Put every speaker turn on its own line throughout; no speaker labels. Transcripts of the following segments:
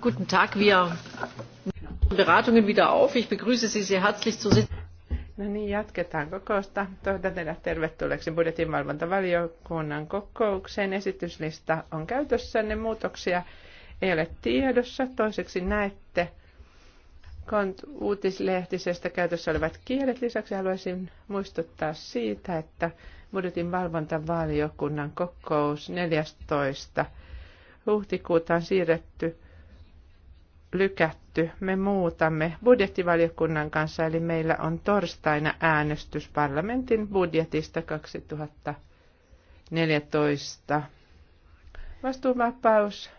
Guten Tag, wir
nehmen
die Beratungen wieder auf. Ich begrüße Sie sehr herzlich zur Sitzung. No niin, jatketaan kokousta. Toivotan teidät tervetulleeksi budjetin valvontavaliokunnan kokoukseen. Esityslista on käytössänne. Muutoksia ei ole tiedossa. Toiseksi näette Kont uutislehtisestä käytössä olevat kielet. Lisäksi haluaisin muistuttaa siitä, että budjetin valvontavaliokunnan kokous 14 huhtikuuta on siirretty, lykätty. Me muutamme budjettivaliokunnan kanssa, eli meillä on torstaina äänestys parlamentin budjetista 2014. Vastuuvapaus.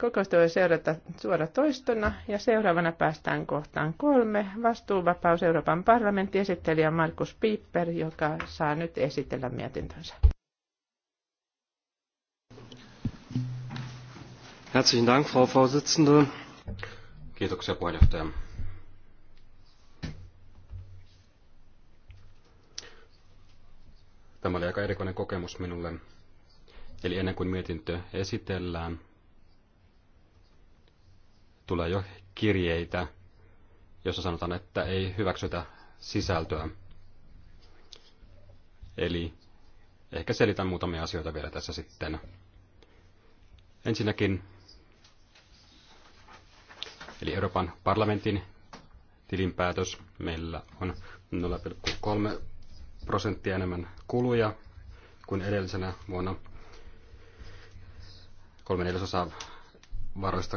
Kokousta voi seurata suora toistona ja seuraavana päästään kohtaan kolme. Vastuuvapaus Euroopan parlamentti esittelijä Markus Piipper, joka saa nyt esitellä mietintönsä.
Herzlichen Dank, Frau Vorsitzende. Kiitoksia puheenjohtaja. Tämä oli aika erikoinen kokemus minulle. Eli ennen kuin mietintö esitellään, tulee jo kirjeitä, jossa sanotaan, että ei hyväksytä sisältöä. Eli ehkä selitän muutamia asioita vielä tässä sitten. Ensinnäkin Eli Euroopan parlamentin tilinpäätös. Meillä on 0,3 prosenttia enemmän kuluja kuin edellisenä vuonna. Kolme neljäsosaa varoista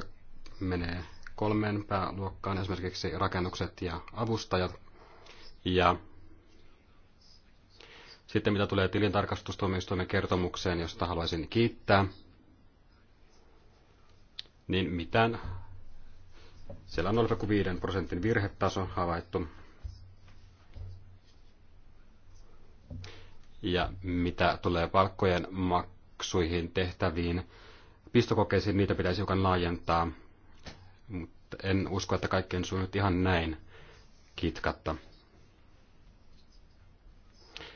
menee kolmeen pääluokkaan, esimerkiksi rakennukset ja avustajat. Ja sitten mitä tulee tilintarkastustuomioistuimen kertomukseen, josta haluaisin kiittää, niin mitään siellä on 0,5 prosentin virhetaso havaittu. Ja mitä tulee palkkojen maksuihin, tehtäviin, pistokokeisiin, niitä pitäisi hiukan laajentaa. Mutta en usko, että on sujuu ihan näin kitkatta.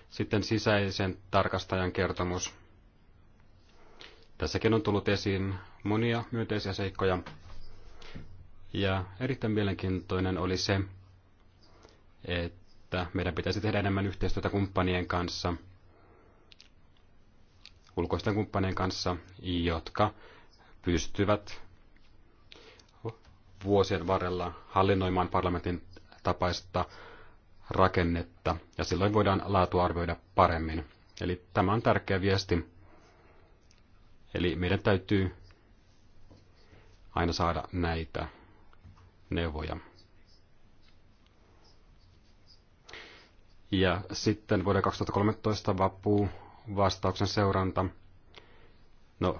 Sitten sisäisen tarkastajan kertomus. Tässäkin on tullut esiin monia myönteisiä seikkoja. Ja erittäin mielenkiintoinen oli se, että meidän pitäisi tehdä enemmän yhteistyötä kumppanien kanssa, ulkoisten kumppanien kanssa, jotka pystyvät vuosien varrella hallinnoimaan parlamentin tapaista rakennetta, ja silloin voidaan laatu arvioida paremmin. Eli tämä on tärkeä viesti. Eli meidän täytyy aina saada näitä neuvoja. Ja sitten vuoden 2013 vapuu vastauksen seuranta. No,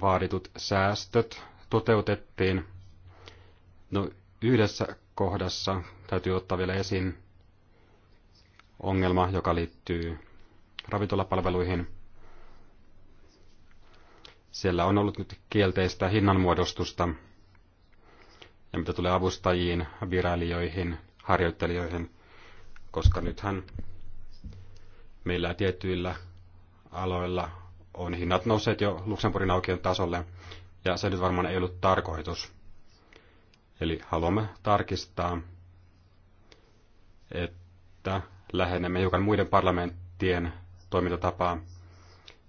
vaaditut säästöt toteutettiin. No, yhdessä kohdassa täytyy ottaa vielä esiin ongelma, joka liittyy ravintolapalveluihin. Siellä on ollut nyt kielteistä hinnanmuodostusta ja mitä tulee avustajiin, virailijoihin, harjoittelijoihin, koska nythän meillä tietyillä aloilla on hinnat nousseet jo Luxemburgin aukion tasolle, ja se nyt varmaan ei ollut tarkoitus. Eli haluamme tarkistaa, että lähenemme hiukan muiden parlamenttien toimintatapaa.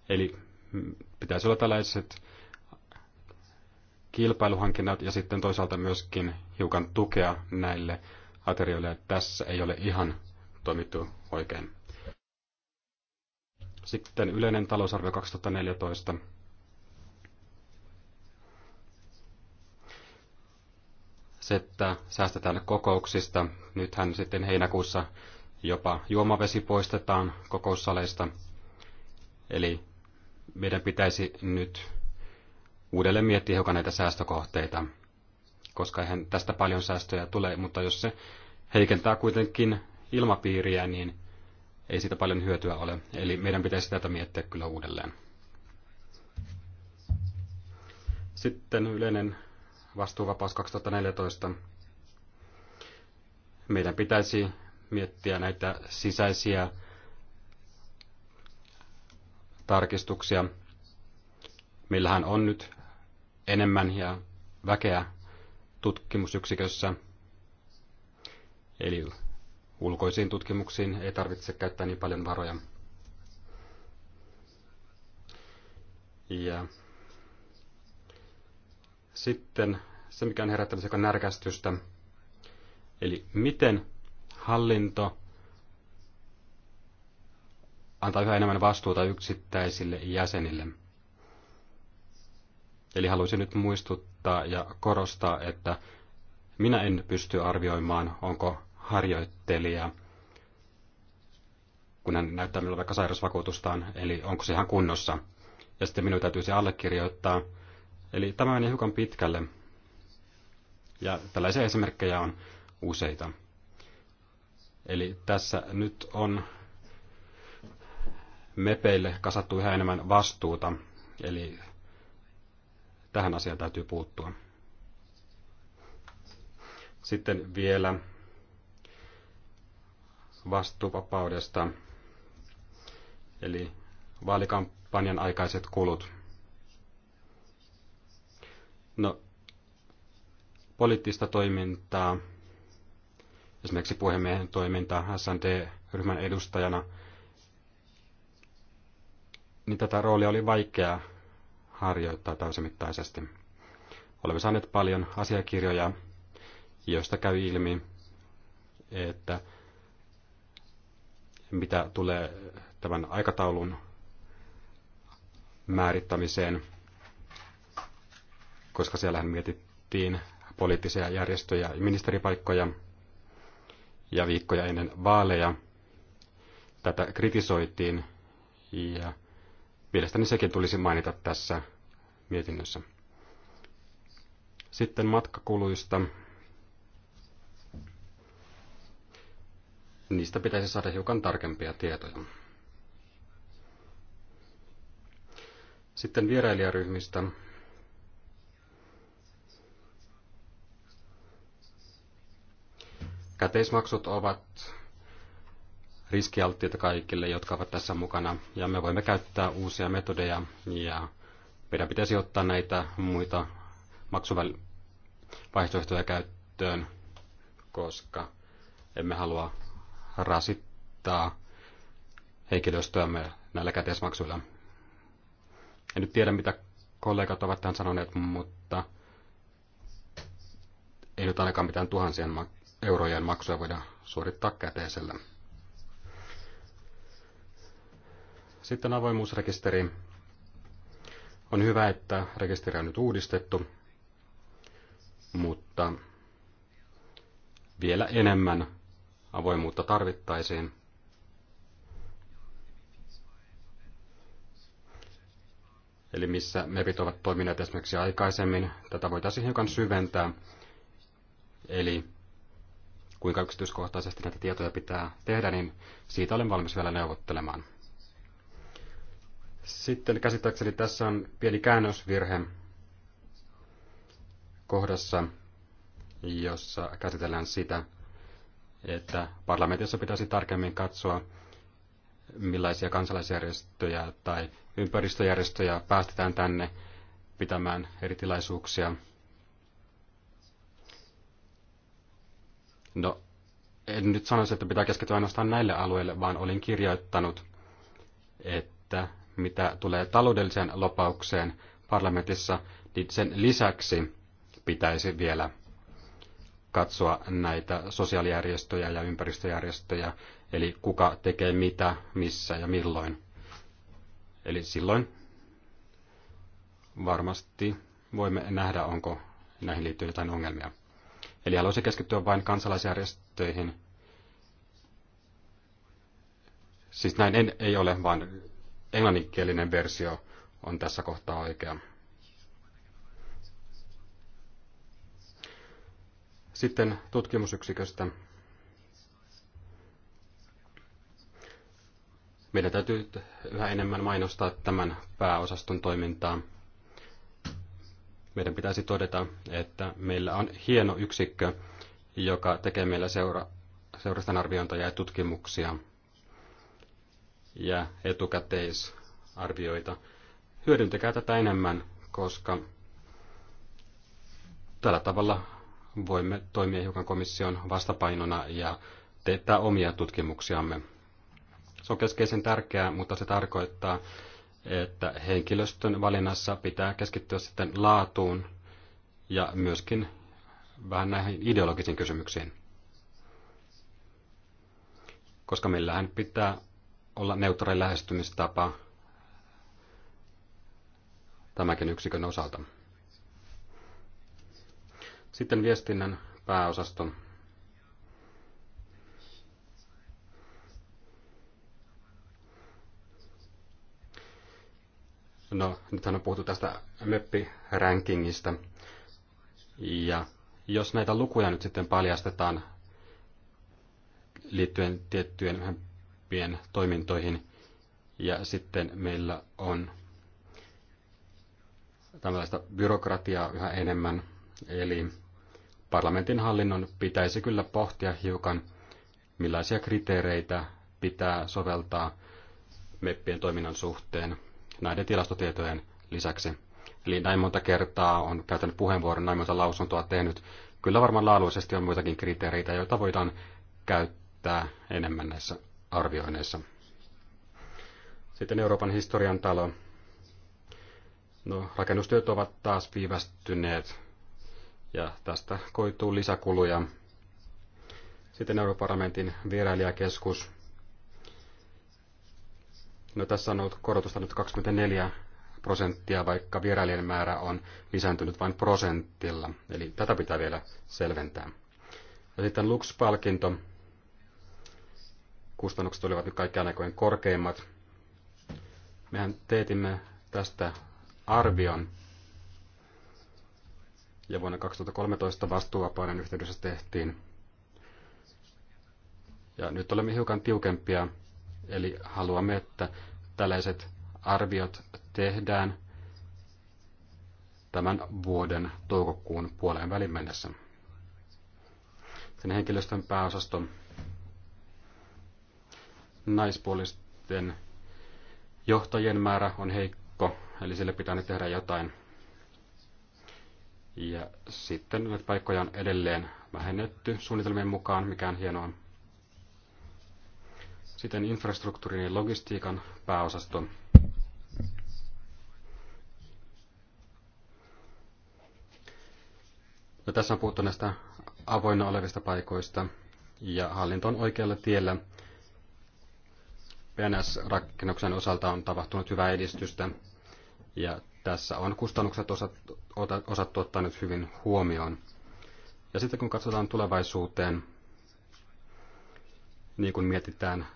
Eli pitäisi olla tällaiset kilpailuhankinnat ja sitten toisaalta myöskin hiukan tukea näille aterioille. Tässä ei ole ihan toimittu oikein. Sitten yleinen talousarvio 2014. Se, että säästetään kokouksista. Nythän sitten heinäkuussa jopa juomavesi poistetaan kokoussaleista. Eli meidän pitäisi nyt uudelleen miettiä hiukan näitä säästökohteita, koska eihän tästä paljon säästöjä tule, mutta jos se heikentää kuitenkin ilmapiiriä, niin ei siitä paljon hyötyä ole. Eli meidän pitäisi tätä miettiä kyllä uudelleen. Sitten yleinen vastuuvapaus 2014. Meidän pitäisi miettiä näitä sisäisiä tarkistuksia. Meillähän on nyt enemmän ja väkeä tutkimusyksikössä. Eli ulkoisiin tutkimuksiin ei tarvitse käyttää niin paljon varoja. Ja sitten se, mikä on herättänyt sekä närkästystä, eli miten hallinto antaa yhä enemmän vastuuta yksittäisille jäsenille – Eli haluaisin nyt muistuttaa ja korostaa, että minä en pysty arvioimaan, onko harjoittelija, kun hän näyttää minulle vaikka sairausvakuutustaan, eli onko se ihan kunnossa. Ja sitten minun täytyisi allekirjoittaa. Eli tämä meni hiukan pitkälle. Ja tällaisia esimerkkejä on useita. Eli tässä nyt on mepeille kasattu yhä enemmän vastuuta. Eli Tähän asiaan täytyy puuttua. Sitten vielä vastuuvapaudesta, eli vaalikampanjan aikaiset kulut. No, poliittista toimintaa, esimerkiksi puhemiehen toimintaa SND-ryhmän edustajana, niin tätä roolia oli vaikea harjoittaa täysimittaisesti. Olemme saaneet paljon asiakirjoja, joista käy ilmi, että mitä tulee tämän aikataulun määrittämiseen, koska siellähän mietittiin poliittisia järjestöjä ja ministeripaikkoja ja viikkoja ennen vaaleja. Tätä kritisoitiin ja mielestäni sekin tulisi mainita tässä mietinnössä. Sitten matkakuluista. Niistä pitäisi saada hiukan tarkempia tietoja. Sitten vierailijaryhmistä. Käteismaksut ovat riskialttiita kaikille, jotka ovat tässä mukana, ja me voimme käyttää uusia metodeja ja meidän pitäisi ottaa näitä muita maksuvaihtoehtoja käyttöön, koska emme halua rasittaa henkilöstöämme näillä käteismaksuilla. En nyt tiedä, mitä kollegat ovat tähän sanoneet, mutta ei nyt ainakaan mitään tuhansien eurojen maksuja voida suorittaa käteisellä. Sitten avoimuusrekisteri. On hyvä, että rekisteri on nyt uudistettu, mutta vielä enemmän avoimuutta tarvittaisiin. Eli missä MEPit ovat toimineet esimerkiksi aikaisemmin, tätä voitaisiin hiukan syventää. Eli kuinka yksityiskohtaisesti näitä tietoja pitää tehdä, niin siitä olen valmis vielä neuvottelemaan. Sitten käsittääkseni tässä on pieni käännösvirhe kohdassa, jossa käsitellään sitä, että parlamentissa pitäisi tarkemmin katsoa, millaisia kansalaisjärjestöjä tai ympäristöjärjestöjä päästetään tänne pitämään eri tilaisuuksia. No, en nyt sanoisi, että pitää keskittyä ainoastaan näille alueille, vaan olin kirjoittanut, että mitä tulee taloudelliseen lopaukseen parlamentissa, niin sen lisäksi pitäisi vielä katsoa näitä sosiaalijärjestöjä ja ympäristöjärjestöjä, eli kuka tekee mitä, missä ja milloin. Eli silloin varmasti voimme nähdä, onko näihin liittyy jotain ongelmia. Eli haluaisin keskittyä vain kansalaisjärjestöihin. Siis näin en, ei ole, vaan englanninkielinen versio on tässä kohtaa oikea. Sitten tutkimusyksiköstä. Meidän täytyy yhä enemmän mainostaa tämän pääosaston toimintaa. Meidän pitäisi todeta, että meillä on hieno yksikkö, joka tekee meillä seura, seurastan arviointia ja tutkimuksia ja etukäteisarvioita. Hyödyntäkää tätä enemmän, koska tällä tavalla voimme toimia hiukan komission vastapainona ja teettää omia tutkimuksiamme. Se on keskeisen tärkeää, mutta se tarkoittaa, että henkilöstön valinnassa pitää keskittyä sitten laatuun ja myöskin vähän näihin ideologisiin kysymyksiin. Koska meillähän pitää olla neutraali lähestymistapa tämäkin yksikön osalta. Sitten viestinnän pääosaston. No, nythän on puhuttu tästä MEPPI-rankingista. Ja jos näitä lukuja nyt sitten paljastetaan liittyen tiettyjen tyyppien toimintoihin. Ja sitten meillä on tällaista byrokratiaa yhä enemmän. Eli parlamentin hallinnon pitäisi kyllä pohtia hiukan, millaisia kriteereitä pitää soveltaa meppien toiminnan suhteen näiden tilastotietojen lisäksi. Eli näin monta kertaa on käytänyt puheenvuoron, näin monta lausuntoa tehnyt. Kyllä varmaan laadullisesti on muitakin kriteereitä, joita voidaan käyttää enemmän näissä arvioinneissa. Sitten Euroopan historian talo. No, rakennustyöt ovat taas viivästyneet ja tästä koituu lisäkuluja. Sitten Euroopan parlamentin vierailijakeskus. No, tässä on ollut korotusta nyt 24 prosenttia, vaikka vierailijan määrä on lisääntynyt vain prosentilla. Eli tätä pitää vielä selventää. Ja sitten Lux-palkinto kustannukset olivat nyt kaikkien aikojen korkeimmat. Mehän teetimme tästä arvion. Ja vuonna 2013 vastuuvapauden yhteydessä tehtiin. Ja nyt olemme hiukan tiukempia, eli haluamme, että tällaiset arviot tehdään tämän vuoden toukokuun puoleen välin mennessä. Sen henkilöstön pääosaston naispuolisten johtajien määrä on heikko, eli sille pitää nyt tehdä jotain. Ja sitten näitä paikkoja on edelleen vähennetty suunnitelmien mukaan, mikä on hienoa. Sitten infrastruktuurin ja logistiikan pääosasto. No, tässä on puhuttu näistä avoinna olevista paikoista ja hallinto on oikealla tiellä PNS-rakennuksen osalta on tapahtunut hyvää edistystä ja tässä on kustannukset osattu, osattu ottaa nyt hyvin huomioon. Ja sitten kun katsotaan tulevaisuuteen, niin kun mietitään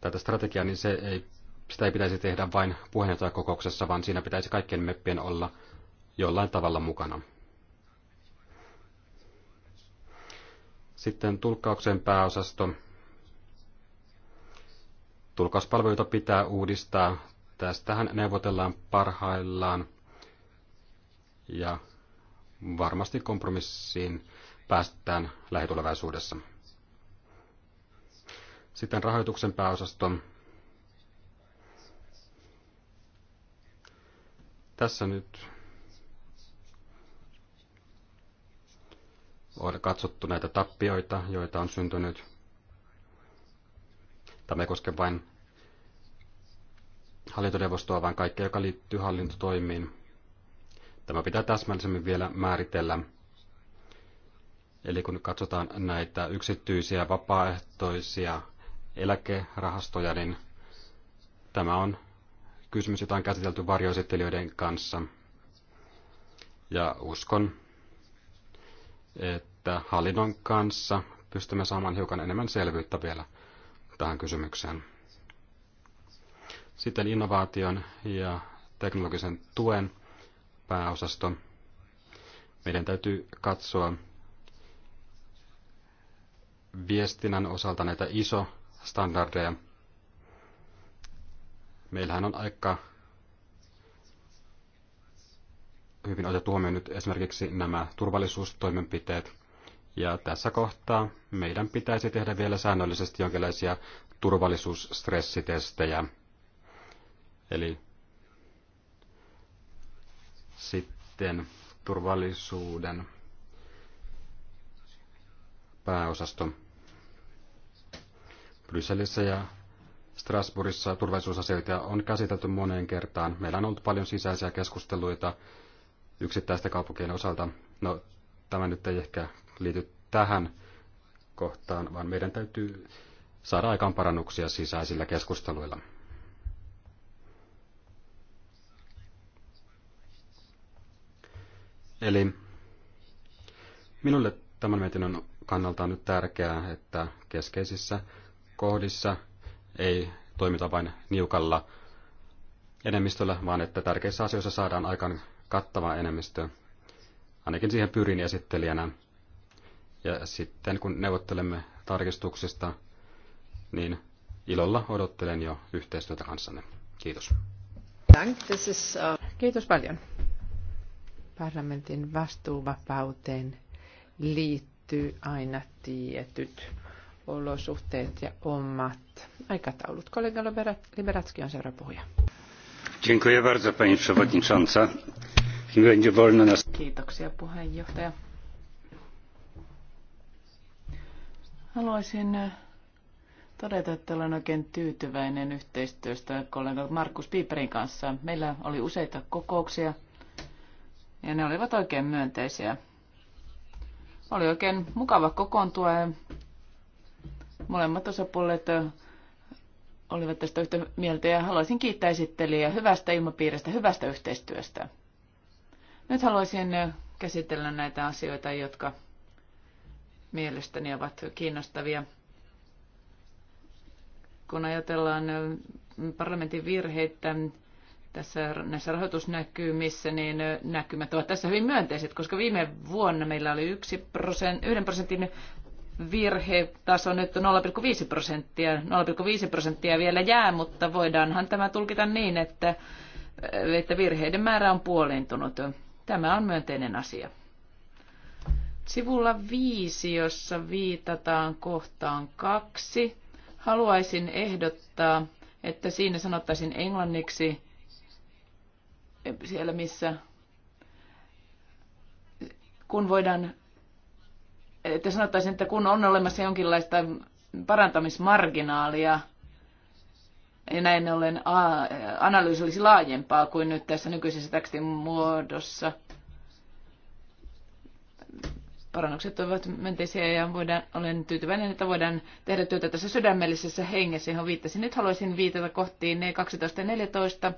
tätä strategiaa, niin se ei, sitä ei pitäisi tehdä vain puheenjohtajakokouksessa, vaan siinä pitäisi kaikkien meppien olla jollain tavalla mukana. Sitten tulkkauksen pääosasto Tulkauspalveluita pitää uudistaa. Tästähän neuvotellaan parhaillaan. Ja varmasti kompromissiin päästään lähitulevaisuudessa. Sitten rahoituksen pääosasto. Tässä nyt on katsottu näitä tappioita, joita on syntynyt. Tämä ei koske vain hallintoneuvostoa, vaan kaikkea, joka liittyy hallintotoimiin. Tämä pitää täsmällisemmin vielä määritellä. Eli kun katsotaan näitä yksityisiä vapaaehtoisia eläkerahastoja, niin tämä on kysymys, jota on käsitelty varjoesittelijöiden kanssa. Ja uskon, että hallinnon kanssa pystymme saamaan hiukan enemmän selvyyttä vielä tähän kysymykseen. Sitten innovaation ja teknologisen tuen pääosasto. Meidän täytyy katsoa viestinnän osalta näitä iso standardeja. Meillähän on aika hyvin otettu huomioon nyt esimerkiksi nämä turvallisuustoimenpiteet. Ja tässä kohtaa meidän pitäisi tehdä vielä säännöllisesti jonkinlaisia turvallisuusstressitestejä. Eli sitten turvallisuuden pääosasto Brysselissä ja Strasbourgissa turvallisuusasioita on käsitelty moneen kertaan. Meillä on ollut paljon sisäisiä keskusteluita yksittäisten kaupunkien osalta. No, tämä nyt ei ehkä liity tähän kohtaan, vaan meidän täytyy saada aikaan parannuksia sisäisillä keskusteluilla. Eli minulle tämän mietinnön kannalta on nyt tärkeää, että keskeisissä kohdissa ei toimita vain niukalla enemmistöllä, vaan että tärkeissä asioissa saadaan aikaan kattava enemmistö. Ainakin siihen pyrin esittelijänä ja sitten kun neuvottelemme tarkistuksista, niin ilolla odottelen jo yhteistyötä kanssanne. Kiitos. Uh,
Kiitos paljon. Parlamentin vastuuvapauteen liittyy aina tietyt olosuhteet ja omat aikataulut. Kollega Liberatski on seuraava puhuja.
Dziękuję bardzo, przewodnicząca.
Kiitoksia puheenjohtaja. Haluaisin äh, todeta, että olen oikein tyytyväinen yhteistyöstä kollega Markus Piiperin kanssa. Meillä oli useita kokouksia ja ne olivat oikein myönteisiä. Oli oikein mukava kokoontua ja molemmat osapuolet äh, olivat tästä yhtä mieltä ja haluaisin kiittää esittelijää hyvästä ilmapiiristä, hyvästä yhteistyöstä. Nyt haluaisin äh, käsitellä näitä asioita, jotka mielestäni ovat kiinnostavia. Kun ajatellaan parlamentin virheitä tässä, näissä rahoitusnäkymissä, niin näkymät ovat tässä hyvin myönteiset, koska viime vuonna meillä oli 1 prosent, yhden prosentin virhetaso nyt on 0,5 prosenttia. 0,5 prosenttia vielä jää, mutta voidaanhan tämä tulkita niin, että, että virheiden määrä on puolentunut. Tämä on myönteinen asia. Sivulla viisi, jossa viitataan kohtaan kaksi, haluaisin ehdottaa, että siinä sanottaisin englanniksi siellä, missä kun voidaan, että sanottaisin, että kun on olemassa jonkinlaista parantamismarginaalia, ja näin ollen analyysi olisi laajempaa kuin nyt tässä nykyisessä tekstin muodossa – parannukset ovat myönteisiä ja voidaan, olen tyytyväinen, että voidaan tehdä työtä tässä sydämellisessä hengessä, johon viittasin. Nyt haluaisin viitata kohtiin ne 12 ja 14.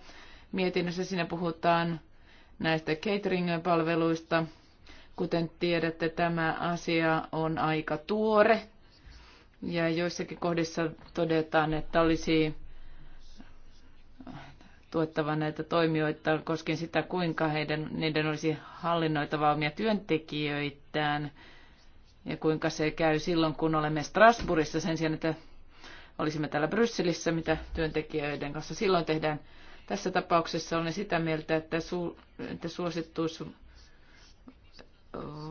Mietinnössä siinä puhutaan näistä catering-palveluista. Kuten tiedätte, tämä asia on aika tuore ja joissakin kohdissa todetaan, että olisi tuettava näitä toimijoita koskien sitä, kuinka heidän, niiden olisi hallinnoitava omia työntekijöitään ja kuinka se käy silloin, kun olemme Strasbourgissa sen sijaan, että olisimme täällä Brysselissä, mitä työntekijöiden kanssa silloin tehdään. Tässä tapauksessa olen sitä mieltä, että, su, että suosittuus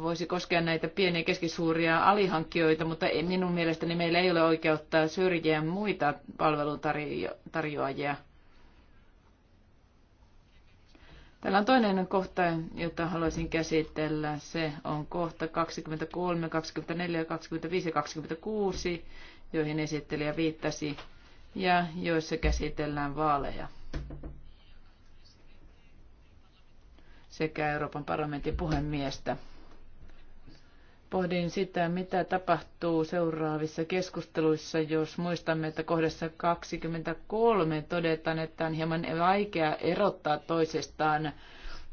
voisi koskea näitä pieniä keskisuuria alihankkijoita, mutta minun mielestäni meillä ei ole oikeutta syrjiä muita palveluntarjoajia. Täällä on toinen kohta, jota haluaisin käsitellä. Se on kohta 23, 24, 25 ja 26, joihin esittelijä viittasi, ja joissa käsitellään vaaleja sekä Euroopan parlamentin puhemiestä. Pohdin sitä, mitä tapahtuu seuraavissa keskusteluissa, jos muistamme, että kohdassa 23 todetaan, että on hieman vaikea erottaa toisestaan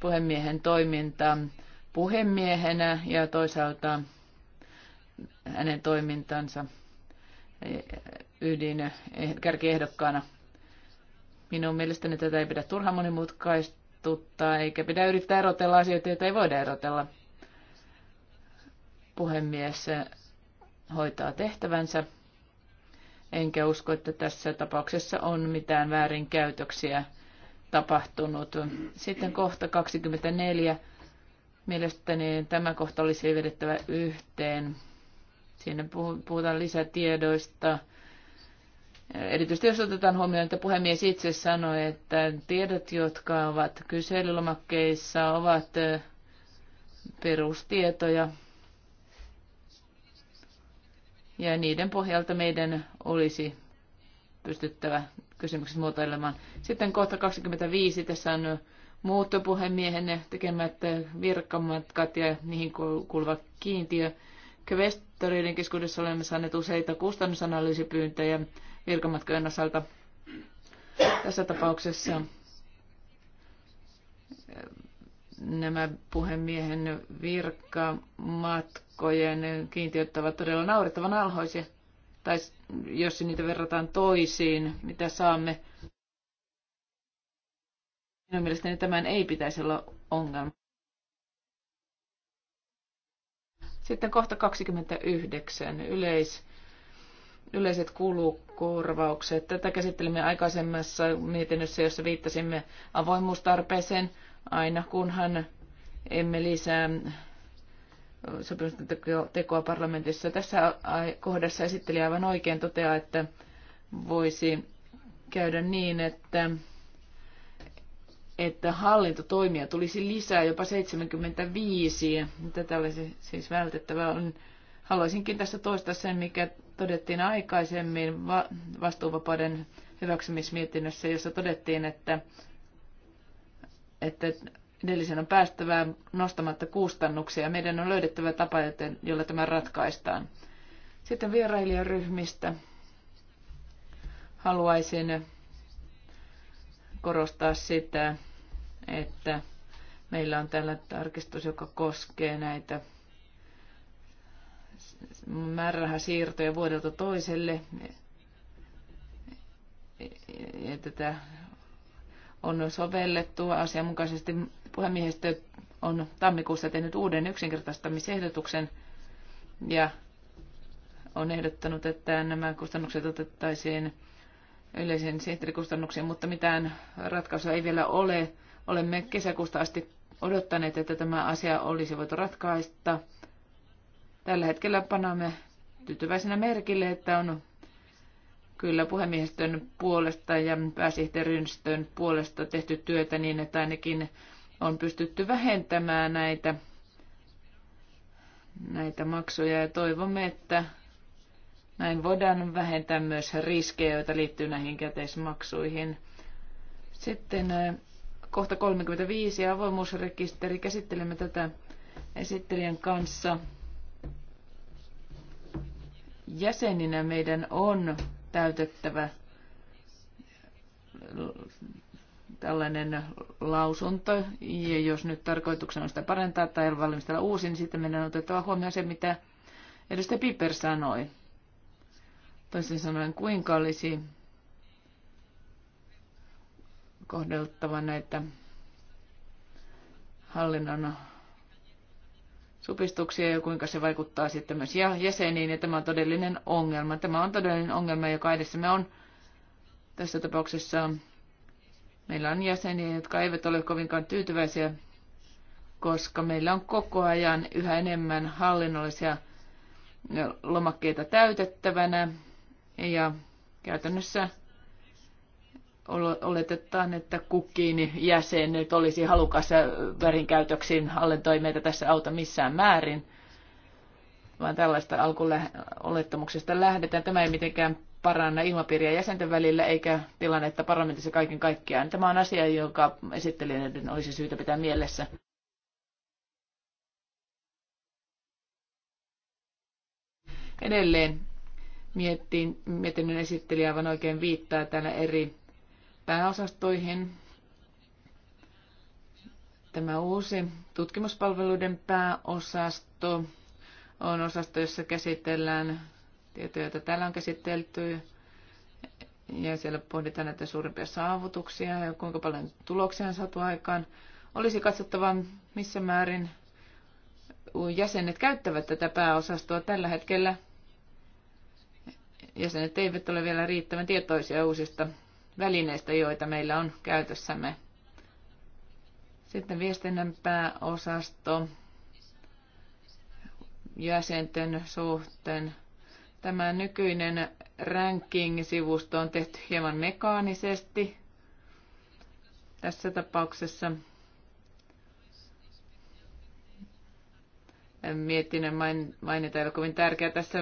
puhemiehen toiminta puhemiehenä ja toisaalta hänen toimintansa ydin kärkiehdokkaana. Minun mielestäni tätä ei pidä turha monimutkaistuttaa, eikä pidä yrittää erotella asioita, joita ei voida erotella puhemies hoitaa tehtävänsä. Enkä usko, että tässä tapauksessa on mitään väärinkäytöksiä tapahtunut. Sitten kohta 24. Mielestäni tämä kohta olisi vedettävä yhteen. Siinä puhutaan lisätiedoista. Erityisesti jos otetaan huomioon, että puhemies itse sanoi, että tiedot, jotka ovat kyselylomakkeissa, ovat perustietoja, ja niiden pohjalta meidän olisi pystyttävä kysymykset muotoilemaan. Sitten kohta 25 tässä on muuttopuhemiehenne tekemät virkamatkat ja niihin kuuluva kiintiö. Kvestoriiden keskuudessa olemme saaneet useita kustannusanalyysipyyntöjä virkamatkojen osalta. Tässä tapauksessa nämä puhemiehen virkkamatkojen kiintiöt ovat todella naurettavan alhoisia. Tai jos niitä verrataan toisiin, mitä saamme. Minun mielestäni tämän ei pitäisi olla ongelma. Sitten kohta 29. Yleis, yleiset kulukorvaukset. Tätä käsittelimme aikaisemmassa mietinnössä, jossa viittasimme avoimuustarpeeseen aina kunhan emme lisää sopimustekoa parlamentissa. Tässä kohdassa esittelijä aivan oikein toteaa, että voisi käydä niin, että, että hallintotoimia tulisi lisää jopa 75. Tätä olisi siis vältettävä. Haluaisinkin tässä toistaa sen, mikä todettiin aikaisemmin vastuuvapauden hyväksymismietinnössä, jossa todettiin, että että edellisen on päästävää nostamatta kustannuksia. Meidän on löydettävä tapa, jolla tämä ratkaistaan. Sitten vierailijaryhmistä haluaisin korostaa sitä, että meillä on täällä tarkistus, joka koskee näitä määrärahasiirtoja vuodelta toiselle. Ja tätä on sovellettu asianmukaisesti. Puhemiehistö on tammikuussa tehnyt uuden yksinkertaistamisehdotuksen ja on ehdottanut, että nämä kustannukset otettaisiin yleisen sihteerikustannuksiin, mutta mitään ratkaisua ei vielä ole. Olemme kesäkuusta asti odottaneet, että tämä asia olisi voitu ratkaista. Tällä hetkellä panamme tyytyväisenä merkille, että on kyllä puhemiehistön puolesta ja pääsihteeristön puolesta tehty työtä niin, että ainakin on pystytty vähentämään näitä, näitä maksuja ja toivomme, että näin voidaan vähentää myös riskejä, joita liittyy näihin käteismaksuihin. Sitten äh, kohta 35 avoimuusrekisteri. Käsittelemme tätä esittelijän kanssa. Jäseninä meidän on täytettävä tällainen lausunto, ja jos nyt tarkoituksena on sitä parantaa tai valmistella uusi, niin sitten meidän on otettava huomioon se, mitä edustaja Piper sanoi. Toisin sanoen, kuinka olisi kohdeltava näitä hallinnon supistuksia ja kuinka se vaikuttaa sitten myös jäseniin. Ja tämä on todellinen ongelma. Tämä on todellinen ongelma, joka edessämme on. Tässä tapauksessa meillä on jäseniä, jotka eivät ole kovinkaan tyytyväisiä, koska meillä on koko ajan yhä enemmän hallinnollisia lomakkeita täytettävänä. Ja käytännössä oletetaan, että kukin jäsen nyt olisi halukas värinkäytöksiin. Hallinto meitä tässä auta missään määrin, vaan tällaista alkuolettamuksesta lähdetään. Tämä ei mitenkään paranna ilmapiiriä jäsenten välillä eikä tilannetta parlamentissa kaiken kaikkiaan. Tämä on asia, jonka esittelijöiden olisi syytä pitää mielessä. Edelleen miettiin, mietinnön esittelijä aivan oikein viittaa täällä eri pääosastoihin. Tämä uusi tutkimuspalveluiden pääosasto on osasto, jossa käsitellään tietoja, joita täällä on käsitelty. Ja siellä pohditaan näitä suurimpia saavutuksia ja kuinka paljon tuloksia on saatu aikaan. Olisi katsottava, missä määrin jäsenet käyttävät tätä pääosastoa tällä hetkellä. Jäsenet eivät ole vielä riittävän tietoisia uusista välineistä, joita meillä on käytössämme. Sitten viestinnän pääosasto jäsenten suhteen. Tämä nykyinen ranking-sivusto on tehty hieman mekaanisesti tässä tapauksessa. Miettinen mainita ei ole kovin tärkeä. Tässä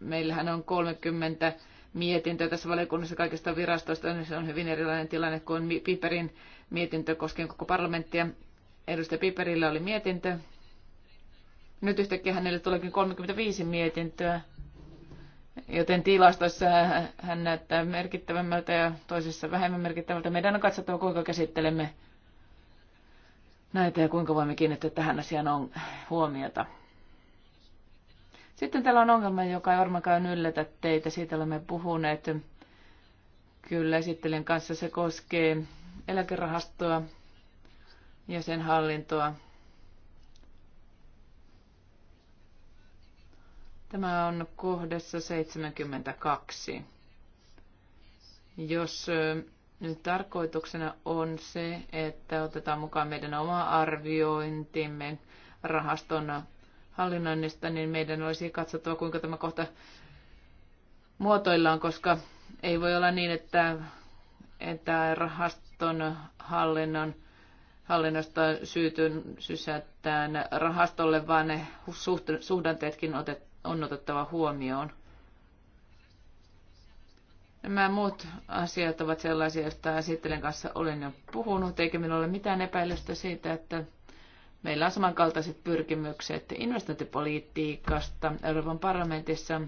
meillähän on 30 mietintö tässä valiokunnassa kaikista virastoista, niin se on hyvin erilainen tilanne kuin Piperin mietintö koskien koko parlamenttia. Edustaja Piperillä oli mietintö. Nyt yhtäkkiä hänelle tuleekin 35 mietintöä, joten tilastossa hän näyttää merkittävämmältä ja toisessa vähemmän merkittävältä. Meidän on katsottava, kuinka käsittelemme näitä ja kuinka voimme kiinnittää tähän asiaan on huomiota. Sitten täällä on ongelma, joka ei varmaankaan yllätä teitä, siitä olemme puhuneet. Kyllä esittelen kanssa se koskee eläkerahastoa ja sen hallintoa. Tämä on kohdassa 72. Jos nyt tarkoituksena on se, että otetaan mukaan meidän oma arviointimme rahaston hallinnoinnista, niin meidän olisi katsottava, kuinka tämä kohta muotoillaan, koska ei voi olla niin, että, että rahaston hallinnon hallinnosta syytyn sysätään rahastolle, vaan ne suhdanteetkin otet, on otettava huomioon. Nämä muut asiat ovat sellaisia, joista esittelen kanssa olen jo puhunut, eikä minulla ole mitään epäilystä siitä, että Meillä on samankaltaiset pyrkimykset investointipolitiikasta Euroopan parlamentissa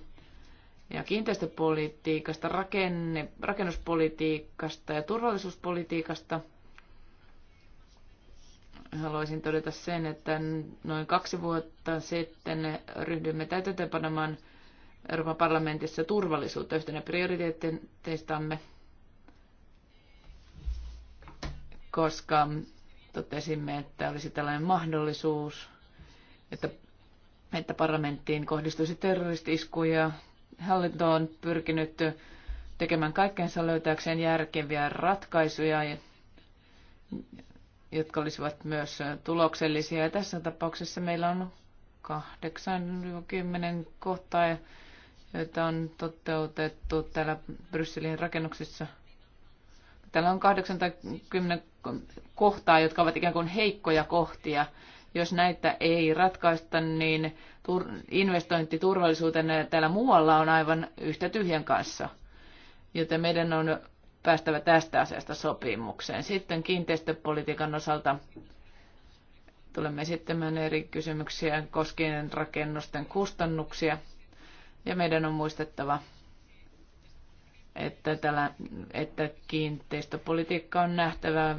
ja kiinteistöpolitiikasta, rakenne, rakennuspolitiikasta ja turvallisuuspolitiikasta. Haluaisin todeta sen, että noin kaksi vuotta sitten ryhdymme täytäntöönpanemaan Euroopan parlamentissa turvallisuutta yhtenä prioriteetteistamme, koska totesimme, että olisi tällainen mahdollisuus, että, että parlamenttiin kohdistuisi terroristiskuja. Hallinto on pyrkinyt tekemään kaikkensa löytääkseen järkeviä ratkaisuja, jotka olisivat myös tuloksellisia. Ja tässä tapauksessa meillä on 8 kymmenen kohtaa, joita on toteutettu täällä Brysselin rakennuksissa – Täällä on 80 kohtaa, jotka ovat ikään kuin heikkoja kohtia. Jos näitä ei ratkaista, niin investointi turvallisuuteen täällä muualla on aivan yhtä tyhjän kanssa. Joten meidän on päästävä tästä asiasta sopimukseen. Sitten kiinteistöpolitiikan osalta tulemme esittämään eri kysymyksiä koskien rakennusten kustannuksia. Ja meidän on muistettava että, tällä, että kiinteistöpolitiikka on nähtävää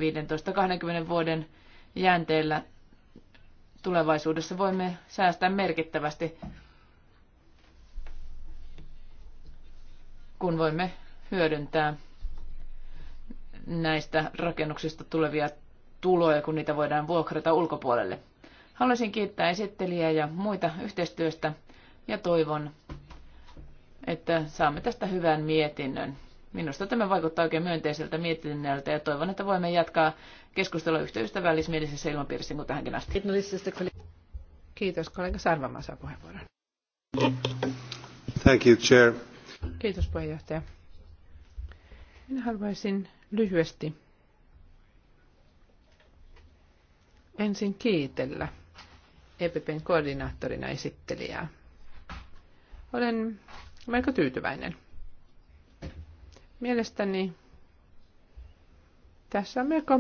15-20 vuoden jänteellä. Tulevaisuudessa voimme säästää merkittävästi, kun voimme hyödyntää näistä rakennuksista tulevia tuloja, kun niitä voidaan vuokrata ulkopuolelle. Haluaisin kiittää esittelijää ja muita yhteistyöstä ja toivon, että saamme tästä hyvän mietinnön. Minusta tämä vaikuttaa oikein myönteiseltä mietinnöltä ja toivon, että voimme jatkaa keskustelua yhtä ystävällismielisessä ilmapiirissä kuin tähänkin asti. Kiitos, kollega Sarvamaa saa puheenvuoron.
Thank you, Chair.
Kiitos,
puheenjohtaja. Minä haluaisin lyhyesti ensin kiitellä EPPn koordinaattorina esittelijää. Olen melko tyytyväinen. Mielestäni tässä on melko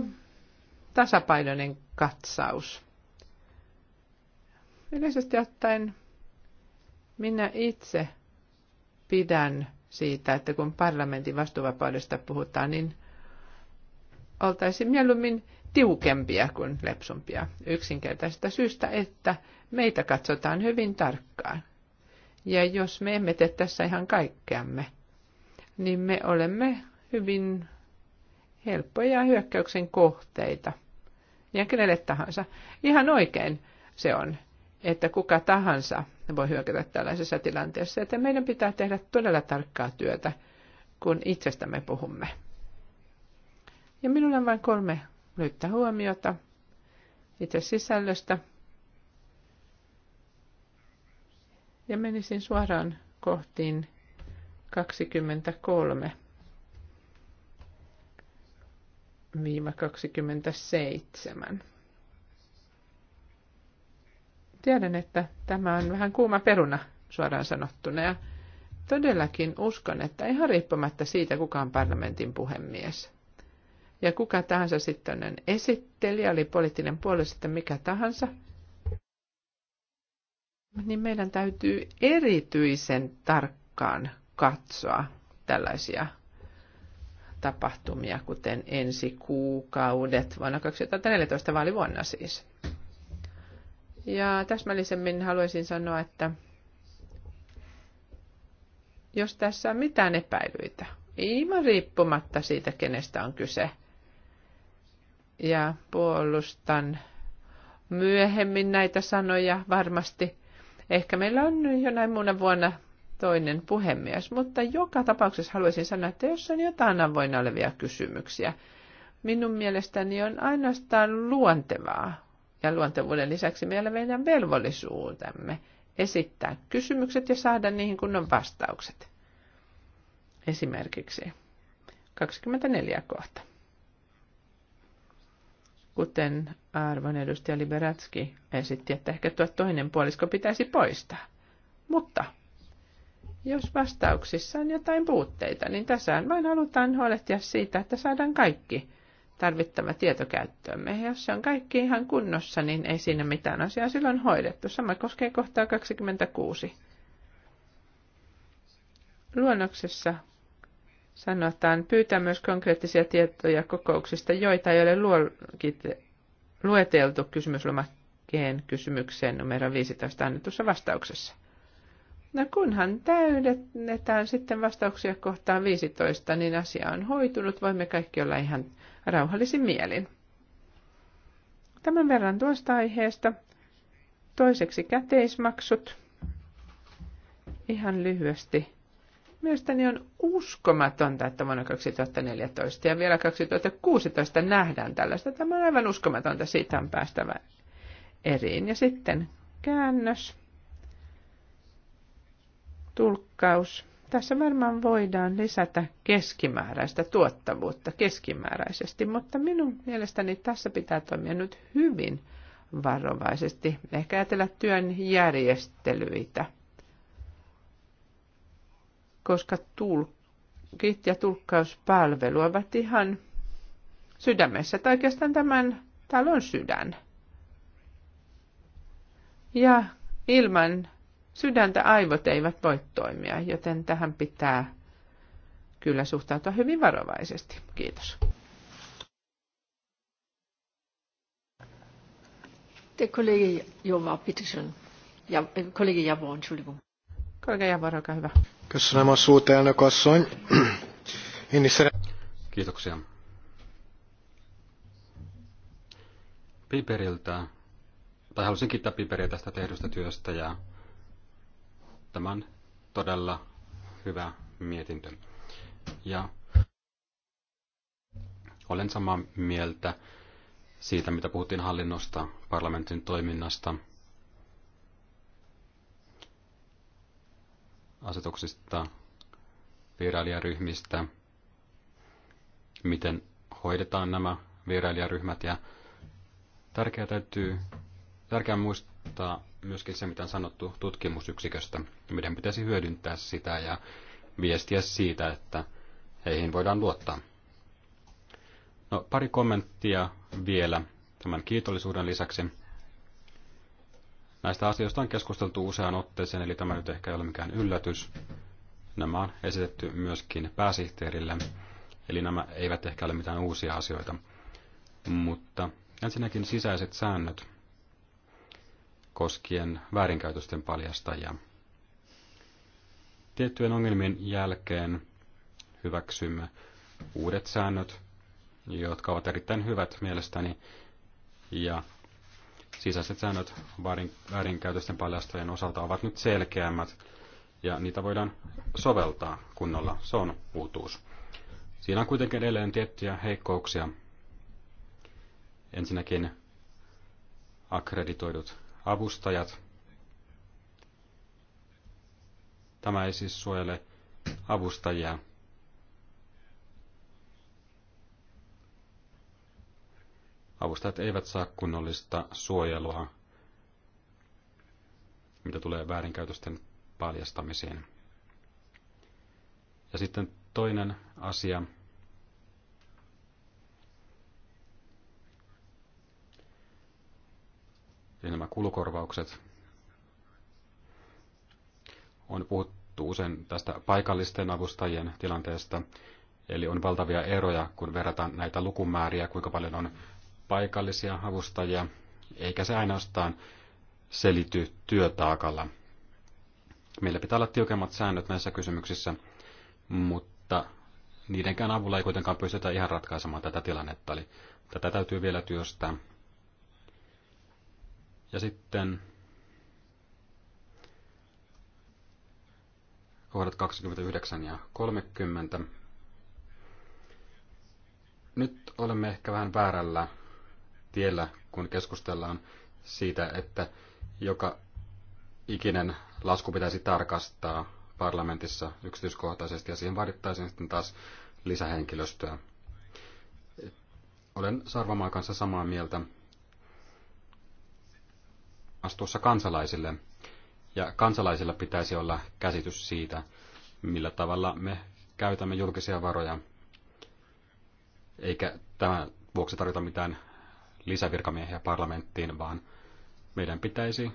tasapainoinen katsaus. Yleisesti ottaen minä itse pidän siitä, että kun parlamentin vastuuvapaudesta puhutaan, niin oltaisiin mieluummin tiukempia kuin lepsumpia yksinkertaisesta syystä, että meitä katsotaan hyvin tarkkaan. Ja jos me emme tee tässä ihan kaikkeamme, niin me olemme hyvin helppoja hyökkäyksen kohteita. Ja kenelle tahansa. Ihan oikein se on, että kuka tahansa voi hyökätä tällaisessa tilanteessa, että meidän pitää tehdä todella tarkkaa työtä, kun itsestämme puhumme. Ja minulla on vain kolme lyhyttä huomiota itse sisällöstä. Ja menisin suoraan kohtiin 23 viiva 27. Tiedän, että tämä on vähän kuuma peruna suoraan sanottuna ja todellakin uskon, että ihan riippumatta siitä, kuka on parlamentin puhemies ja kuka tahansa sitten on esittelijä, oli poliittinen puolue sitten mikä tahansa – niin meidän täytyy erityisen tarkkaan katsoa tällaisia tapahtumia, kuten ensi kuukaudet vuonna 2014 vaalivuonna siis. Ja täsmällisemmin haluaisin sanoa, että jos tässä on mitään epäilyitä, ilman riippumatta siitä, kenestä on kyse, ja puolustan myöhemmin näitä sanoja varmasti, Ehkä meillä on näin muuna vuonna toinen puhemies, mutta joka tapauksessa haluaisin sanoa, että jos on jotain avoinna olevia kysymyksiä, minun mielestäni on ainoastaan luontevaa ja luontevuuden lisäksi meillä meidän velvollisuutemme esittää kysymykset ja saada niihin kunnon vastaukset. Esimerkiksi 24 kohta kuten arvon edustaja Liberatski esitti, että ehkä tuo toinen puolisko pitäisi poistaa. Mutta jos vastauksissa on jotain puutteita, niin tässä vain halutaan huolehtia siitä, että saadaan kaikki tarvittava tieto käyttöömme. Jos se on kaikki ihan kunnossa, niin ei siinä mitään asiaa silloin hoidettu. Sama koskee kohtaa 26. Luonnoksessa sanotaan pyytää myös konkreettisia tietoja kokouksista, joita ei ole lueteltu kysymyslomakkeen kysymykseen numero 15 annetussa vastauksessa. No kunhan täydennetään sitten vastauksia kohtaan 15, niin asia on hoitunut, voimme kaikki olla ihan rauhallisin mielin. Tämän verran tuosta aiheesta. Toiseksi käteismaksut. Ihan lyhyesti Mielestäni on uskomatonta, että vuonna 2014 ja vielä 2016 nähdään tällaista. Tämä on aivan uskomatonta, siitä on päästävä eriin. Ja sitten käännös, tulkkaus. Tässä varmaan voidaan lisätä keskimääräistä tuottavuutta keskimääräisesti, mutta minun mielestäni tässä pitää toimia nyt hyvin varovaisesti. Ehkä ajatella työn järjestelyitä – koska tulkit ja tulkkauspalvelu ovat ihan sydämessä, tai oikeastaan tämän talon sydän. Ja ilman sydäntä aivot eivät voi toimia, joten tähän pitää kyllä suhtautua hyvin varovaisesti. Kiitos.
Te Kollege Jova, bitteschön.
Ja, eh, Kollege Javor, Entschuldigung. Kollega Javor, olkaa hyvä.
Köszönöm a szót, elnök asszony. Én is szeretném. Kiitoksia. Piperiltä, tai halusin kiittää Piperiä tästä tehdystä työstä ja tämä on todella hyvä mietintö. Ja olen samaa mieltä siitä, mitä puhuttiin hallinnosta, parlamentin toiminnasta – asetuksista, vierailijaryhmistä, miten hoidetaan nämä vierailijaryhmät. Ja tärkeää täytyy, tärkeää muistaa myöskin se, mitä on sanottu tutkimusyksiköstä. miten pitäisi hyödyntää sitä ja viestiä siitä, että heihin voidaan luottaa. No, pari kommenttia vielä tämän kiitollisuuden lisäksi. Näistä asioista on keskusteltu useaan otteeseen, eli tämä nyt ehkä ei ole mikään yllätys. Nämä on esitetty myöskin pääsihteerille, eli nämä eivät ehkä ole mitään uusia asioita. Mutta ensinnäkin sisäiset säännöt koskien väärinkäytösten paljastajia. Tiettyjen ongelmien jälkeen hyväksymme uudet säännöt, jotka ovat erittäin hyvät mielestäni, ja sisäiset säännöt väärinkäytösten paljastajien osalta ovat nyt selkeämmät ja niitä voidaan soveltaa kunnolla. Se on uutuus. Siinä on kuitenkin edelleen tiettyjä heikkouksia. Ensinnäkin akkreditoidut avustajat. Tämä ei siis suojele avustajia avustajat eivät saa kunnollista suojelua, mitä tulee väärinkäytösten paljastamiseen. Ja sitten toinen asia. Eli nämä kulukorvaukset. On puhuttu usein tästä paikallisten avustajien tilanteesta, eli on valtavia eroja, kun verrataan näitä lukumääriä, kuinka paljon on paikallisia avustajia, eikä se ainoastaan selity työtaakalla. Meillä pitää olla tiukemmat säännöt näissä kysymyksissä, mutta niidenkään avulla ei kuitenkaan pystytä ihan ratkaisemaan tätä tilannetta, eli tätä täytyy vielä työstää. Ja sitten kohdat 29 ja 30. Nyt olemme ehkä vähän väärällä tiellä, kun keskustellaan siitä, että joka ikinen lasku pitäisi tarkastaa parlamentissa yksityiskohtaisesti ja siihen vaadittaisiin sitten taas lisähenkilöstöä. Olen Sarvamaa kanssa samaa mieltä astuussa kansalaisille ja kansalaisilla pitäisi olla käsitys siitä, millä tavalla me käytämme julkisia varoja, eikä tämän vuoksi tarjota mitään lisävirkamiehiä parlamenttiin, vaan meidän pitäisi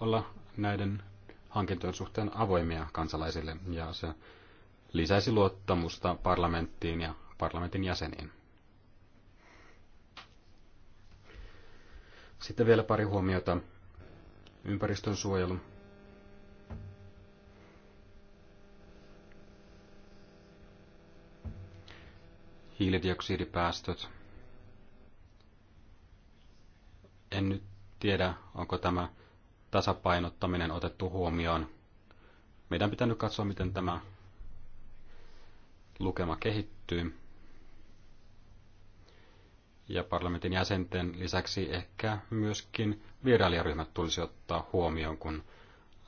olla näiden hankintojen suhteen avoimia kansalaisille ja se lisäisi luottamusta parlamenttiin ja parlamentin jäseniin. Sitten vielä pari huomiota ympäristön suojelu. Hiilidioksidipäästöt En nyt tiedä, onko tämä tasapainottaminen otettu huomioon. Meidän pitää nyt katsoa, miten tämä lukema kehittyy. Ja parlamentin jäsenten lisäksi ehkä myöskin vierailijaryhmät tulisi ottaa huomioon, kun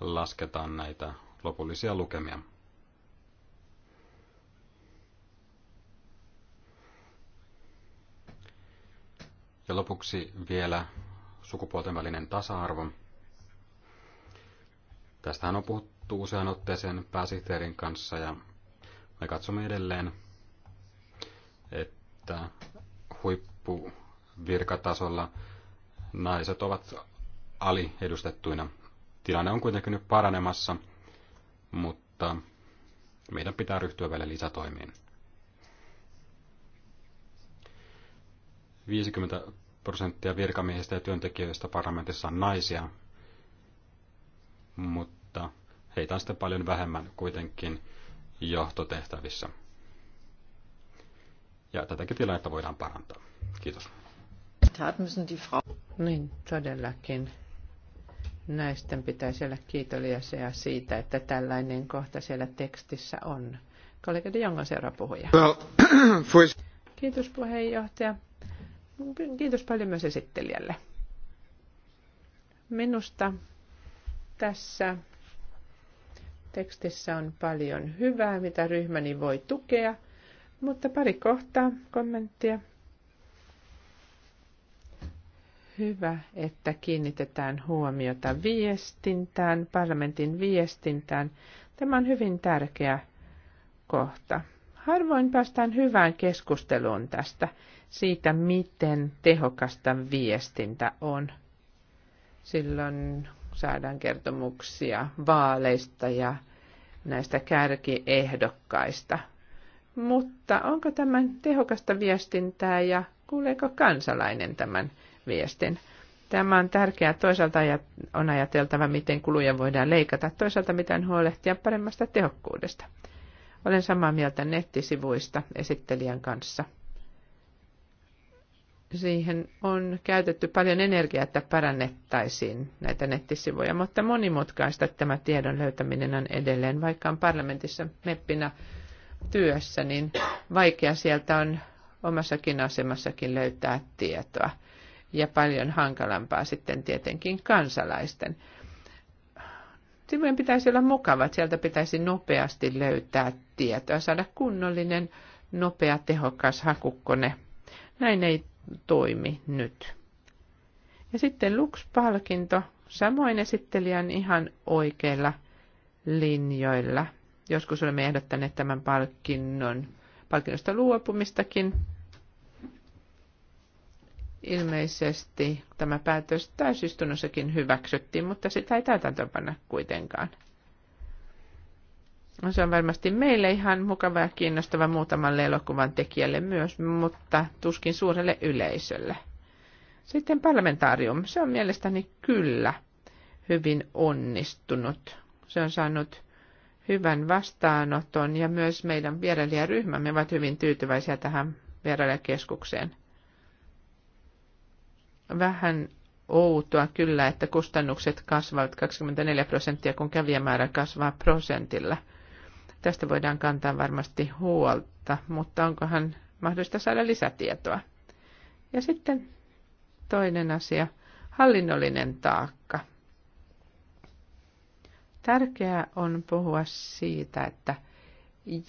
lasketaan näitä lopullisia lukemia. Ja lopuksi vielä sukupuolten välinen tasa-arvo. Tästähän on puhuttu usean otteeseen pääsihteerin kanssa ja me katsomme edelleen, että huippuvirkatasolla naiset ovat aliedustettuina. Tilanne on kuitenkin nyt paranemassa, mutta meidän pitää ryhtyä vielä lisätoimiin. 50 prosenttia virkamiehistä ja työntekijöistä parlamentissa on naisia, mutta heitä on sitten paljon vähemmän kuitenkin johtotehtävissä. Ja tätäkin tilannetta voidaan parantaa. Kiitos.
Niin, todellakin. Näisten pitäisi olla kiitollisia siitä, että tällainen kohta siellä tekstissä on. Kollega de Jong seuraava puhuja. Kiitos puheenjohtaja. Kiitos paljon myös esittelijälle. Minusta tässä tekstissä on paljon hyvää, mitä ryhmäni voi tukea, mutta pari kohtaa kommenttia. Hyvä, että kiinnitetään huomiota viestintään, parlamentin viestintään. Tämä on hyvin tärkeä kohta. Harvoin päästään hyvään keskusteluun tästä siitä, miten tehokasta viestintä on. Silloin saadaan kertomuksia vaaleista ja näistä kärkiehdokkaista. Mutta onko tämä tehokasta viestintää ja kuuleeko kansalainen tämän viestin? Tämä on tärkeää. Toisaalta on ajateltava, miten kuluja voidaan leikata, toisaalta miten huolehtia paremmasta tehokkuudesta. Olen samaa mieltä nettisivuista esittelijän kanssa – siihen on käytetty paljon energiaa, että parannettaisiin näitä nettisivuja, mutta monimutkaista tämä tiedon löytäminen on edelleen, vaikka on parlamentissa meppinä työssä, niin vaikea sieltä on omassakin asemassakin löytää tietoa ja paljon hankalampaa sitten tietenkin kansalaisten. Sivujen pitäisi olla mukavat, sieltä pitäisi nopeasti löytää tietoa, saada kunnollinen, nopea, tehokas hakukone. Näin ei toimi nyt. Ja sitten Lux-palkinto, samoin esittelijän ihan oikeilla linjoilla. Joskus olemme ehdottaneet tämän palkinnon, palkinnosta luopumistakin. Ilmeisesti tämä päätös täysistunnossakin hyväksyttiin, mutta sitä ei täytäntöönpanna kuitenkaan. Se on varmasti meille ihan mukava ja kiinnostava muutamalle elokuvan tekijälle myös, mutta tuskin suurelle yleisölle. Sitten parlamentaarium. Se on mielestäni kyllä hyvin onnistunut. Se on saanut hyvän vastaanoton ja myös meidän vierailijaryhmämme ovat hyvin tyytyväisiä tähän vierailijakeskukseen. Vähän outoa kyllä, että kustannukset kasvavat 24 prosenttia, kun kävijämäärä kasvaa prosentilla – Tästä voidaan kantaa varmasti huolta, mutta onkohan mahdollista saada lisätietoa? Ja sitten toinen asia, hallinnollinen taakka. Tärkeää on puhua siitä, että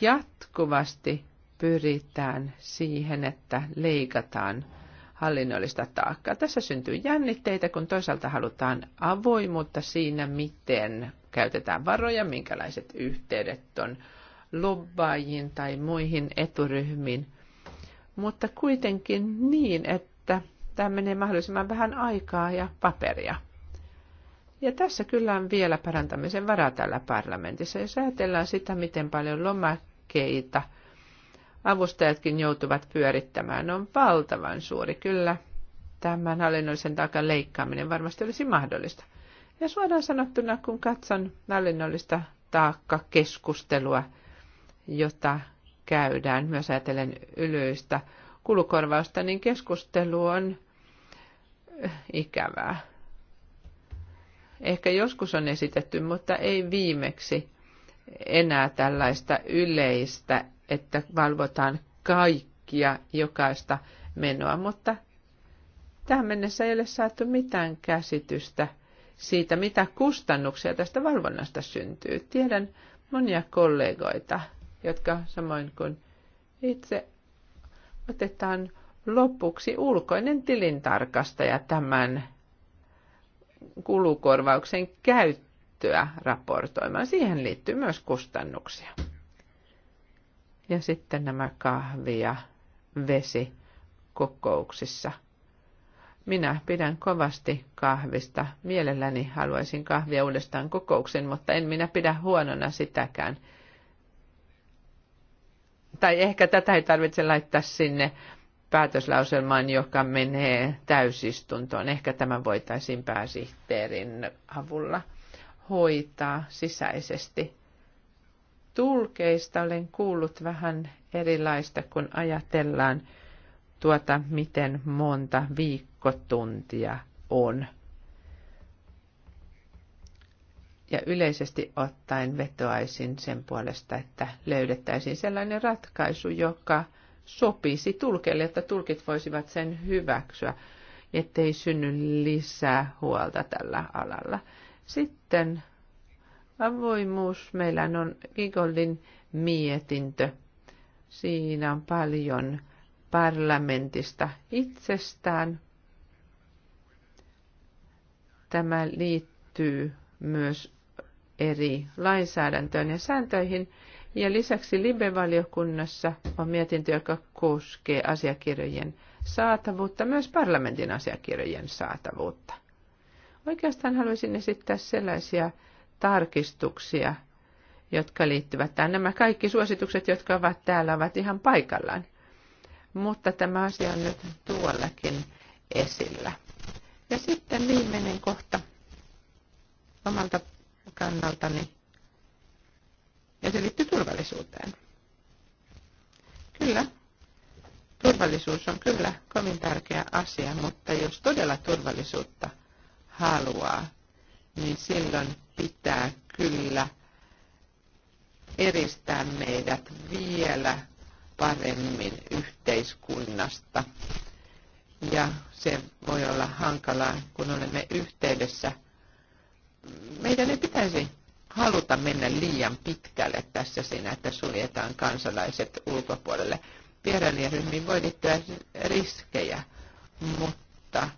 jatkuvasti pyritään siihen, että leikataan hallinnollista taakkaa. Tässä syntyy jännitteitä, kun toisaalta halutaan avoimuutta siinä, miten käytetään varoja, minkälaiset yhteydet on lobbaajiin tai muihin eturyhmiin, mutta kuitenkin niin, että tämä menee mahdollisimman vähän aikaa ja paperia. Ja tässä kyllä on vielä parantamisen varaa täällä parlamentissa. Jos ajatellaan sitä, miten paljon lomakkeita avustajatkin joutuvat pyörittämään, on valtavan suuri. Kyllä tämän hallinnollisen taakan leikkaaminen varmasti olisi mahdollista. Ja suoraan sanottuna, kun katson hallinnollista taakkakeskustelua, jota käydään myös ajatellen ylöistä kulukorvausta, niin keskustelu on eh, ikävää. Ehkä joskus on esitetty, mutta ei viimeksi enää tällaista yleistä, että valvotaan kaikkia, jokaista menoa, mutta tähän mennessä ei ole saatu mitään käsitystä – siitä, mitä kustannuksia tästä valvonnasta syntyy. Tiedän monia kollegoita, jotka samoin kuin itse otetaan lopuksi ulkoinen tilintarkastaja tämän kulukorvauksen käyttöä raportoimaan. Siihen liittyy myös kustannuksia. Ja sitten nämä kahvia, vesi kokouksissa – minä pidän kovasti kahvista. Mielelläni haluaisin kahvia uudestaan kokouksen, mutta en minä pidä huonona sitäkään. Tai ehkä tätä ei tarvitse laittaa sinne päätöslauselmaan, joka menee täysistuntoon. Ehkä tämän voitaisiin pääsihteerin avulla hoitaa sisäisesti. Tulkeista olen kuullut vähän erilaista, kun ajatellaan tuota, miten monta viikkoa viikkotuntia on. Ja yleisesti ottaen vetoaisin sen puolesta, että löydettäisiin sellainen ratkaisu, joka sopisi tulkelle, että tulkit voisivat sen hyväksyä, ettei synny lisää huolta tällä alalla. Sitten avoimuus. Meillä on Gigoldin mietintö. Siinä on paljon parlamentista itsestään. Tämä liittyy myös eri lainsäädäntöön ja sääntöihin. Ja lisäksi Libe-valiokunnassa on mietintö, joka koskee asiakirjojen saatavuutta, myös parlamentin asiakirjojen saatavuutta. Oikeastaan haluaisin esittää sellaisia tarkistuksia, jotka liittyvät tähän. Nämä kaikki suositukset, jotka ovat täällä, ovat ihan paikallaan. Mutta tämä asia on nyt tuollakin esillä. Ja sitten viimeinen kohta omalta kannaltani. Ja se liittyy turvallisuuteen. Kyllä, turvallisuus on kyllä kovin tärkeä asia, mutta jos todella turvallisuutta haluaa, niin silloin pitää kyllä eristää meidät vielä paremmin yhteiskunnasta ja se voi olla hankalaa, kun olemme yhteydessä. Meidän ei pitäisi haluta mennä liian pitkälle tässä siinä, että suljetaan kansalaiset ulkopuolelle. Vierailijaryhmiin voi liittyä riskejä, mutta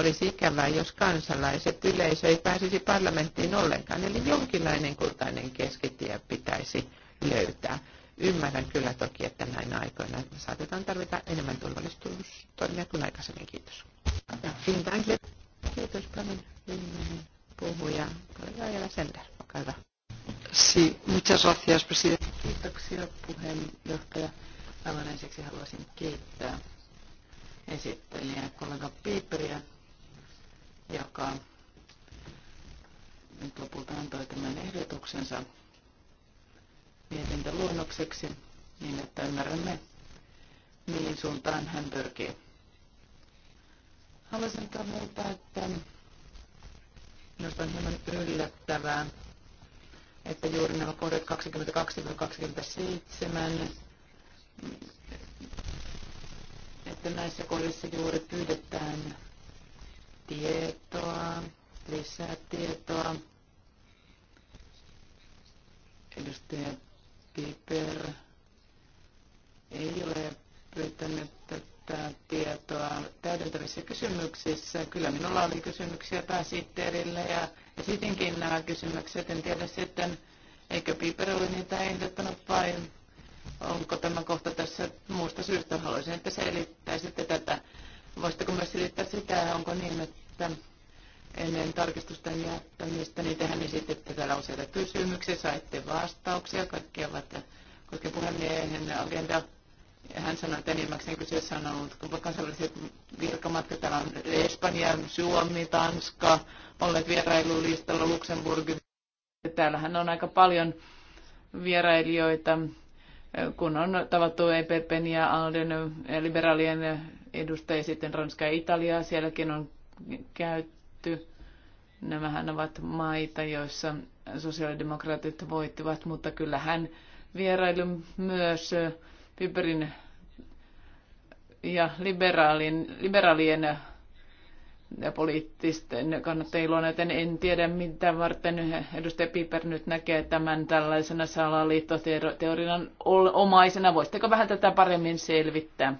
olisi ikävää, jos kansalaiset yleisö ei pääsisi parlamenttiin ollenkaan. Eli jonkinlainen kultainen keskitie pitäisi löytää. Ymmärrän kyllä toki, että näin aikoina että saatetaan tarvita enemmän turvallisuustoimia kuin aikaisemmin. Kiitos. Kiitos paljon. Viimeinen puhuja, kollega Ajala Sender, olkaa hyvä. Sí, muchas gracias, presidente.
Kiitoksia puheenjohtaja. Aivan ensiksi haluaisin kiittää esittelijä kollega Piiperiä, joka nyt lopulta antoi tämän ehdotuksensa mietintöluonnokseksi niin, että ymmärrämme, mihin suuntaan hän pyrkii. Haluaisin todeta, että minusta on hieman yllättävää, että juuri nämä kohdat 22-27, että näissä kohdissa juuri pyydetään tietoa, lisää tietoa. Edustajat Piper ei ole pyytänyt tätä tietoa täydentävissä kysymyksissä. Kyllä minulla oli kysymyksiä pääsihteerille ja esitinkin nämä kysymykset. En tiedä sitten, eikö Piper ole niitä ehdottanut vai onko tämä kohta tässä muusta syystä. Haluaisin, että selittäisitte tätä. Voisitteko myös selittää sitä, onko niin, että ennen tarkistusten jättämistä, niin tehän esititte täällä useita kysymyksiä, saitte vastauksia, kaikki ovat kaikki puhemiehen agenda. Hän sanoi, että enimmäkseen kyseessä on ollut kansainväliset virkamatkat. Täällä on Espanja, Suomi, Tanska, olleet vierailulistalla Luxemburg. Täällähän on aika paljon vierailijoita, kun on tavattu EPPn ja Alden liberaalien edustajia sitten Ranska ja Italia. Sielläkin on käyt, tehty. Nämähän ovat maita, joissa sosiaalidemokraatit voittivat, mutta kyllähän vierailun myös Piperin ja liberaalien, liberaalien ja poliittisten kannattajilla, joten en tiedä mitä varten edustaja Piper nyt näkee tämän tällaisena salaliittoteorian omaisena. Voisitteko vähän tätä paremmin selvittää?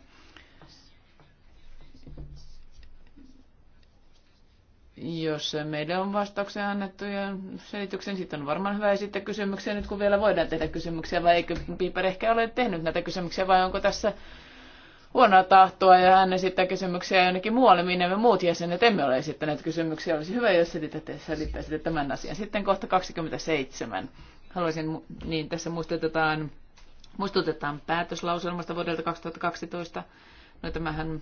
Jos meille on vastauksia annettu ja selityksen, niin sitten on varmaan hyvä esittää kysymyksiä nyt, kun vielä voidaan tehdä kysymyksiä, vai eikö Piper ehkä ole tehnyt näitä kysymyksiä, vai onko tässä huonoa tahtoa ja hän esittää kysymyksiä jonnekin muualle, minne me muut jäsenet emme ole esittäneet kysymyksiä. Olisi hyvä, jos selittäisitte tämän asian. Sitten kohta 27. Haluaisin, niin tässä muistutetaan, muistutetaan päätöslauselmasta vuodelta 2012. No tämähän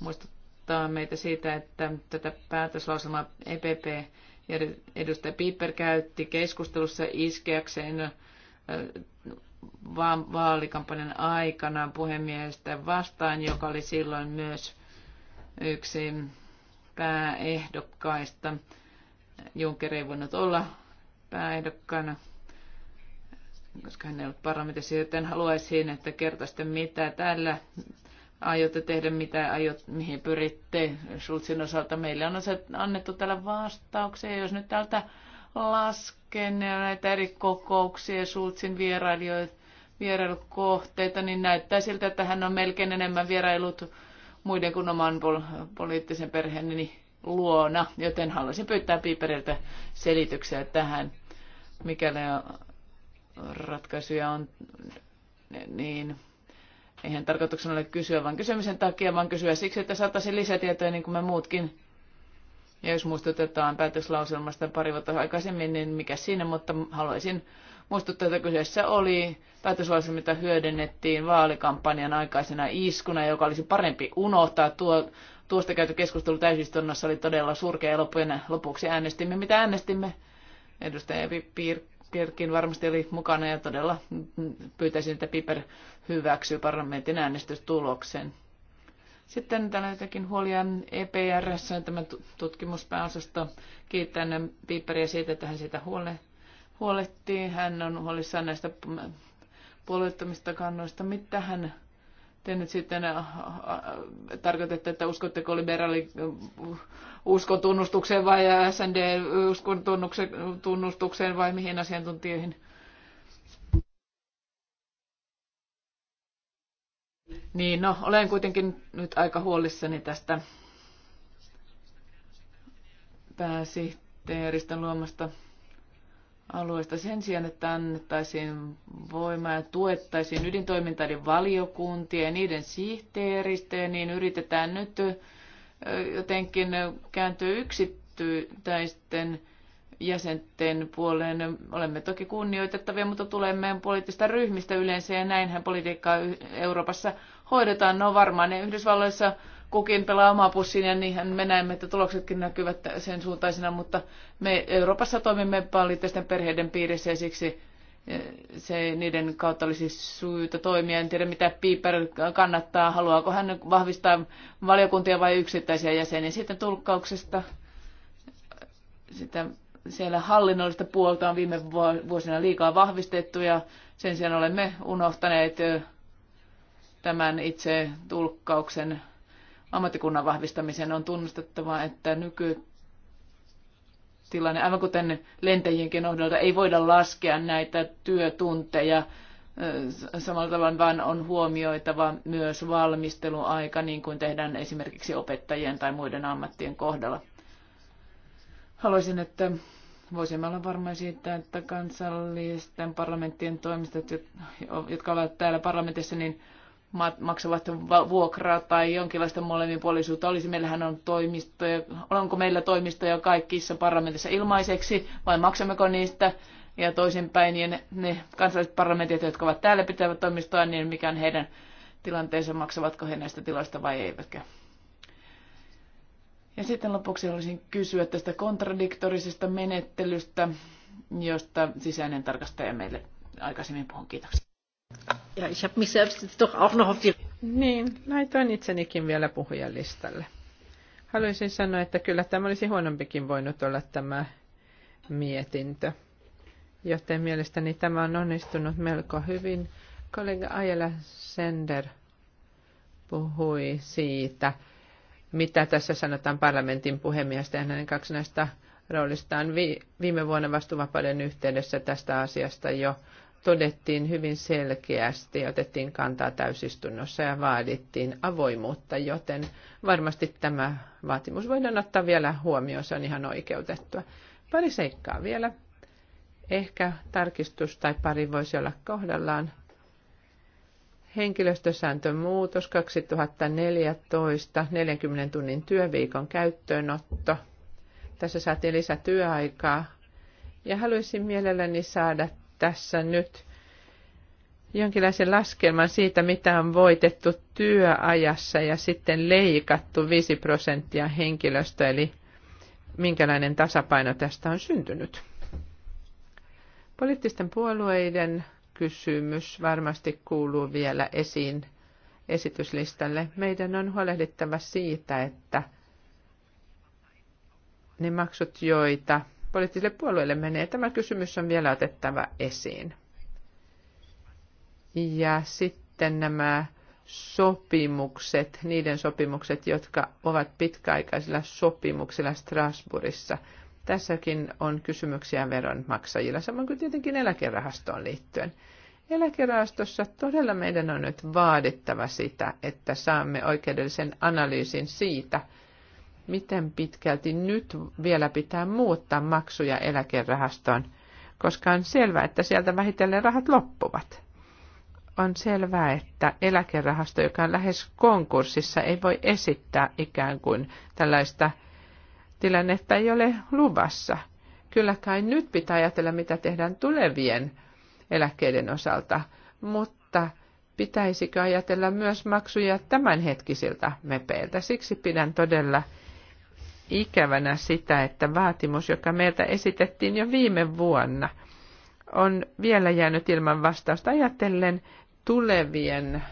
muistut, muistuttaa meitä siitä, että tätä päätöslauselmaa EPP ja edustaja Piper käytti keskustelussa iskeäkseen vaalikampanjan aikana puhemiestä vastaan, joka oli silloin myös yksi pääehdokkaista. Juncker ei voinut olla pääehdokkaana, koska hän ei ollut parlamentissa, joten haluaisin, että kertoisitte mitä tällä aiotte tehdä, mitä aiot, mihin pyritte Schulzin osalta. Meille on annettu tällä vastauksia. Jos nyt täältä lasken näitä eri kokouksia Schulzin vierailijoita, vierailukohteita, niin näyttää siltä, että hän on melkein enemmän vierailut muiden kuin oman pol- poliittisen perheeni luona, joten haluaisin pyytää Piiperiltä selityksiä tähän, mikäli ratkaisuja on, niin Eihän tarkoituksena ole kysyä vain kysymisen takia, vaan kysyä siksi, että saataisiin lisätietoja niin kuin me muutkin. Ja jos muistutetaan päätöslauselmasta pari vuotta aikaisemmin, niin mikä siinä, mutta haluaisin muistuttaa, että kyseessä oli päätöslauselma, mitä hyödynnettiin vaalikampanjan aikaisena iskuna, joka olisi parempi unohtaa. Tuo, tuosta käyty keskustelu täysistunnossa oli todella surkea ja lopuksi äänestimme, mitä äänestimme. Edustaja Pirkko Kirkin varmasti oli mukana ja todella pyytäisin, että Piper hyväksyy parlamentin äänestystuloksen. Sitten täällä jotenkin huolia EPRS, tämän tutkimuspääosasto. Kiitän Piperiä siitä, että hän siitä huole, huolehtii. Hän on huolissaan näistä puolueettomista kannoista. Mitä hän te nyt sitten äh, äh, tarkoitatte, että uskotteko liberaali äh, uskon tunnustukseen vai SND uskon tunnustukseen vai mihin asiantuntijoihin? Niin, no, olen kuitenkin nyt aika huolissani tästä pääsihteeristä luomasta alueesta sen sijaan, että annettaisiin voimaa ja tuettaisiin ydintoimintaa eli valiokuntia ja niiden sihteeristöjä, niin yritetään nyt jotenkin kääntyä yksittäisten jäsenten puoleen. Olemme toki kunnioitettavia, mutta tulemme poliittista ryhmistä yleensä ja näinhän politiikkaa Euroopassa hoidetaan. No varmaan ne Yhdysvalloissa kukin pelaa omaa pussiin ja niinhän me näemme, että tuloksetkin näkyvät sen suuntaisena, mutta me Euroopassa toimimme paljon perheiden piirissä ja siksi eh, se, niiden kautta olisi syytä toimia. En tiedä, mitä Piper kannattaa. Haluaako hän vahvistaa valiokuntia vai yksittäisiä jäseniä? Sitten tulkkauksesta. Sitä siellä hallinnollista puolta on viime vuosina liikaa vahvistettu ja sen sijaan olemme unohtaneet eh, tämän itse tulkkauksen ammattikunnan vahvistamiseen. On tunnustettava, että nykytilanne, aivan kuten lentäjienkin ohdolta, ei voida laskea näitä työtunteja samalla tavalla, vaan on huomioitava myös valmisteluaika, niin kuin tehdään esimerkiksi opettajien tai muiden ammattien kohdalla. Haluaisin, että voisimme olla varmoja siitä, että kansallisten parlamenttien toimistot, jotka ovat täällä parlamentissa, niin maksavat vuokraa tai jonkinlaista molemminpuolisuutta olisi. Meillähän on toimistoja, onko meillä toimistoja kaikissa parlamentissa ilmaiseksi vai maksammeko niistä? Ja toisinpäin, niin ne, ne kansalliset parlamentit, jotka ovat täällä pitävät toimistoa, niin mikä on heidän tilanteensa, maksavatko he näistä tiloista vai eivätkä. Ja sitten lopuksi haluaisin kysyä tästä kontradiktorisesta menettelystä, josta sisäinen tarkastaja meille aikaisemmin puhun. Kiitoksia. Ja, ich
habe mich selbst jetzt doch auch noch auf die... Niin, laitoin itsenikin vielä puhujalistalle. Haluaisin sanoa, että kyllä tämä olisi huonompikin voinut olla tämä mietintö. Joten mielestäni tämä on onnistunut melko hyvin. Kollega Ayala Sender puhui siitä, mitä tässä sanotaan parlamentin puhemiestä ja hänen kaksinaista roolistaan. viime vuonna vastuvapauden yhteydessä tästä asiasta jo todettiin hyvin selkeästi ja otettiin kantaa täysistunnossa ja vaadittiin avoimuutta, joten varmasti tämä vaatimus voidaan ottaa vielä huomioon, se on ihan oikeutettua. Pari seikkaa vielä. Ehkä tarkistus tai pari voisi olla kohdallaan. Henkilöstösääntön muutos 2014, 40 tunnin työviikon käyttöönotto. Tässä saatiin lisätyöaikaa ja haluaisin mielelläni saada tässä nyt jonkinlaisen laskelman siitä, mitä on voitettu työajassa ja sitten leikattu 5 prosenttia henkilöstä, eli minkälainen tasapaino tästä on syntynyt. Poliittisten puolueiden kysymys varmasti kuuluu vielä esiin esityslistalle. Meidän on huolehdittava siitä, että ne maksut, joita poliittisille puolueille menee. Tämä kysymys on vielä otettava esiin. Ja sitten nämä sopimukset, niiden sopimukset, jotka ovat pitkäaikaisilla sopimuksilla Strasbourgissa. Tässäkin on kysymyksiä veronmaksajilla, samoin kuin tietenkin eläkerahastoon liittyen. Eläkerahastossa todella meidän on nyt vaadittava sitä, että saamme oikeudellisen analyysin siitä, miten pitkälti nyt vielä pitää muuttaa maksuja eläkerahastoon, koska on selvää, että sieltä vähitellen rahat loppuvat. On selvää, että eläkerahasto, joka on lähes konkurssissa, ei voi esittää ikään kuin tällaista tilannetta ei ole luvassa. Kyllä kai nyt pitää ajatella, mitä tehdään tulevien eläkkeiden osalta, mutta pitäisikö ajatella myös maksuja tämänhetkisiltä mepeiltä. Siksi pidän todella ikävänä sitä, että vaatimus, joka meiltä esitettiin jo viime vuonna, on vielä jäänyt ilman vastausta ajatellen tulevien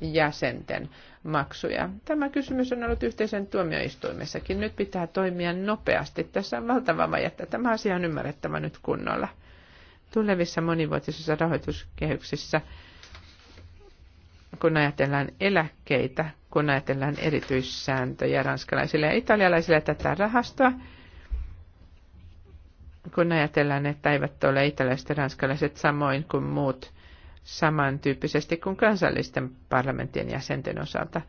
jäsenten maksuja. Tämä kysymys on ollut yhteisen tuomioistuimessakin. Nyt pitää toimia nopeasti. Tässä on valtava vaje. Tämä asia on ymmärrettävä nyt kunnolla. Tulevissa monivuotisissa rahoituskehyksissä, kun ajatellaan eläkkeitä, kun ajatellaan erityissääntöjä ranskalaisille ja italialaisille tätä rahastoa, kun ajatellaan, että eivät ole italialaiset ja ranskalaiset samoin kuin muut samantyyppisesti kuin kansallisten parlamenttien jäsenten osalta,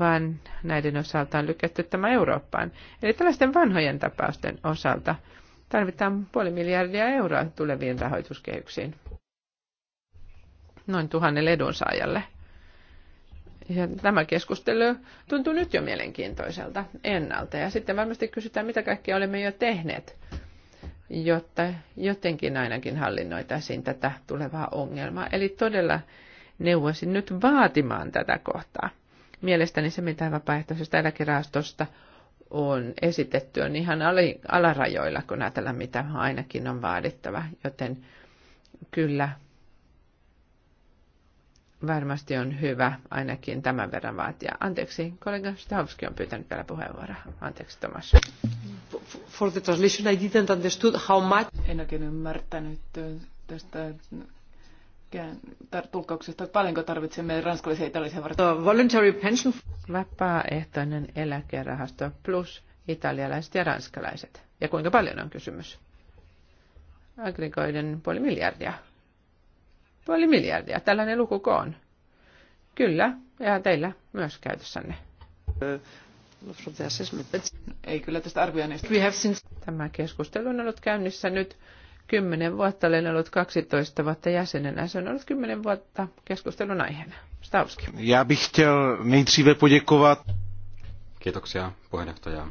vaan näiden osalta on lykätty tämä Eurooppaan. Eli tällaisten vanhojen tapausten osalta tarvitaan puoli miljardia euroa tuleviin rahoituskehyksiin noin tuhannelle edunsaajalle. Ja tämä keskustelu tuntuu nyt jo mielenkiintoiselta ennalta. Ja sitten varmasti kysytään, mitä kaikkea olemme jo tehneet, jotta jotenkin ainakin hallinnoitaisiin tätä tulevaa ongelmaa. Eli todella neuvoisin nyt vaatimaan tätä kohtaa. Mielestäni se, mitä vapaaehtoisesta eläkerahastosta on esitetty, on ihan alarajoilla, kun ajatellaan, mitä ainakin on vaadittava. Joten kyllä varmasti on hyvä ainakin tämän verran vaatia. Anteeksi, kollega Stavski on pyytänyt vielä puheenvuoroa. Anteeksi, Tomas.
For the translation, I didn't understood how much... En oikein ymmärtänyt tästä tulkauksesta, että paljonko tarvitsemme ranskalaisia ja italialaisia varten. Voluntary
pension... Vapaaehtoinen eläkerahasto plus italialaiset ja ranskalaiset. Ja kuinka paljon on kysymys? Agrikoiden puoli miljardia. Puoli miljardia, tällainen luku on. Kyllä, ja teillä myös käytössänne.
Ei kyllä tästä arvioinnista.
Tämä keskustelu on ollut käynnissä nyt kymmenen vuotta. Olen ollut 12 vuotta jäsenenä. Se on ollut kymmenen vuotta keskustelun aiheena.
Stavski. Ja bych chtěl nejdříve poděkovat. Kiitoksia puheenjohtaja.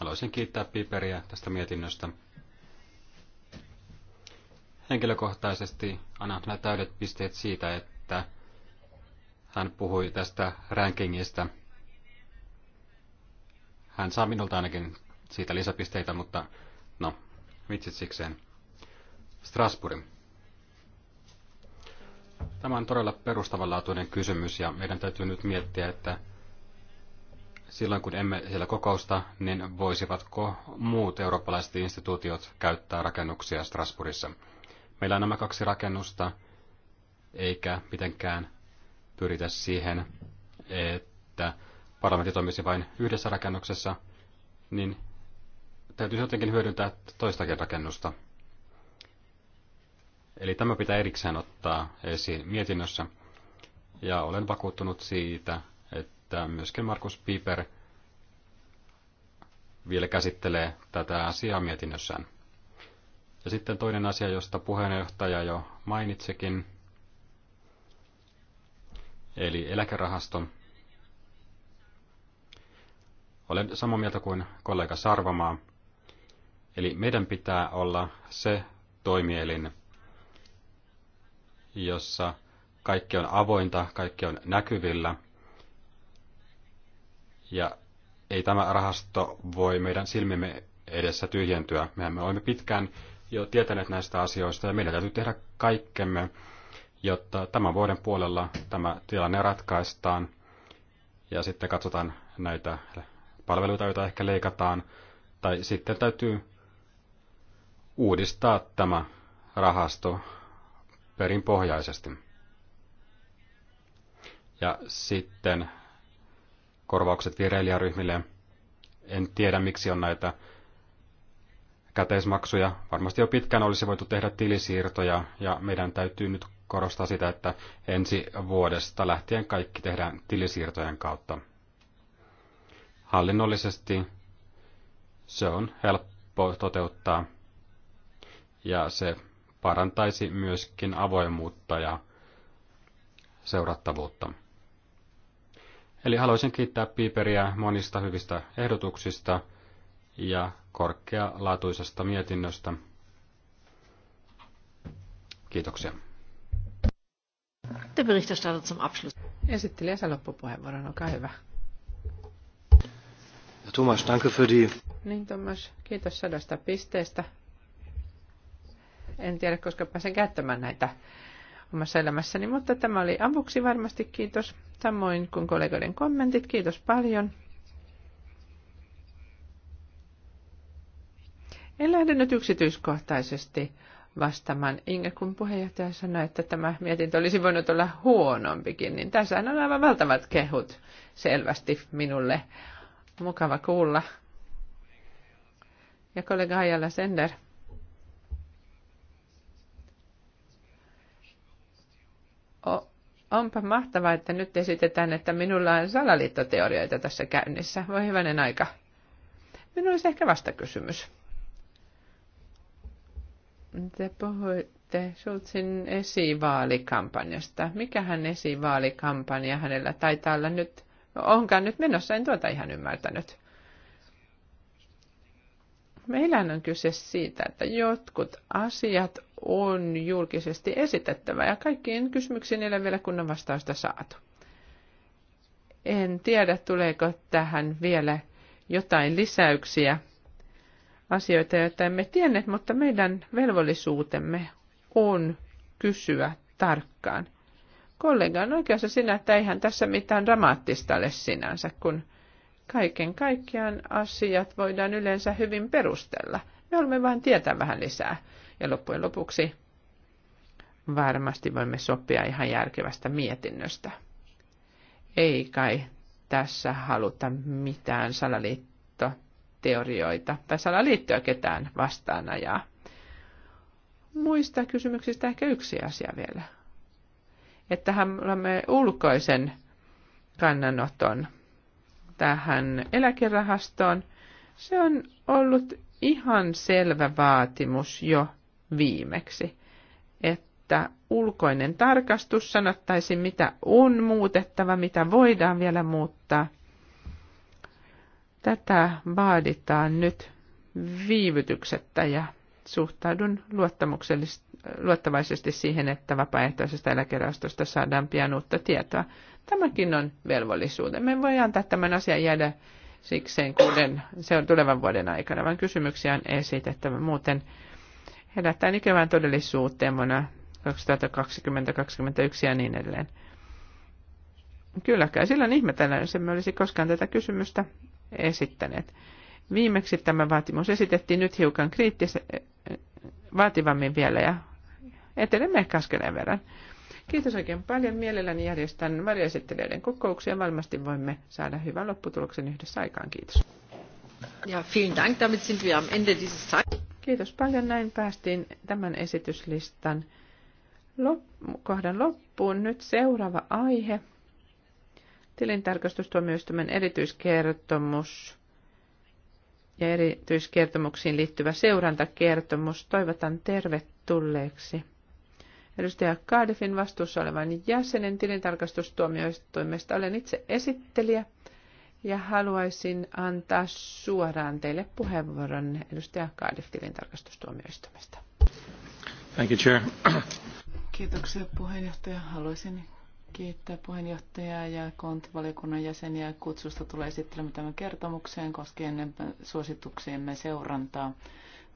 Haluaisin kiittää Piperiä tästä mietinnöstä henkilökohtaisesti annan hänelle täydet pisteet siitä, että hän puhui tästä rankingista. Hän saa minulta ainakin siitä lisäpisteitä, mutta no, vitsit sikseen. Strasbourg. Tämä on todella perustavanlaatuinen kysymys ja meidän täytyy nyt miettiä, että silloin kun emme siellä kokousta, niin voisivatko muut eurooppalaiset instituutiot käyttää rakennuksia Strasbourgissa? Meillä on nämä kaksi rakennusta, eikä mitenkään pyritä siihen, että parlamentti toimisi vain yhdessä rakennuksessa, niin täytyy jotenkin hyödyntää toistakin rakennusta. Eli tämä pitää erikseen ottaa esiin mietinnössä. Ja olen vakuuttunut siitä, että myöskin Markus Piper vielä käsittelee tätä asiaa mietinnössään. Ja sitten toinen asia, josta puheenjohtaja jo mainitsikin, eli eläkerahasto. Olen samaa mieltä kuin kollega Sarvamaa. Eli meidän pitää olla se toimielin, jossa kaikki on avointa, kaikki on näkyvillä. Ja ei tämä rahasto voi meidän silmimme edessä tyhjentyä. Mehän me olemme pitkään jo tietäneet näistä asioista ja meidän täytyy tehdä kaikkemme, jotta tämän vuoden puolella tämä tilanne ratkaistaan ja sitten katsotaan näitä palveluita, joita ehkä leikataan, tai sitten täytyy uudistaa tämä rahasto perinpohjaisesti. Ja sitten korvaukset vireilijäryhmille. En tiedä, miksi on näitä käteismaksuja. Varmasti jo pitkään olisi voitu tehdä tilisiirtoja ja meidän täytyy nyt korostaa sitä, että ensi vuodesta lähtien kaikki tehdään tilisiirtojen kautta. Hallinnollisesti se on helppo toteuttaa ja se parantaisi myöskin avoimuutta ja seurattavuutta. Eli haluaisin kiittää Piiperiä monista hyvistä ehdotuksista ja korkealaatuisesta mietinnöstä. Kiitoksia.
Der Berichterstatter zum
Abschluss. Esittelijä saa loppupuheenvuoron, olkaa hyvä.
Ja Thomas, danke für die...
Niin Thomas, kiitos sadasta pisteestä. En tiedä, koska pääsen käyttämään näitä omassa elämässäni, mutta tämä oli avuksi varmasti kiitos. Samoin kuin kollegoiden kommentit, kiitos paljon. En lähde nyt yksityiskohtaisesti vastaamaan. Inge, kun puheenjohtaja sanoi, että tämä mietintö olisi voinut olla huonompikin, niin tässä on aivan valtavat kehut selvästi minulle. Mukava kuulla. Ja kollega Ajala Sender. O, onpa mahtavaa, että nyt esitetään, että minulla on salaliittoteorioita tässä käynnissä. Voi hyvänen aika. Minulla olisi ehkä vastakysymys te puhuitte Schultzin esivaalikampanjasta. Mikähän esivaalikampanja hänellä taitaa olla nyt, onkaan nyt menossa, en tuota ihan ymmärtänyt. Meillä on kyse siitä, että jotkut asiat on julkisesti esitettävä ja kaikkiin kysymyksiin ei ole vielä kunnon vastausta saatu. En tiedä, tuleeko tähän vielä jotain lisäyksiä asioita, joita emme tienneet, mutta meidän velvollisuutemme on kysyä tarkkaan. Kollega on oikeassa sinä, että eihän tässä mitään dramaattista ole sinänsä, kun kaiken kaikkiaan asiat voidaan yleensä hyvin perustella. Me olemme vain tietää vähän lisää. Ja loppujen lopuksi varmasti voimme sopia ihan järkevästä mietinnöstä. Ei kai tässä haluta mitään salaliittoa teorioita tai liittyä ketään vastaan ajaa. Muista kysymyksistä ehkä yksi asia vielä. Että olemme ulkoisen kannanoton tähän eläkerahastoon. Se on ollut ihan selvä vaatimus jo viimeksi, että ulkoinen tarkastus sanottaisi, mitä on muutettava, mitä voidaan vielä muuttaa – Tätä vaaditaan nyt viivytyksettä ja suhtaudun luottavaisesti siihen, että vapaaehtoisesta eläkerastosta saadaan pian uutta tietoa. Tämäkin on Me Voi antaa tämän asian jäädä sikseen kuuden, se on tulevan vuoden aikana, vaan kysymyksiä on esitettävä. Muuten herättää ikävään todellisuuteen vuonna 2020-2021 ja niin edelleen. Kylläkään silloin ihmetellään, jos emme olisi koskaan tätä kysymystä esittäneet. Viimeksi tämä vaatimus esitettiin nyt hiukan kriittis- vaativammin vielä ja etenemme ehkä askeleen verran. Kiitos oikein paljon. Mielelläni järjestän varjoesittelijöiden kokouksia. Varmasti voimme saada hyvän lopputuloksen yhdessä aikaan. Kiitos. Ja vielen Dank. Damit sind wir am Ende dieses Kiitos paljon. Näin päästiin tämän esityslistan lop- kohdan loppuun. Nyt seuraava aihe tilintarkastustuomioistuimen erityiskertomus ja erityiskertomuksiin liittyvä seurantakertomus toivotan tervetulleeksi. Edustaja Kaadefin vastuussa olevan jäsenen tilintarkastustuomioistuimesta olen itse esittelijä ja haluaisin antaa suoraan teille puheenvuoron edustaja Kaadef tilintarkastustuomioistuimesta.
Thank you, Chair.
Kiitoksia puheenjohtaja. Haluaisin kiittää puheenjohtajaa ja kontvaliokunnan jäseniä kutsusta tulee esittelemään tämän kertomukseen koskien suosituksiemme seurantaa,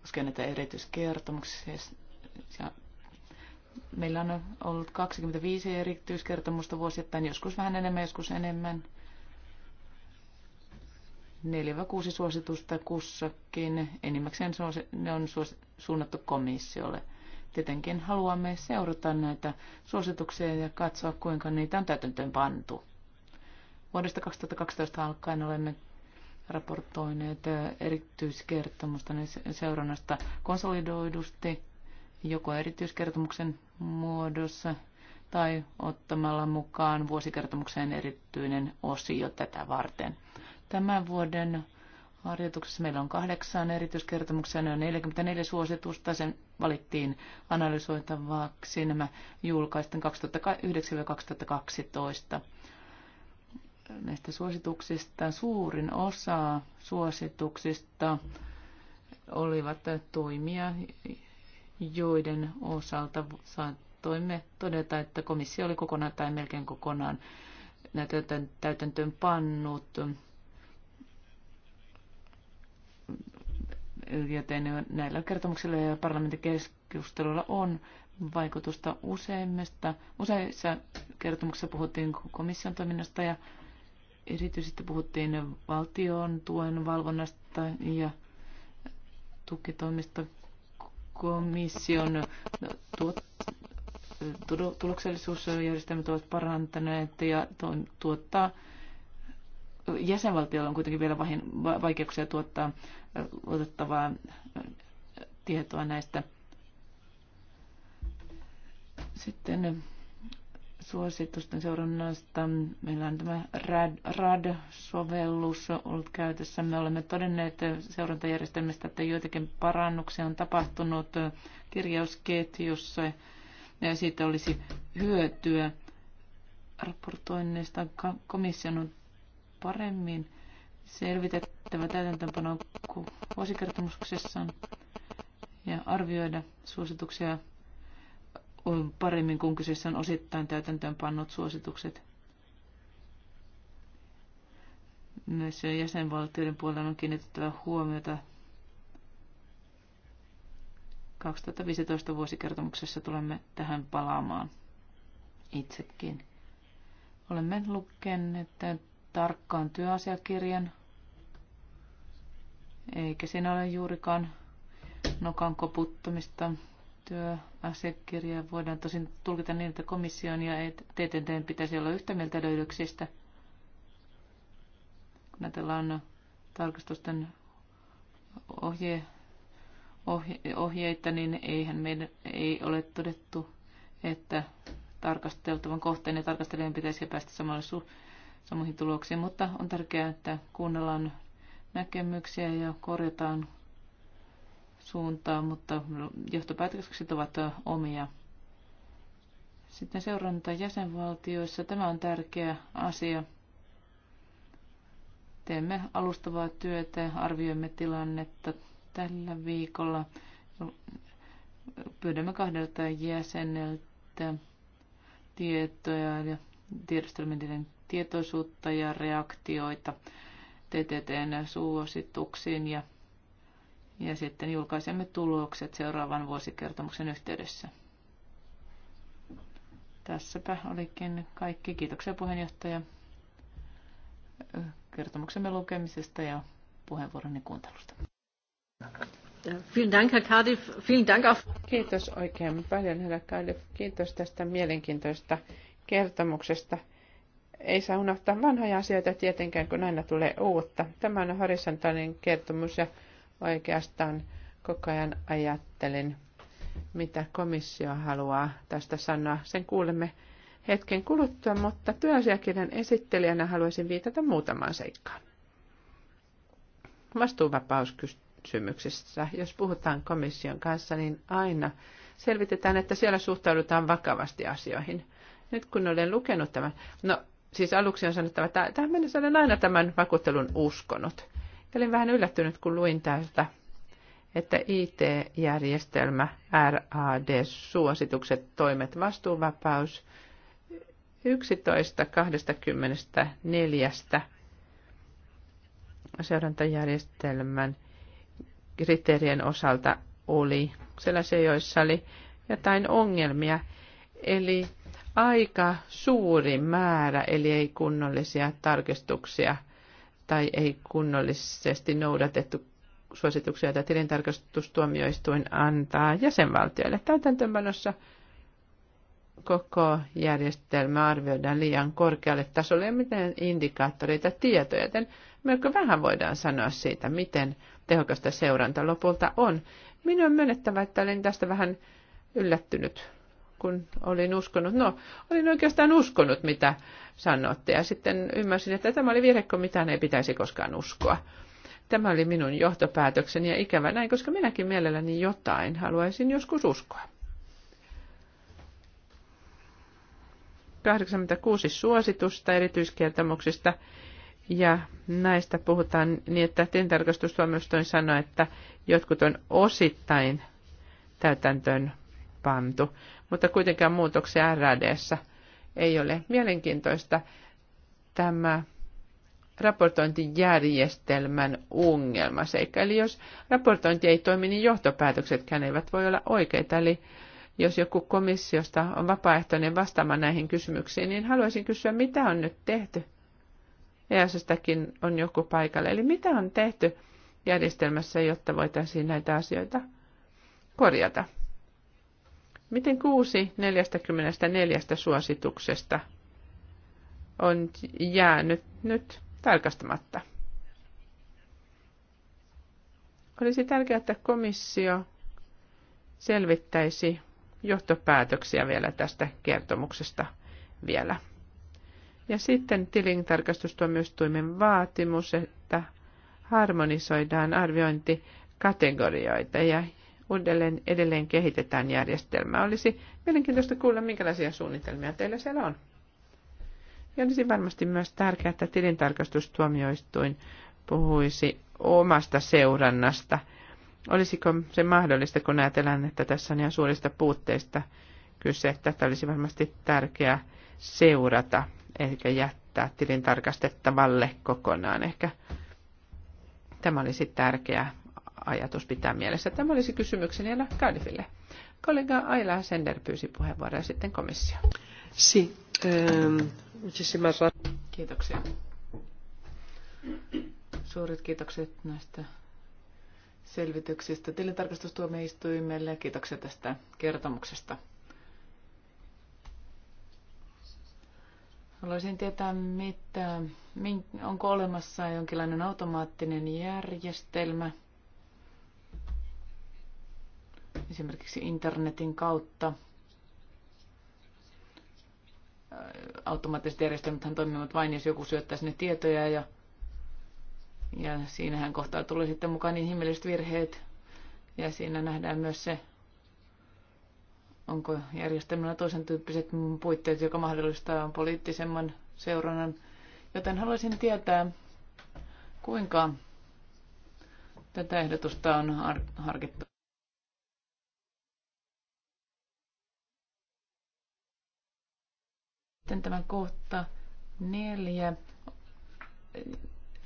koskien näitä erityiskertomuksia. Meillä on ollut 25 erityiskertomusta vuosittain, joskus vähän enemmän, joskus enemmän. 4-6 suositusta kussakin. Enimmäkseen ne on suunnattu komissiolle. Tietenkin haluamme seurata näitä suosituksia ja katsoa, kuinka niitä on täytäntöön pantu. Vuodesta 2012 alkaen olemme raportoineet erityiskertomusta seurannasta konsolidoidusti, joko erityiskertomuksen muodossa tai ottamalla mukaan vuosikertomukseen erityinen osio tätä varten. Tämän vuoden harjoituksessa. Meillä on kahdeksan erityiskertomuksia, ne on 44 suositusta. Sen valittiin analysoitavaksi. Nämä julkaisten 2009-2012 näistä suosituksista. Suurin osa suosituksista olivat toimia, joiden osalta saattoimme todeta, että komissio oli kokonaan tai melkein kokonaan näitä täytäntöön pannut joten näillä kertomuksilla ja parlamentin keskustelulla on vaikutusta useimmista. Useissa kertomuksissa puhuttiin komission toiminnasta ja erityisesti puhuttiin valtion tuen valvonnasta ja tukitoimista komission tuot, tuloksellisuusjärjestelmät ovat parantaneet ja tuottaa jäsenvaltioilla on kuitenkin vielä vaikeuksia tuottaa luotettavaa tietoa näistä. Sitten suositusten seurannasta. Meillä on tämä RAD-sovellus ollut käytössä. Me olemme todenneet seurantajärjestelmistä, että joitakin parannuksia on tapahtunut kirjausketjussa ja siitä olisi hyötyä raportoinnista. Komission on paremmin selvitettävä täytäntöönpano vuosikertomuksessaan ja arvioida suosituksia on paremmin, kun kyseessä on osittain täytäntöönpannut suositukset. Myös jäsenvaltioiden puolella on kiinnitettävä huomiota 2015 vuosikertomuksessa tulemme tähän palaamaan itsekin. Olemme lukeneet tarkkaan työasiakirjan, eikä siinä ole juurikaan nokan koputtamista. Työasiakirja voidaan tosin tulkita niin, että komission ja TTT pitäisi olla yhtä mieltä löydöksistä. Kun ajatellaan tarkastusten ohje, ohje, ohjeita, niin eihän meidän ei ole todettu, että tarkasteltavan kohteen ja tarkastelijan pitäisi päästä samalle su- samoihin tuloksiin, mutta on tärkeää, että kuunnellaan näkemyksiä ja korjataan suuntaa, mutta johtopäätökset ovat omia. Sitten seuranta jäsenvaltioissa. Tämä on tärkeä asia. Teemme alustavaa työtä, arvioimme tilannetta tällä viikolla. Pyydämme kahdelta jäseneltä tietoja ja tiedostelmien tietoisuutta ja reaktioita TTTn suosituksiin ja, ja sitten julkaisemme tulokset seuraavan vuosikertomuksen yhteydessä. Tässäpä olikin kaikki. Kiitoksia puheenjohtaja kertomuksemme lukemisesta ja puheenvuoroni kuuntelusta.
Kiitos oikein paljon, herra Kiitos tästä mielenkiintoista kertomuksesta ei saa unohtaa vanhoja asioita tietenkään, kun aina tulee uutta. Tämä on horisontaalinen kertomus ja oikeastaan koko ajan ajattelin, mitä komissio haluaa tästä sanoa. Sen kuulemme hetken kuluttua, mutta työasiakirjan esittelijänä haluaisin viitata muutamaan seikkaan. Vastuuvapauskysymyksessä, jos puhutaan komission kanssa, niin aina selvitetään, että siellä suhtaudutaan vakavasti asioihin. Nyt kun olen lukenut tämän, no siis aluksi on sanottava, että tähän mennessä olen aina tämän vakuuttelun uskonut. Ja olin vähän yllättynyt, kun luin täältä, että IT-järjestelmä, RAD-suositukset, toimet, vastuuvapaus, 11.24 seurantajärjestelmän kriteerien osalta oli sellaisia, joissa oli jotain ongelmia. Eli aika suuri määrä, eli ei kunnollisia tarkistuksia tai ei kunnollisesti noudatettu suosituksia, joita tilintarkastustuomioistuin antaa jäsenvaltioille. Täytäntöönpanossa koko järjestelmä arvioidaan liian korkealle tasolle ja miten indikaattoreita tietoja, joten melko vähän voidaan sanoa siitä, miten tehokasta seuranta lopulta on. Minun on myönnettävä, että olen tästä vähän yllättynyt kun olin uskonut. No, olin oikeastaan uskonut, mitä sanotte. Ja sitten ymmärsin, että tämä oli virhe, kun mitään ei pitäisi koskaan uskoa. Tämä oli minun johtopäätökseni ja ikävä näin, koska minäkin mielelläni jotain haluaisin joskus uskoa. 86 suositusta erityiskertomuksista ja näistä puhutaan niin, että tintarkastustuomioistuin sanoi, että jotkut on osittain täytäntöön pantu mutta kuitenkaan muutoksia RADssä ei ole. Mielenkiintoista tämä raportointijärjestelmän ongelmaseikka. Eli jos raportointi ei toimi, niin johtopäätöksetkään eivät voi olla oikeita. Eli jos joku komissiosta on vapaaehtoinen vastaamaan näihin kysymyksiin, niin haluaisin kysyä, mitä on nyt tehty? EASOstakin on joku paikalla. Eli mitä on tehty järjestelmässä, jotta voitaisiin näitä asioita korjata? Miten kuusi 44 suosituksesta on jäänyt nyt tarkastamatta? Olisi tärkeää, että komissio selvittäisi johtopäätöksiä vielä tästä kertomuksesta vielä. Ja sitten tilintarkastustuomioistuimen vaatimus, että harmonisoidaan arviointikategorioita ja uudelleen edelleen kehitetään järjestelmää. Olisi mielenkiintoista kuulla, minkälaisia suunnitelmia teillä siellä on. Ja olisi varmasti myös tärkeää, että tilintarkastustuomioistuin puhuisi omasta seurannasta. Olisiko se mahdollista, kun ajatellaan, että tässä on ihan suurista puutteista kyse. että Tätä olisi varmasti tärkeää seurata, eikä jättää tilintarkastettavalle kokonaan. Ehkä tämä olisi tärkeää ajatus pitää mielessä. Tämä olisi kysymykseni Anna Cardiffille. Kollega Aila Sender pyysi puheenvuoroa sitten komissio.
Si, ähm,
Kiitoksia. Suuret kiitokset näistä selvityksistä tilintarkastustuomioistuimelle ja kiitoksia tästä kertomuksesta. Haluaisin tietää, mitä, onko olemassa jonkinlainen automaattinen järjestelmä – esimerkiksi internetin kautta. Automaattiset järjestelmät toimivat vain, jos joku syöttää sinne tietoja ja, ja siinähän kohtaa tulee sitten mukaan niin himmelliset virheet. Ja siinä nähdään myös se, onko järjestelmällä toisen tyyppiset puitteet, joka mahdollistaa poliittisemman seurannan. Joten haluaisin tietää, kuinka tätä ehdotusta on har- harkittu. Sitten tämä kohta neljä.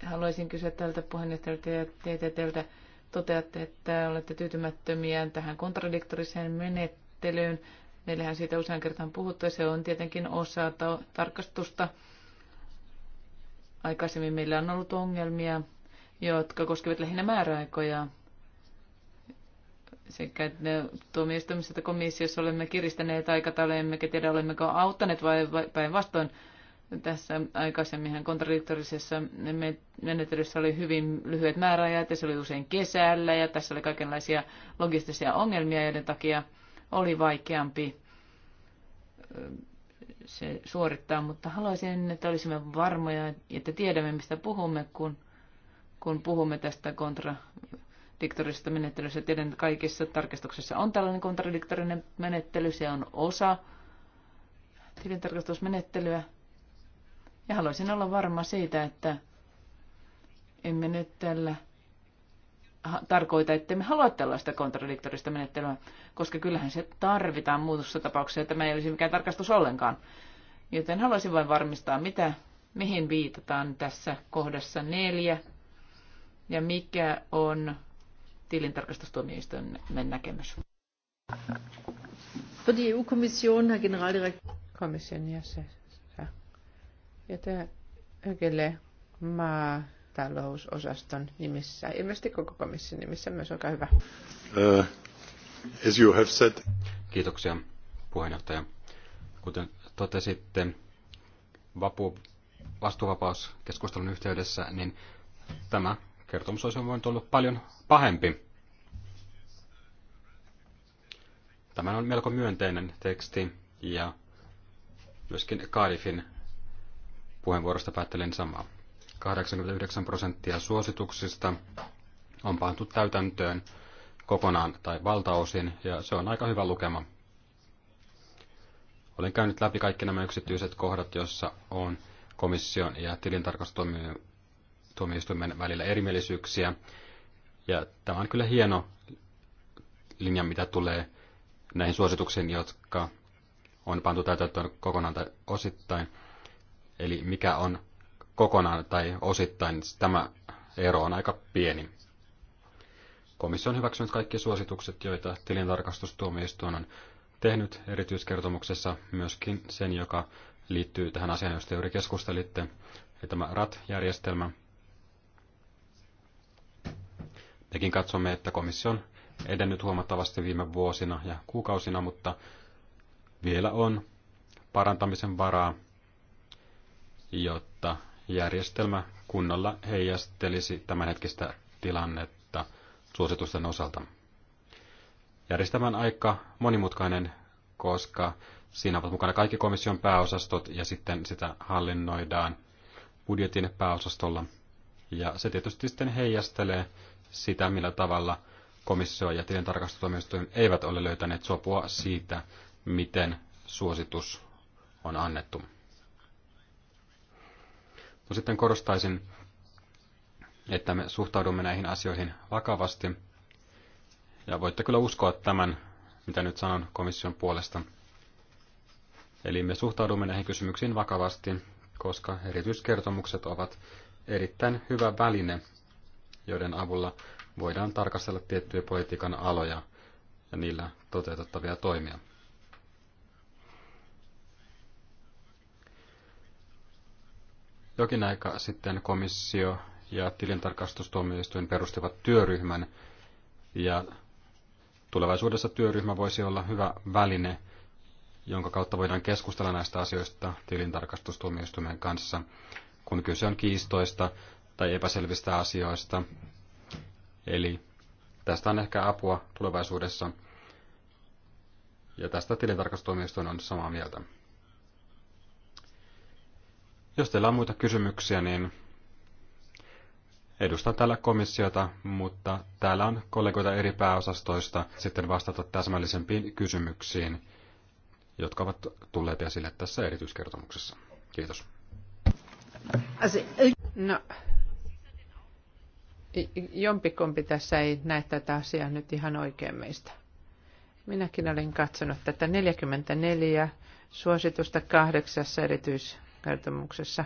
Haluaisin kysyä tältä puheenjohtajalta ja TTTltä. Toteatte, että olette tyytymättömiä tähän kontradiktoriseen menettelyyn. Meillähän siitä usean kertaan puhuttu ja se on tietenkin osa tarkastusta. Aikaisemmin meillä on ollut ongelmia, jotka koskevat lähinnä määräaikoja sekä tuomioistuimessa että komissiossa olemme kiristäneet aikatauluja, emmekä tiedä olemmeko auttaneet vai päinvastoin. Tässä aikaisemminhan kontradiktorisessa menettelyssä oli hyvin lyhyet määräajat ja se oli usein kesällä ja tässä oli kaikenlaisia logistisia ongelmia, joiden takia oli vaikeampi se suorittaa, mutta haluaisin, että olisimme varmoja, että tiedämme, mistä puhumme, kun, kun puhumme tästä kontra kontradiktorisesta menettelystä. Tiedän, että kaikissa tarkistuksissa on tällainen kontradiktorinen menettely. Se on osa tilintarkastusmenettelyä. Ja haluaisin olla varma siitä, että emme nyt tällä tarkoita, että me halua tällaista kontradiktorista menettelyä, koska kyllähän se tarvitaan muutossa tapauksessa, että me ei olisi mikään tarkastus ollenkaan. Joten haluaisin vain varmistaa, mitä, mihin viitataan tässä kohdassa neljä ja mikä on tilintarkastustuomioistuimen näkemys.
Für die EU-Kommission, Herr Generaldirektor. Komission jäsen. Ja tämä Ögele nimissä, ilmeisesti koko komission nimissä myös, olkaa hyvä.
Uh, as you have said. Kiitoksia puheenjohtaja. Kuten totesitte vapu, vastuuvapauskeskustelun yhteydessä, niin tämä kertomus olisi voinut olla paljon pahempi. Tämä on melko myönteinen teksti ja myöskin Cardiffin puheenvuorosta päättelen samaa. 89 prosenttia suosituksista on pantu täytäntöön kokonaan tai valtaosin, ja se on aika hyvä lukema. Olen käynyt läpi kaikki nämä yksityiset kohdat, joissa on komission ja tilintarkastustoimijoiden tuomioistuimen välillä erimielisyyksiä. Ja tämä on kyllä hieno linja, mitä tulee näihin suosituksiin, jotka on pantu täytäntöön kokonaan tai osittain. Eli mikä on kokonaan tai osittain, tämä ero on aika pieni. Komissio on hyväksynyt kaikki suositukset, joita tilintarkastustuomioistuin on tehnyt erityiskertomuksessa, myöskin sen, joka liittyy tähän asiaan, josta juuri keskustelitte, ja tämä RAT-järjestelmä, Mekin katsomme, että komissio on edennyt huomattavasti viime vuosina ja kuukausina, mutta vielä on parantamisen varaa, jotta järjestelmä kunnolla heijastelisi tämänhetkistä tilannetta suositusten osalta. Järjestelmän aika monimutkainen, koska siinä ovat mukana kaikki komission pääosastot ja sitten sitä hallinnoidaan budjetin pääosastolla. Ja se tietysti sitten heijastelee sitä, millä tavalla komissio ja tilintarkastustoimistojen eivät ole löytäneet sopua siitä, miten suositus on annettu. No sitten korostaisin, että me suhtaudumme näihin asioihin vakavasti. Ja voitte kyllä uskoa tämän, mitä nyt sanon komission puolesta. Eli me suhtaudumme näihin kysymyksiin vakavasti, koska erityiskertomukset ovat erittäin hyvä väline joiden avulla voidaan tarkastella tiettyjä politiikan aloja ja niillä toteutettavia toimia. Jokin aika sitten komissio ja tilintarkastustuomioistuin perustivat työryhmän ja tulevaisuudessa työryhmä voisi olla hyvä väline, jonka kautta voidaan keskustella näistä asioista tilintarkastustuomioistuimen kanssa, kun kyse on kiistoista, tai epäselvistä asioista. Eli tästä on ehkä apua tulevaisuudessa. Ja tästä tilintarkastustuomioistuin on samaa mieltä. Jos teillä on muita kysymyksiä, niin edustan täällä komissiota, mutta täällä on kollegoita eri pääosastoista sitten vastata täsmällisempiin kysymyksiin, jotka ovat tulleet esille tässä erityiskertomuksessa. Kiitos.
No, jompikumpi tässä ei näe tätä asiaa nyt ihan oikein meistä. Minäkin olen katsonut tätä 44 suositusta kahdeksassa erityiskertomuksessa.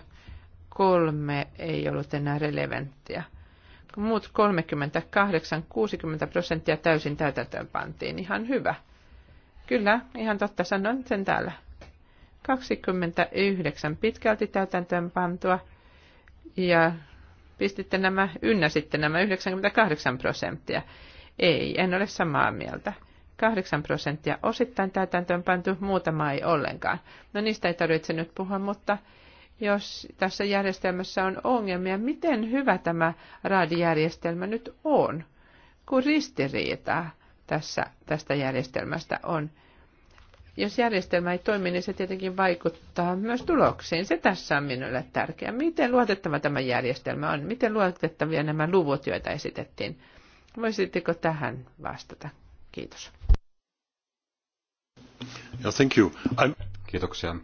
Kolme ei ollut enää relevanttia. Muut 38-60 prosenttia täysin täytäntöön pantiin. Ihan hyvä. Kyllä, ihan totta sanon sen täällä. 29 pitkälti täytäntöön pantua ja pistitte nämä, ynnäsitte nämä 98 prosenttia. Ei, en ole samaa mieltä. 8 prosenttia osittain täytäntöön pantu, muutama ei ollenkaan. No niistä ei tarvitse nyt puhua, mutta jos tässä järjestelmässä on ongelmia, miten hyvä tämä raadijärjestelmä nyt on, kun ristiriitaa tässä, tästä järjestelmästä on jos järjestelmä ei toimi, niin se tietenkin vaikuttaa myös tuloksiin. Se tässä on minulle tärkeää. Miten luotettava tämä järjestelmä on? Miten luotettavia nämä luvut, joita esitettiin? Voisitteko tähän vastata? Kiitos.
Yeah, thank you. I'm... Kiitoksia.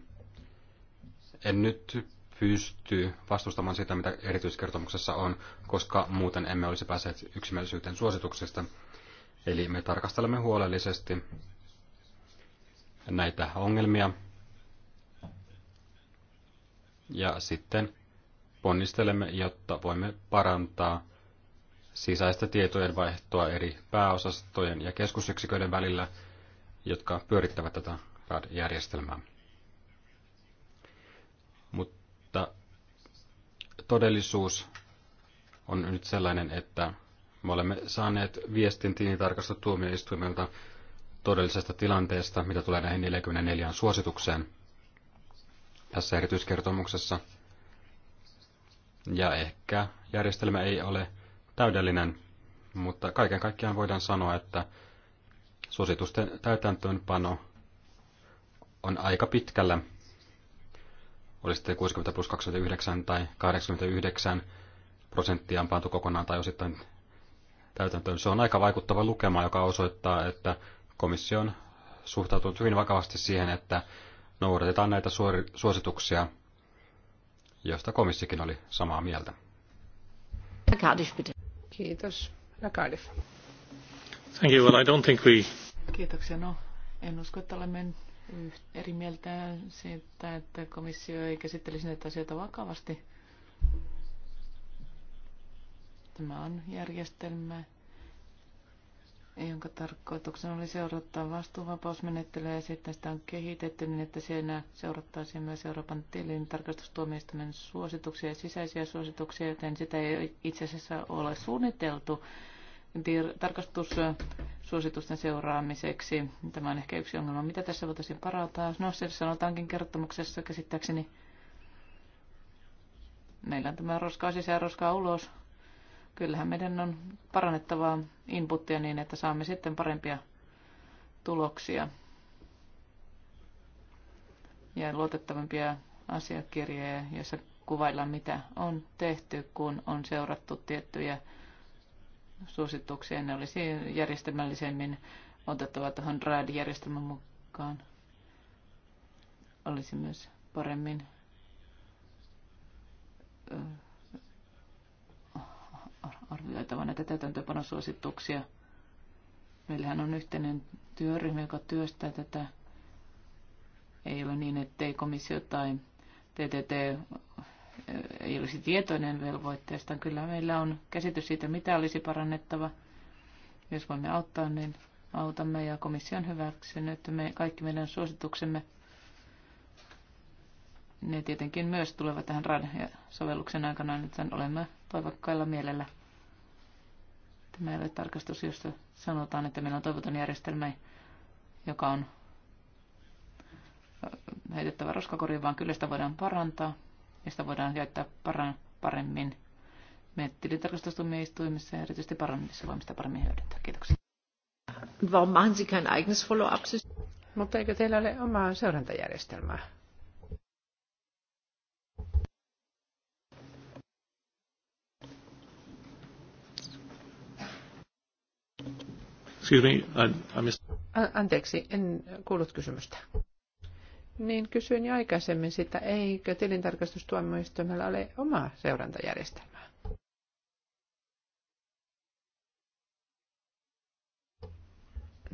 En nyt pysty vastustamaan sitä, mitä erityiskertomuksessa on, koska muuten emme olisi päässeet yksimielisyyteen suosituksesta. Eli me tarkastelemme huolellisesti näitä ongelmia. Ja sitten ponnistelemme, jotta voimme parantaa sisäistä tietojen vaihtoa eri pääosastojen ja keskusyksiköiden välillä, jotka pyörittävät tätä RAD-järjestelmää. Mutta todellisuus on nyt sellainen, että me olemme saaneet viestin tilintarkastustuomioistuimelta tuomioistuimelta todellisesta tilanteesta, mitä tulee näihin 44 suositukseen tässä erityiskertomuksessa. Ja ehkä järjestelmä ei ole täydellinen, mutta kaiken kaikkiaan voidaan sanoa, että suositusten täytäntöönpano on aika pitkällä. Oli sitten 60 plus 29 tai 89 prosenttia on pantu kokonaan tai osittain täytäntöön. Se on aika vaikuttava lukema, joka osoittaa, että komissio on suhtautunut hyvin vakavasti siihen, että noudatetaan näitä suosituksia, joista komissikin oli samaa mieltä.
Kiitos. Cardiff.
Thank you. Well, I don't think we...
Kiitoksia. No, en usko, että olemme eri mieltä siitä, että komissio ei käsittelisi näitä asioita vakavasti. Tämä on järjestelmä, jonka tarkoituksena oli seurata vastuuvapausmenettelyä ja sitten sitä on kehitetty niin, että siinä seurattaisiin myös Euroopan tilin suosituksia ja sisäisiä suosituksia, joten sitä ei itse asiassa ole suunniteltu tarkastussuositusten seuraamiseksi. Tämä on ehkä yksi ongelma. Mitä tässä voitaisiin parantaa? No se sanotaankin kertomuksessa käsittääkseni. Meillä on tämä roskaa sisään, roskaa ulos kyllähän meidän on parannettavaa inputtia niin, että saamme sitten parempia tuloksia ja luotettavampia asiakirjoja, joissa kuvaillaan, mitä on tehty, kun on seurattu tiettyjä suosituksia. Ne olisi järjestelmällisemmin otettava tuohon RAD-järjestelmän mukaan. Olisi myös paremmin arvioitava näitä täytäntöpanosuosituksia. Meillähän on yhteinen työryhmä, joka työstää tätä. Ei ole niin, että ei komissio tai TTT ei olisi tietoinen velvoitteesta. Kyllä meillä on käsitys siitä, mitä olisi parannettava. Jos voimme auttaa, niin autamme ja komission on että me, kaikki meidän suosituksemme. Ne tietenkin myös tulevat tähän RAD-sovelluksen aikana, nyt olemme toivokkailla mielellä Tämä ei ole tarkastus, jossa sanotaan, että meillä on toivoton järjestelmä, joka on heitettävä roskakoriin, vaan kyllä sitä voidaan parantaa ja sitä voidaan käyttää paremmin. Me tilintarkastustuomioistuimissa ja erityisesti parannissa voimme sitä paremmin hyödyntää. Kiitoksia. Warum machen Sie kein eigenes follow up
Mutta eikö teillä ole omaa seurantajärjestelmää? Excuse me, I, I missed... Anteeksi, en kuullut kysymystä. Niin kysyin jo aikaisemmin sitä, eikö tilintarkastustuomioistuimella ole oma seurantajärjestelmää?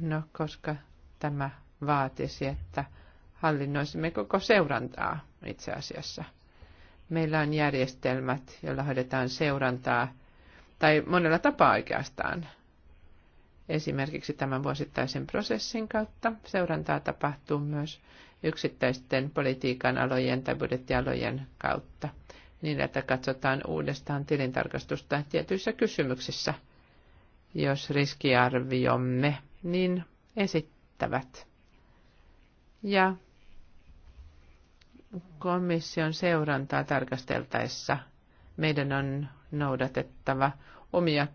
No, koska tämä vaatisi, että hallinnoisimme koko seurantaa itse asiassa. Meillä on järjestelmät, joilla hoidetaan seurantaa, tai monella tapaa oikeastaan esimerkiksi tämän vuosittaisen prosessin kautta. Seurantaa tapahtuu myös yksittäisten politiikan alojen tai budjettialojen kautta niin, että katsotaan uudestaan tilintarkastusta tietyissä kysymyksissä, jos riskiarviomme niin esittävät. Ja komission seurantaa tarkasteltaessa meidän on noudatettava omia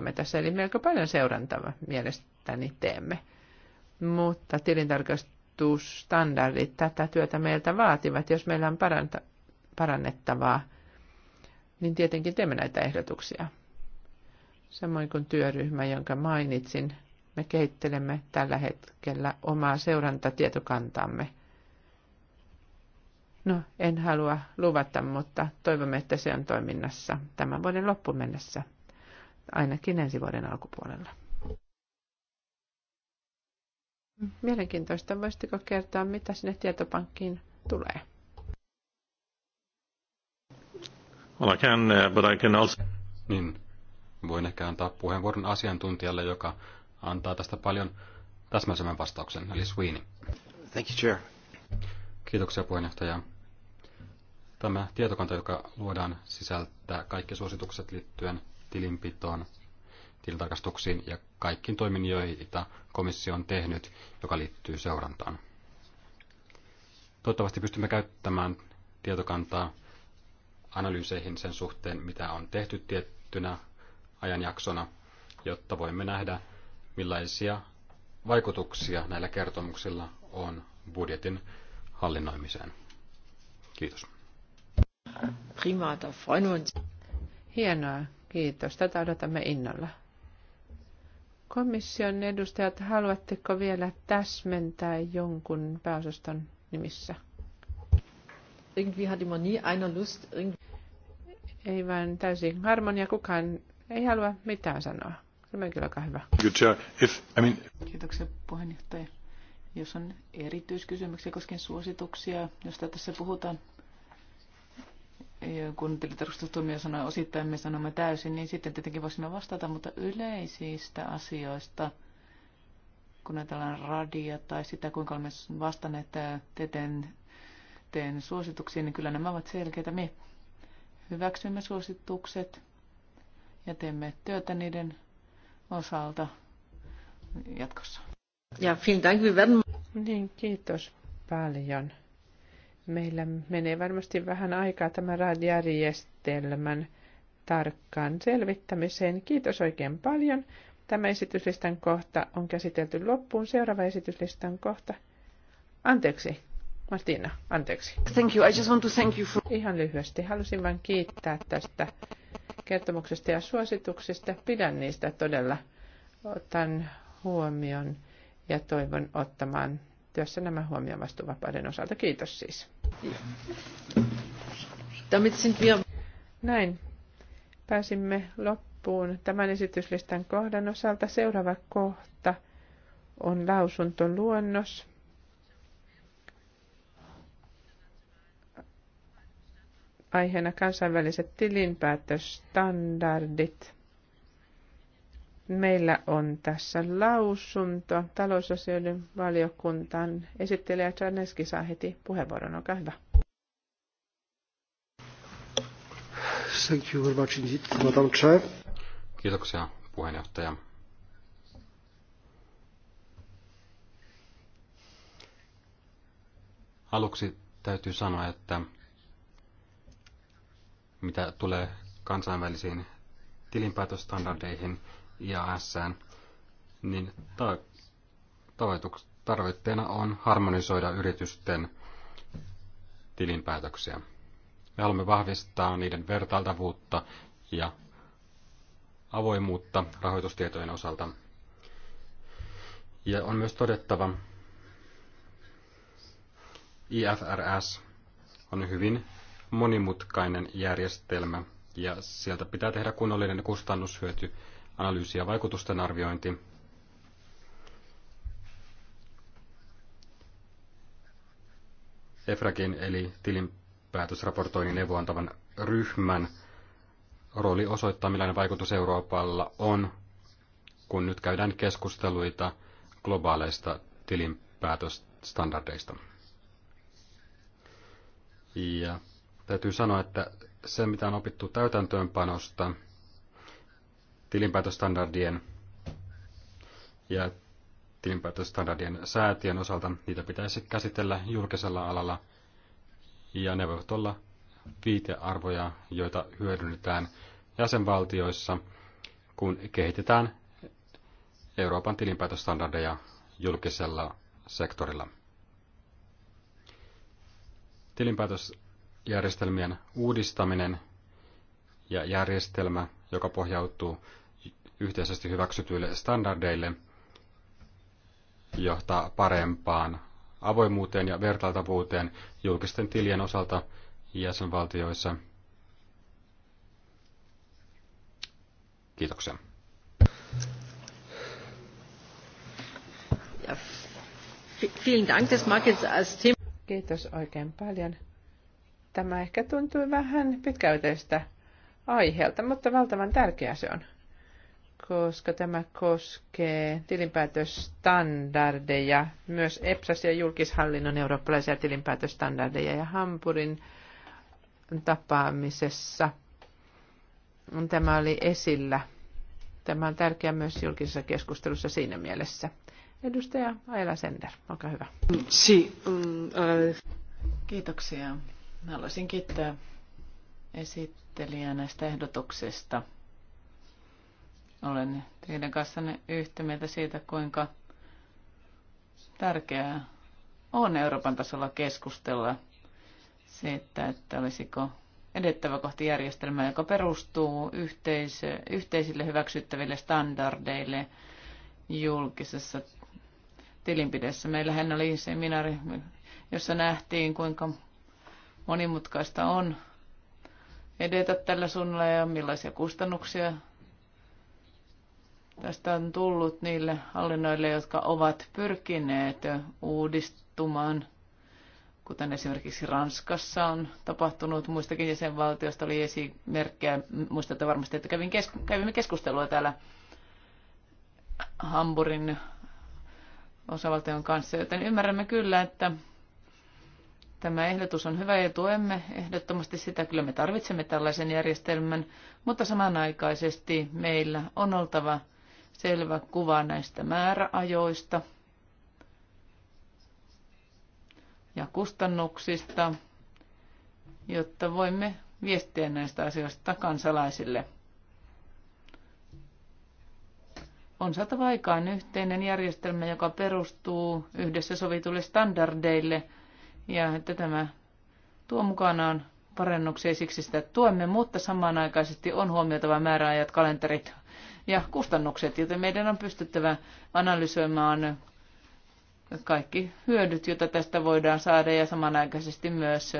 me tässä, eli melko paljon seurantaa mielestäni teemme. Mutta tilintarkastusstandardit tätä työtä meiltä vaativat. Jos meillä on paranta, parannettavaa, niin tietenkin teemme näitä ehdotuksia. Samoin kuin työryhmä, jonka mainitsin, me kehittelemme tällä hetkellä omaa seurantatietokantamme. No, en halua luvata, mutta toivomme, että se on toiminnassa tämän vuoden loppuun mennessä ainakin ensi vuoden alkupuolella. Mielenkiintoista. Voisitko kertoa, mitä sinne tietopankkiin tulee?
Well, I can, uh, but I can also... Niin, voin ehkä antaa puheenvuoron asiantuntijalle, joka antaa tästä paljon täsmäisemmän vastauksen, eli Sweeney. Thank you, Chair. Kiitoksia puheenjohtaja. Tämä tietokanta, joka luodaan, sisältää kaikki suositukset liittyen tilinpitoon, tilintarkastuksiin ja kaikkiin toimiin, joita komissio on tehnyt, joka liittyy seurantaan. Toivottavasti pystymme käyttämään tietokantaa analyyseihin sen suhteen, mitä on tehty tiettynä ajanjaksona, jotta voimme nähdä, millaisia vaikutuksia näillä kertomuksilla on budjetin hallinnoimiseen. Kiitos.
Prima, da freuen Hienoa. Kiitos, tätä odotamme innolla. Komission edustajat, haluatteko vielä täsmentää jonkun pääosaston nimissä? Irgendwie hatte man nie einer Lust. Ei vaan täysin harmonia, kukaan ei halua mitään
sanoa. Tämä kyllä aika hyvä. Kiitoksia puheenjohtaja. Jos on erityiskysymyksiä koskien suosituksia, josta tässä puhutaan, kun tilintarkastustuomio sanoi osittain, me sanomme täysin, niin sitten tietenkin voisimme vastata, mutta yleisistä asioista, kun ajatellaan radia tai sitä, kuinka olemme vastanneet tieteen teen suosituksiin, niin kyllä nämä ovat selkeitä. Me hyväksymme suositukset ja teemme työtä niiden osalta jatkossa.
Ja vielen Dank, niin, kiitos paljon. Meillä menee varmasti vähän aikaa tämän järjestelmän tarkkaan selvittämiseen. Kiitos oikein paljon. Tämä esityslistan kohta on käsitelty loppuun. Seuraava esityslistan kohta. Anteeksi, Martina, anteeksi. Thank you. I just want to thank you for... Ihan lyhyesti. Halusin vain kiittää tästä kertomuksesta ja suosituksista. Pidän niistä todella. Otan huomioon ja toivon ottamaan työssä nämä huomioon vastuuvapauden osalta. Kiitos siis. Näin. Pääsimme loppuun tämän esityslistan kohdan osalta. Seuraava kohta on lausuntoluonnos. Aiheena kansainväliset tilinpäätöstandardit. Meillä on tässä lausunto talousasioiden valiokuntaan. Esittelijä Czarneski saa heti puheenvuoron. Olkaa hyvä.
Thank you very much indeed, Madam Chair. Kiitoksia puheenjohtaja. Aluksi täytyy sanoa, että mitä tulee kansainvälisiin tilinpäätöstandardeihin, ja S, niin tarvitteena on harmonisoida yritysten tilinpäätöksiä. Me haluamme vahvistaa niiden vertailtavuutta ja avoimuutta rahoitustietojen osalta. Ja on myös todettava, IFRS on hyvin monimutkainen järjestelmä ja sieltä pitää tehdä kunnollinen kustannushyöty analyysi ja vaikutusten arviointi. EFRAGin eli tilinpäätösraportoinnin neuvontavan ryhmän rooli osoittaa, millainen vaikutus Euroopalla on, kun nyt käydään keskusteluita globaaleista tilinpäätösstandardeista. Ja täytyy sanoa, että se mitä on opittu täytäntöönpanosta – tilinpäätöstandardien ja tilinpäätöstandardien säätiön osalta niitä pitäisi käsitellä julkisella alalla ja ne voivat olla viitearvoja, joita hyödynnetään jäsenvaltioissa, kun kehitetään Euroopan tilinpäätöstandardeja julkisella sektorilla. Tilinpäätösjärjestelmien uudistaminen ja järjestelmä, joka pohjautuu yhteisesti hyväksytyille standardeille, johtaa parempaan avoimuuteen ja vertailtavuuteen julkisten tilien osalta jäsenvaltioissa. Kiitoksia.
Kiitos oikein paljon. Tämä ehkä tuntui vähän pitkäyteistä aiheelta, mutta valtavan tärkeä se on, koska tämä koskee tilinpäätöstandardeja, myös EPSAS ja julkishallinnon eurooppalaisia tilinpäätöstandardeja ja Hampurin tapaamisessa tämä oli esillä. Tämä on tärkeää myös julkisessa keskustelussa siinä mielessä. Edustaja Aila Sender, olkaa
hyvä. Si, mm, äh. Kiitoksia. Haluaisin kiittää esittelijä näistä ehdotuksista. Olen teidän kanssanne yhtä mieltä siitä, kuinka tärkeää on Euroopan tasolla keskustella siitä, että olisiko edettävä kohti järjestelmää, joka perustuu yhteisö, yhteisille hyväksyttäville standardeille julkisessa tilinpidessä. Meillähän oli seminaari, jossa nähtiin, kuinka monimutkaista on edetä tällä suunnalla ja millaisia kustannuksia tästä on tullut niille hallinnoille, jotka ovat pyrkineet uudistumaan, kuten esimerkiksi Ranskassa on tapahtunut. Muistakin jäsenvaltiosta oli esimerkkejä. Muistatte varmasti, että kävin kes- kävimme keskustelua täällä Hamburin osavaltion kanssa, joten ymmärrämme kyllä, että Tämä ehdotus on hyvä ja tuemme ehdottomasti sitä. Kyllä me tarvitsemme tällaisen järjestelmän, mutta samanaikaisesti meillä on oltava selvä kuva näistä määräajoista ja kustannuksista, jotta voimme viestiä näistä asioista kansalaisille. On saatava aikaan yhteinen järjestelmä, joka perustuu yhdessä sovituille standardeille – ja että tämä tuo mukanaan parannuksia, siksi sitä tuemme, mutta samanaikaisesti on huomioitava määräajat, kalenterit ja kustannukset, joten meidän on pystyttävä analysoimaan kaikki hyödyt, joita tästä voidaan saada ja samanaikaisesti myös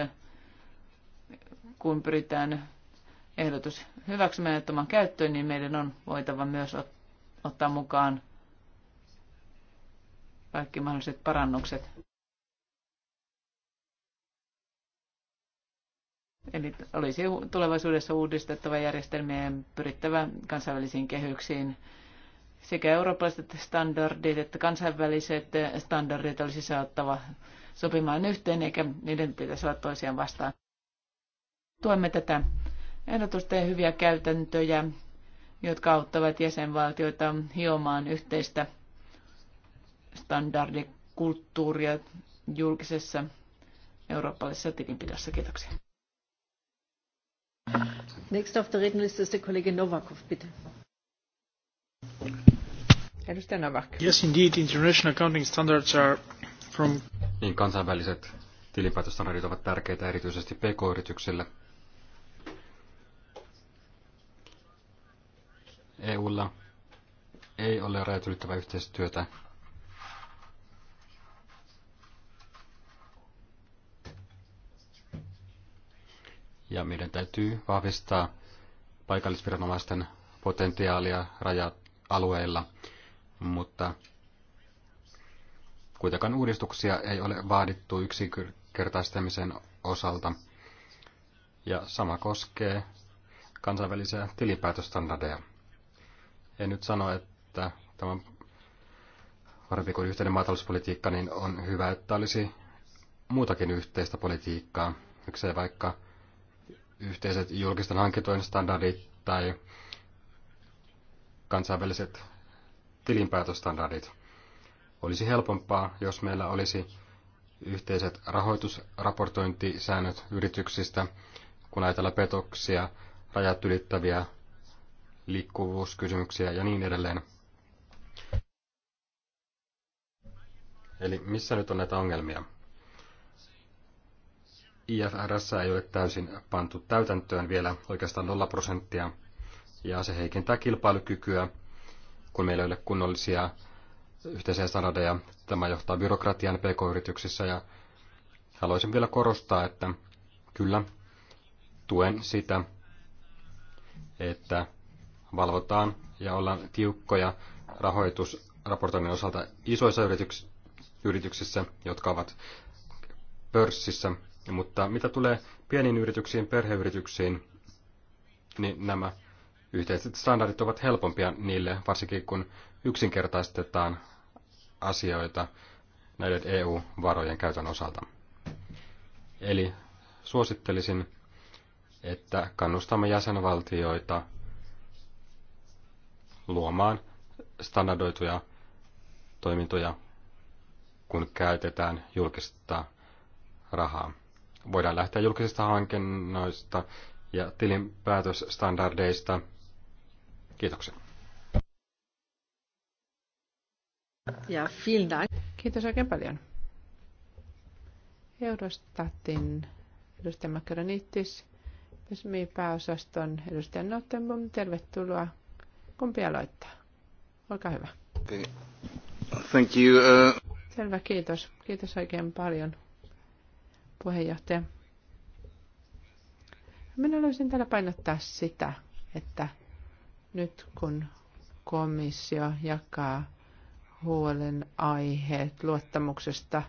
kun pyritään ehdotus hyväksymään ottamaan käyttöön, niin meidän on voitava myös ottaa mukaan kaikki mahdolliset parannukset. Eli olisi tulevaisuudessa uudistettava järjestelmiä ja pyrittävä kansainvälisiin kehyksiin. Sekä eurooppalaiset standardit että kansainväliset standardit olisi saattava sopimaan yhteen, eikä niiden pitäisi olla toisiaan vastaan. Tuemme tätä ehdotusta ja hyviä käytäntöjä, jotka auttavat jäsenvaltioita hiomaan yhteistä standardikulttuuria julkisessa eurooppalaisessa tilinpidossa. Kiitoksia.
Next of the rednerlist is Novakov, bitte. Novak.
Yes, indeed, international accounting standards are from... Niin, kansainväliset tilinpäätöstandardit ovat tärkeitä erityisesti pk-yrityksille. EUlla ei ole rajat ylittävää yhteistyötä ja meidän täytyy vahvistaa paikallisviranomaisten potentiaalia raja-alueilla, mutta kuitenkaan uudistuksia ei ole vaadittu yksinkertaistamisen osalta. Ja sama koskee kansainvälisiä tilinpäätöstandardeja. En nyt sano, että tämä varmasti kuin yhteinen maatalouspolitiikka, niin on hyvä, että olisi muutakin yhteistä politiikkaa. Miksei vaikka yhteiset julkisten hankintojen standardit tai kansainväliset tilinpäätöstandardit. Olisi helpompaa, jos meillä olisi yhteiset rahoitusraportointisäännöt yrityksistä, kun ajatellaan petoksia, rajat ylittäviä liikkuvuuskysymyksiä ja niin edelleen. Eli missä nyt on näitä ongelmia? IFRS ei ole täysin pantu täytäntöön vielä oikeastaan 0 prosenttia, ja se heikentää kilpailukykyä, kun meillä ei ole kunnollisia yhteisiä standardeja. Tämä johtaa byrokratian pk-yrityksissä, ja haluaisin vielä korostaa, että kyllä tuen sitä, että valvotaan ja ollaan tiukkoja rahoitusraportoinnin osalta isoissa yrityksissä, jotka ovat pörssissä mutta mitä tulee pieniin yrityksiin, perheyrityksiin, niin nämä yhteiset standardit ovat helpompia niille, varsinkin kun yksinkertaistetaan asioita näiden EU-varojen käytön osalta. Eli suosittelisin, että kannustamme jäsenvaltioita luomaan standardoituja toimintoja, kun käytetään julkista rahaa voidaan lähteä julkisista hankinnoista ja tilinpäätösstandardeista. Kiitoksia.
Ja vielen Dank. Kiitos oikein paljon. Eurostatin edustaja Makaronitis, PSMI-pääosaston edustaja Nottenbom, tervetuloa. Kumpi aloittaa? Olkaa hyvä.
Okay. Thank you. Uh...
Selvä, kiitos. Kiitos oikein paljon puheenjohtaja. Minä löysin täällä painottaa sitä, että nyt kun komissio jakaa huolen aiheet luottamuksesta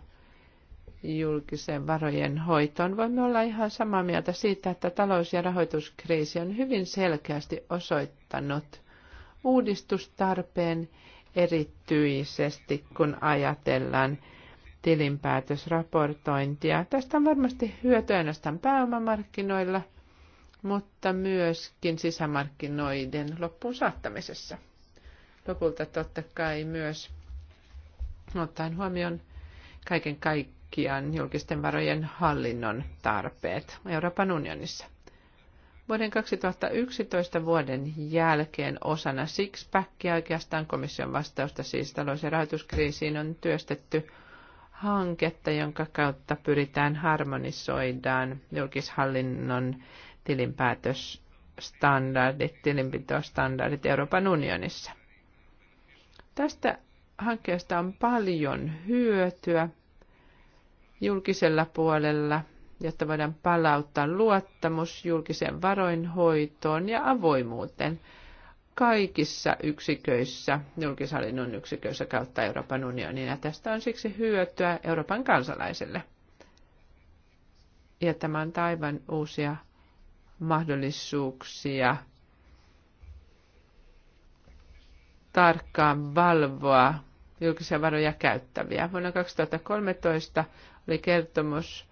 julkisen varojen hoitoon, voimme olla ihan samaa mieltä siitä, että talous- ja rahoituskriisi on hyvin selkeästi osoittanut uudistustarpeen erityisesti, kun ajatellaan tilinpäätösraportointia. Tästä on varmasti hyötyä ainoastaan pääomamarkkinoilla, mutta myöskin sisämarkkinoiden loppuun saattamisessa. Lopulta totta kai myös ottaen huomioon kaiken kaikkiaan julkisten varojen hallinnon tarpeet Euroopan unionissa. Vuoden 2011 vuoden jälkeen osana Sixpackia oikeastaan komission vastausta siis talous- ja rahoituskriisiin on työstetty – hanketta, jonka kautta pyritään harmonisoidaan julkishallinnon tilinpäätösstandardit, tilinpitostandardit Euroopan unionissa. Tästä hankkeesta on paljon hyötyä julkisella puolella, jotta voidaan palauttaa luottamus julkisen varoinhoitoon ja avoimuuteen – kaikissa yksiköissä, julkishallinnon yksiköissä kautta Euroopan unionin, ja tästä on siksi hyötyä Euroopan kansalaisille. Ja tämä on taivan uusia mahdollisuuksia tarkkaan valvoa julkisia varoja käyttäviä. Vuonna 2013 oli kertomus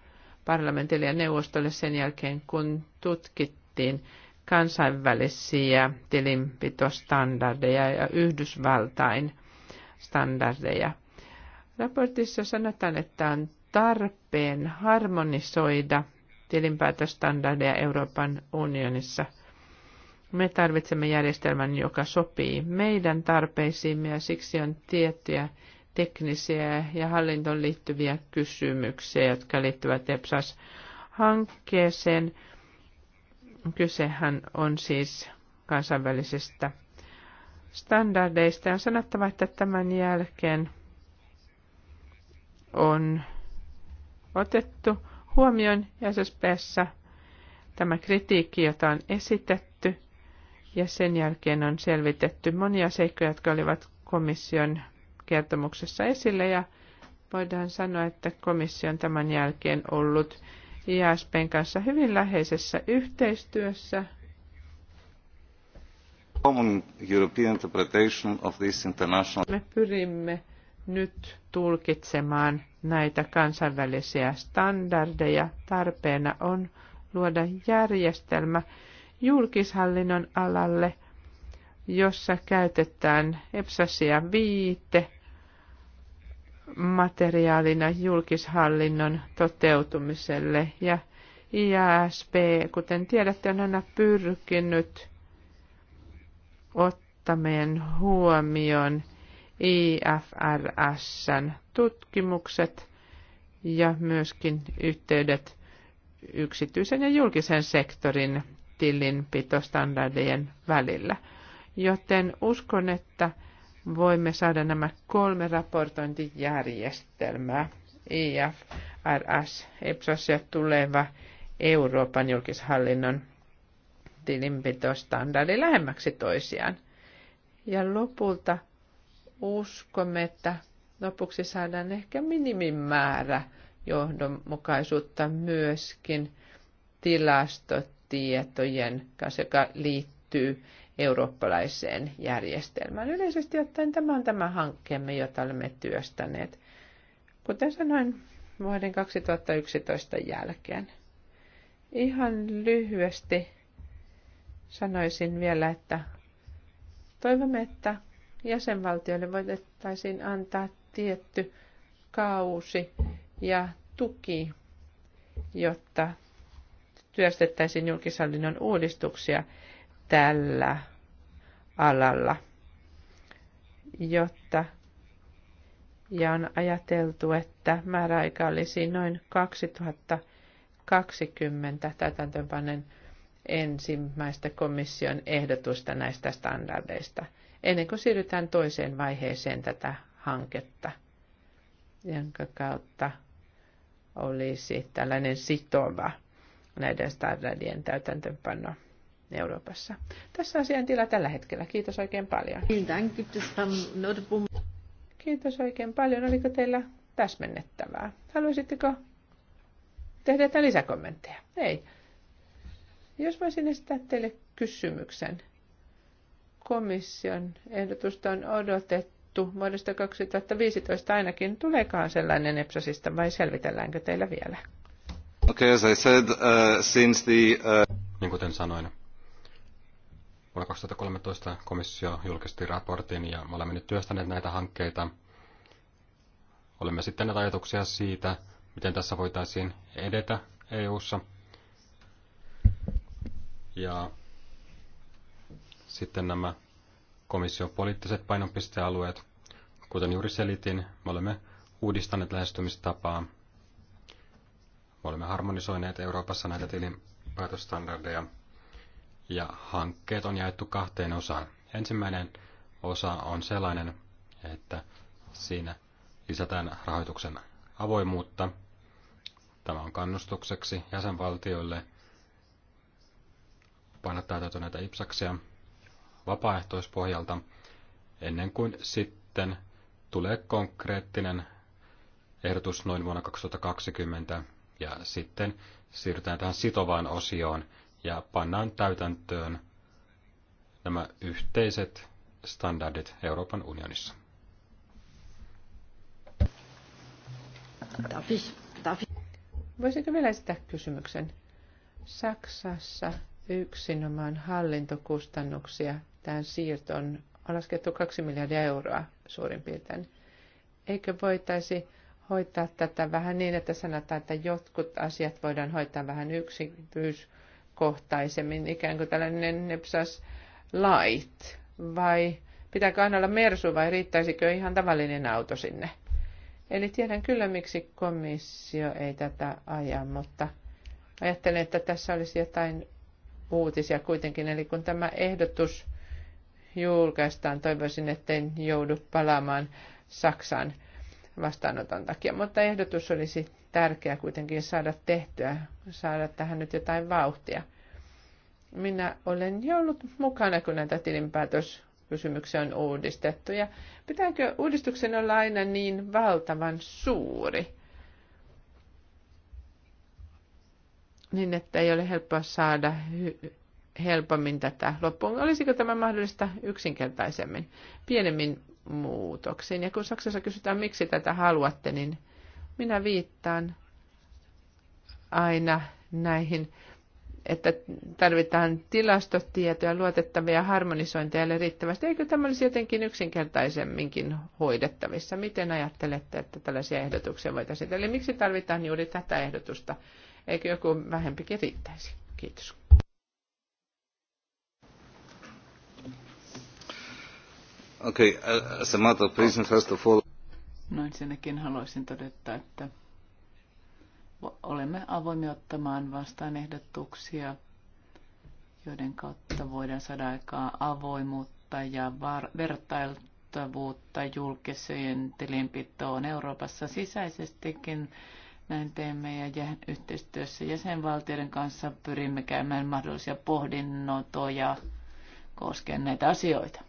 parlamentille ja neuvostolle sen jälkeen, kun tutkittiin kansainvälisiä tilinpitostandardeja ja Yhdysvaltain standardeja. Raportissa sanotaan, että on tarpeen harmonisoida tilinpäätöstandardeja Euroopan unionissa. Me tarvitsemme järjestelmän, joka sopii meidän tarpeisiimme ja siksi on tiettyjä teknisiä ja hallintoon liittyviä kysymyksiä, jotka liittyvät EPSAS-hankkeeseen. Kysehän on siis kansainvälisistä standardeista. On sanottava, että tämän jälkeen on otettu huomioon SSPssä tämä kritiikki, jota on esitetty, ja sen jälkeen on selvitetty monia seikkoja, jotka olivat komission kertomuksessa esille, ja voidaan sanoa, että komissio on tämän jälkeen ollut JSPn kanssa hyvin läheisessä yhteistyössä. Me pyrimme nyt tulkitsemaan näitä kansainvälisiä standardeja. Tarpeena on luoda järjestelmä julkishallinnon alalle, jossa käytetään EPSASia viite materiaalina julkishallinnon toteutumiselle. Ja IASP, kuten tiedätte, on aina pyrkinyt ottamien huomioon IFRSn tutkimukset ja myöskin yhteydet yksityisen ja julkisen sektorin tilinpitostandardien välillä. Joten uskon, että voimme saada nämä kolme raportointijärjestelmää, RS, EPSOS ja tuleva Euroopan julkishallinnon tilinpitostandardi lähemmäksi toisiaan. Ja lopulta uskomme, että lopuksi saadaan ehkä minimimäärä johdonmukaisuutta myöskin tilastotietojen kanssa, joka liittyy eurooppalaiseen järjestelmään. Yleisesti ottaen tämä on tämä hankkeemme, jota olemme työstäneet. Kuten sanoin, vuoden 2011 jälkeen. Ihan lyhyesti sanoisin vielä, että toivomme, että jäsenvaltioille voitettaisiin antaa tietty kausi ja tuki, jotta työstettäisiin julkishallinnon uudistuksia tällä alalla, jotta ja on ajateltu, että määräaika olisi noin 2020 täytäntöönpanen ensimmäistä komission ehdotusta näistä standardeista, ennen kuin siirrytään toiseen vaiheeseen tätä hanketta, jonka kautta olisi tällainen sitova näiden standardien täytäntöönpano. Euroopassa. Tässä asian tila tällä hetkellä. Kiitos oikein paljon. Kiitos oikein paljon. Oliko teillä täsmennettävää? Haluaisitteko tehdä jotain lisäkommentteja? Ei. Jos voisin esittää teille kysymyksen. Komission ehdotusta on odotettu vuodesta 2015 ainakin. Tuleekaan sellainen EPSOSista vai selvitelläänkö teillä vielä?
Okay, as I said, uh, since the, uh... Niin kuten sanoin, Vuonna 2013 komissio julkisti raportin ja me olemme nyt työstäneet näitä hankkeita. Olemme sitten näitä ajatuksia siitä, miten tässä voitaisiin edetä EU-ssa. Ja sitten nämä komission poliittiset painopistealueet. Kuten juuri selitin, me olemme uudistaneet lähestymistapaa. Me olemme harmonisoineet Euroopassa näitä tilinpäätöstandardeja ja hankkeet on jaettu kahteen osaan. Ensimmäinen osa on sellainen, että siinä lisätään rahoituksen avoimuutta. Tämä on kannustukseksi jäsenvaltioille panna täytäntö näitä ipsaksia vapaaehtoispohjalta ennen kuin sitten tulee konkreettinen ehdotus noin vuonna 2020 ja sitten siirrytään tähän sitovaan osioon, ja pannaan täytäntöön nämä yhteiset standardit Euroopan unionissa.
Voisinko vielä esittää kysymyksen? Saksassa yksinomaan hallintokustannuksia tämän siirton on laskettu 2 miljardia euroa suurin piirtein. Eikö voitaisi hoitaa tätä vähän niin, että sanotaan, että jotkut asiat voidaan hoitaa vähän yksityis kohtaisemmin ikään kuin tällainen nepsas light, vai pitääkö aina olla mersu vai riittäisikö ihan tavallinen auto sinne? Eli tiedän kyllä, miksi komissio ei tätä aja, mutta ajattelen, että tässä olisi jotain uutisia kuitenkin. Eli kun tämä ehdotus julkaistaan, toivoisin, ettei joudu palaamaan Saksan vastaanoton takia. Mutta ehdotus olisi tärkeää kuitenkin saada tehtyä, saada tähän nyt jotain vauhtia. Minä olen jo ollut mukana, kun näitä tilinpäätöskysymyksiä on uudistettu. Ja pitääkö uudistuksen olla aina niin valtavan suuri? Niin, että ei ole helppoa saada helpommin tätä loppuun. Olisiko tämä mahdollista yksinkertaisemmin, pienemmin muutoksiin? Ja kun Saksassa kysytään, miksi tätä haluatte, niin – minä viittaan aina näihin, että tarvitaan tilastotietoja, luotettavia harmonisointeja riittävästi. Eikö tämä olisi jotenkin yksinkertaisemminkin hoidettavissa? Miten ajattelette, että tällaisia ehdotuksia voitaisiin tehdä? Eli miksi tarvitaan juuri tätä ehdotusta? Eikö joku vähempikin riittäisi? Kiitos.
Okay, as a matter of reason, first of all,
No ensinnäkin haluaisin todeta, että olemme avoimia ottamaan vastaan ehdotuksia, joiden kautta voidaan saada aikaa avoimuutta ja vertailtavuutta julkiseen tilinpitoon Euroopassa sisäisestikin. Näin teemme ja yhteistyössä jäsenvaltioiden kanssa pyrimme käymään mahdollisia pohdinnotoja koskien näitä asioita.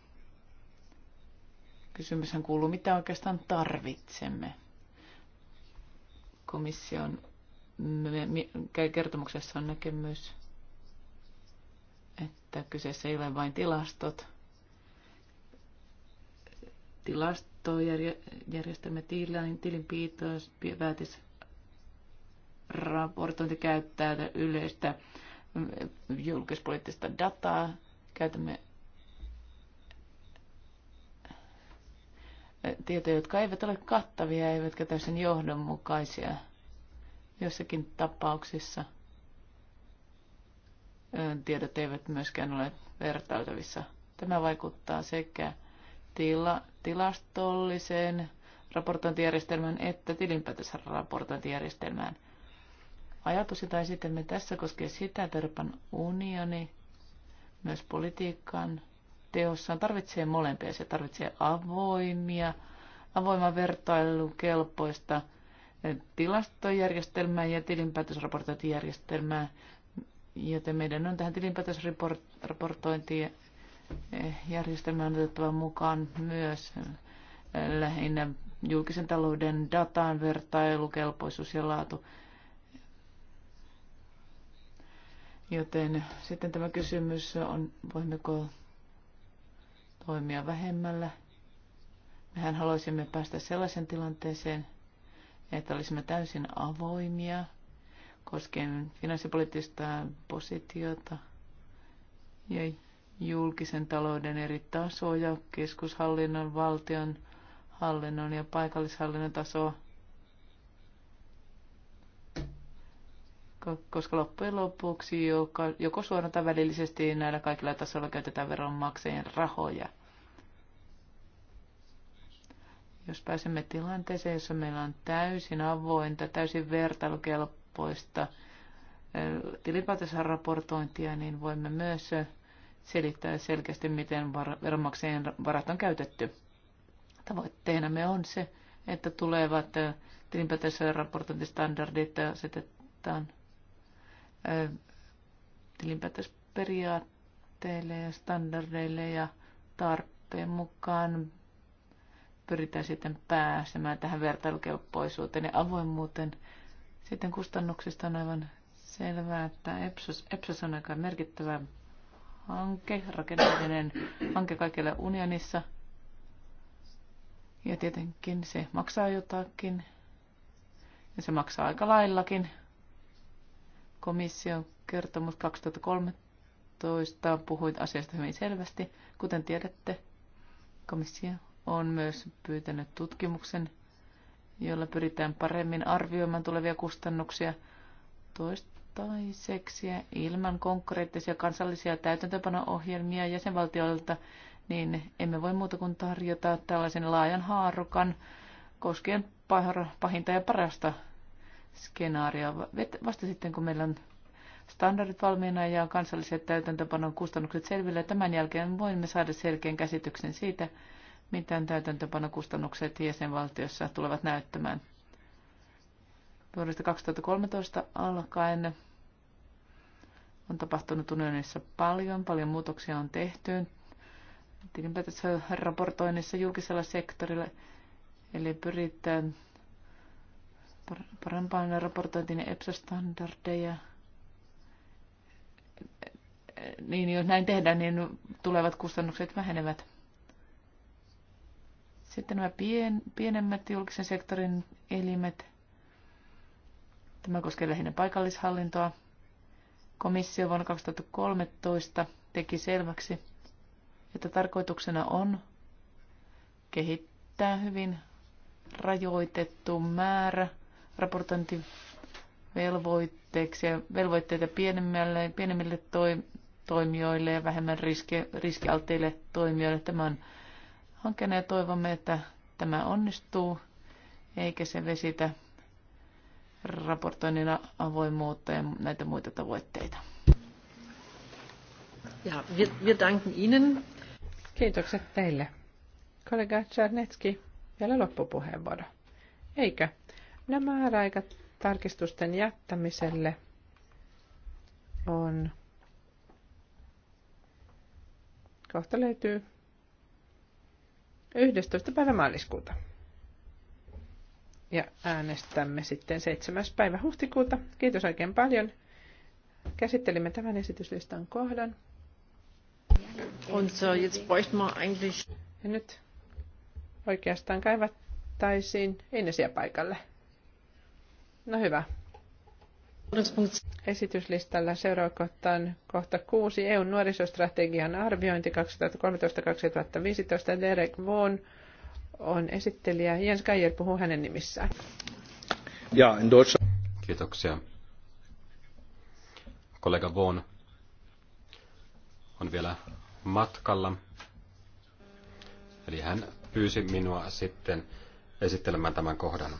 Kysymyshän kuuluu, mitä oikeastaan tarvitsemme. Komission kertomuksessa on näkemys, että kyseessä ei ole vain tilastot. Tilastojärjestelmä tilinpiitois, päätis raportointi käyttää yleistä julkispoliittista dataa. Käytämme tietoja, jotka eivät ole kattavia eivätkä täysin johdonmukaisia jossakin tapauksissa. Tiedot eivät myöskään ole vertailtavissa. Tämä vaikuttaa sekä tila, tilastolliseen raportointijärjestelmään että tilinpäätösraportointijärjestelmään. Ajatus, jota esitämme tässä, koskee sitä, että Euroopan unioni myös politiikkaan teossaan tarvitsee molempia. Se tarvitsee avoimia, avoiman vertailukelpoista eh, tilastojärjestelmää ja tilinpäätösraportointijärjestelmää, joten meidän on tähän tilinpäätösraportointijärjestelmään otettava mukaan myös eh, lähinnä julkisen talouden datan vertailukelpoisuus ja laatu. Joten sitten tämä kysymys on, voimmeko toimia vähemmällä. Mehän haluaisimme päästä sellaisen tilanteeseen, että olisimme täysin avoimia koskien finanssipoliittista positiota ja julkisen talouden eri tasoja, keskushallinnon, valtion hallinnon ja paikallishallinnon tasoa. Koska loppujen lopuksi joko, joko suoraan tai välillisesti näillä kaikilla tasoilla käytetään veronmaksajien rahoja. Jos pääsemme tilanteeseen, jossa meillä on täysin avointa, täysin vertailukelpoista tilipäätösraportointia, niin voimme myös selittää selkeästi, miten veronmaksajien varat on käytetty. Tavoitteenamme on se, että tulevat tilinpäätösraportointistandardit asetetaan tilinpäätösperiaatteille ja standardeille ja tarpeen mukaan pyritään sitten pääsemään tähän vertailukelpoisuuteen ja avoimuuteen. Sitten kustannuksista on aivan selvää, että EPSOS, EPSOS on aika merkittävä hanke, rakenteellinen hanke kaikille unionissa. Ja tietenkin se maksaa jotakin. Ja se maksaa aika laillakin. Komission kertomus 2013 puhuit asiasta hyvin selvästi. Kuten tiedätte, komissio on myös pyytänyt tutkimuksen, jolla pyritään paremmin arvioimaan tulevia kustannuksia toistaiseksi ilman konkreettisia kansallisia täytäntöpano-ohjelmia jäsenvaltioilta, niin emme voi muuta kuin tarjota tällaisen laajan haarukan koskien pahinta ja parasta skenaaria. Vasta sitten, kun meillä on standardit valmiina ja kansalliset täytäntöpanon kustannukset selville, tämän jälkeen voimme saada selkeän käsityksen siitä, miten täytäntöpanokustannukset jäsenvaltiossa tulevat näyttämään. Vuodesta 2013 alkaen on tapahtunut unionissa paljon, paljon muutoksia on tehty. Tilinpäätössä raportoinnissa julkisella sektorilla, eli pyritään parempaan raportointiin EPSA-standardeja. Niin jos näin tehdään, niin tulevat kustannukset vähenevät. Sitten nämä pien, pienemmät julkisen sektorin elimet. Tämä koskee lähinnä paikallishallintoa. Komissio vuonna 2013 teki selväksi, että tarkoituksena on kehittää hyvin rajoitettu määrä raportointivelvoitteeksi ja velvoitteita pienemmille, pienemmille toi, toimijoille ja vähemmän riski, riskialteille toimijoille. Tämä on hankkeena ja toivomme, että tämä onnistuu, eikä se vesitä raportoinnina avoimuutta ja näitä muita tavoitteita. Ja, wir, wir danken Ihnen. Kiitokset teille.
Kollega Czarnecki, vielä loppupuheenvuoro. Eikö? Nämä no, määräaikat tarkistusten jättämiselle on kohta löytyy 11. päivä maaliskuuta. Ja äänestämme sitten 7. päivä huhtikuuta. Kiitos oikein paljon. Käsittelimme tämän esityslistan kohdan. Ja nyt oikeastaan kaivattaisiin Inesia paikalle. No hyvä. Esityslistalla seuraava kohta on kohta kuusi EUn nuorisostrategian arviointi 2013-2015. Derek Vaughan on esittelijä. Jens Geier puhuu hänen nimissään.
Ja, in Deutschland. Kiitoksia. Kollega Vaughan on vielä matkalla. Eli hän pyysi minua sitten esittelemään tämän kohdan.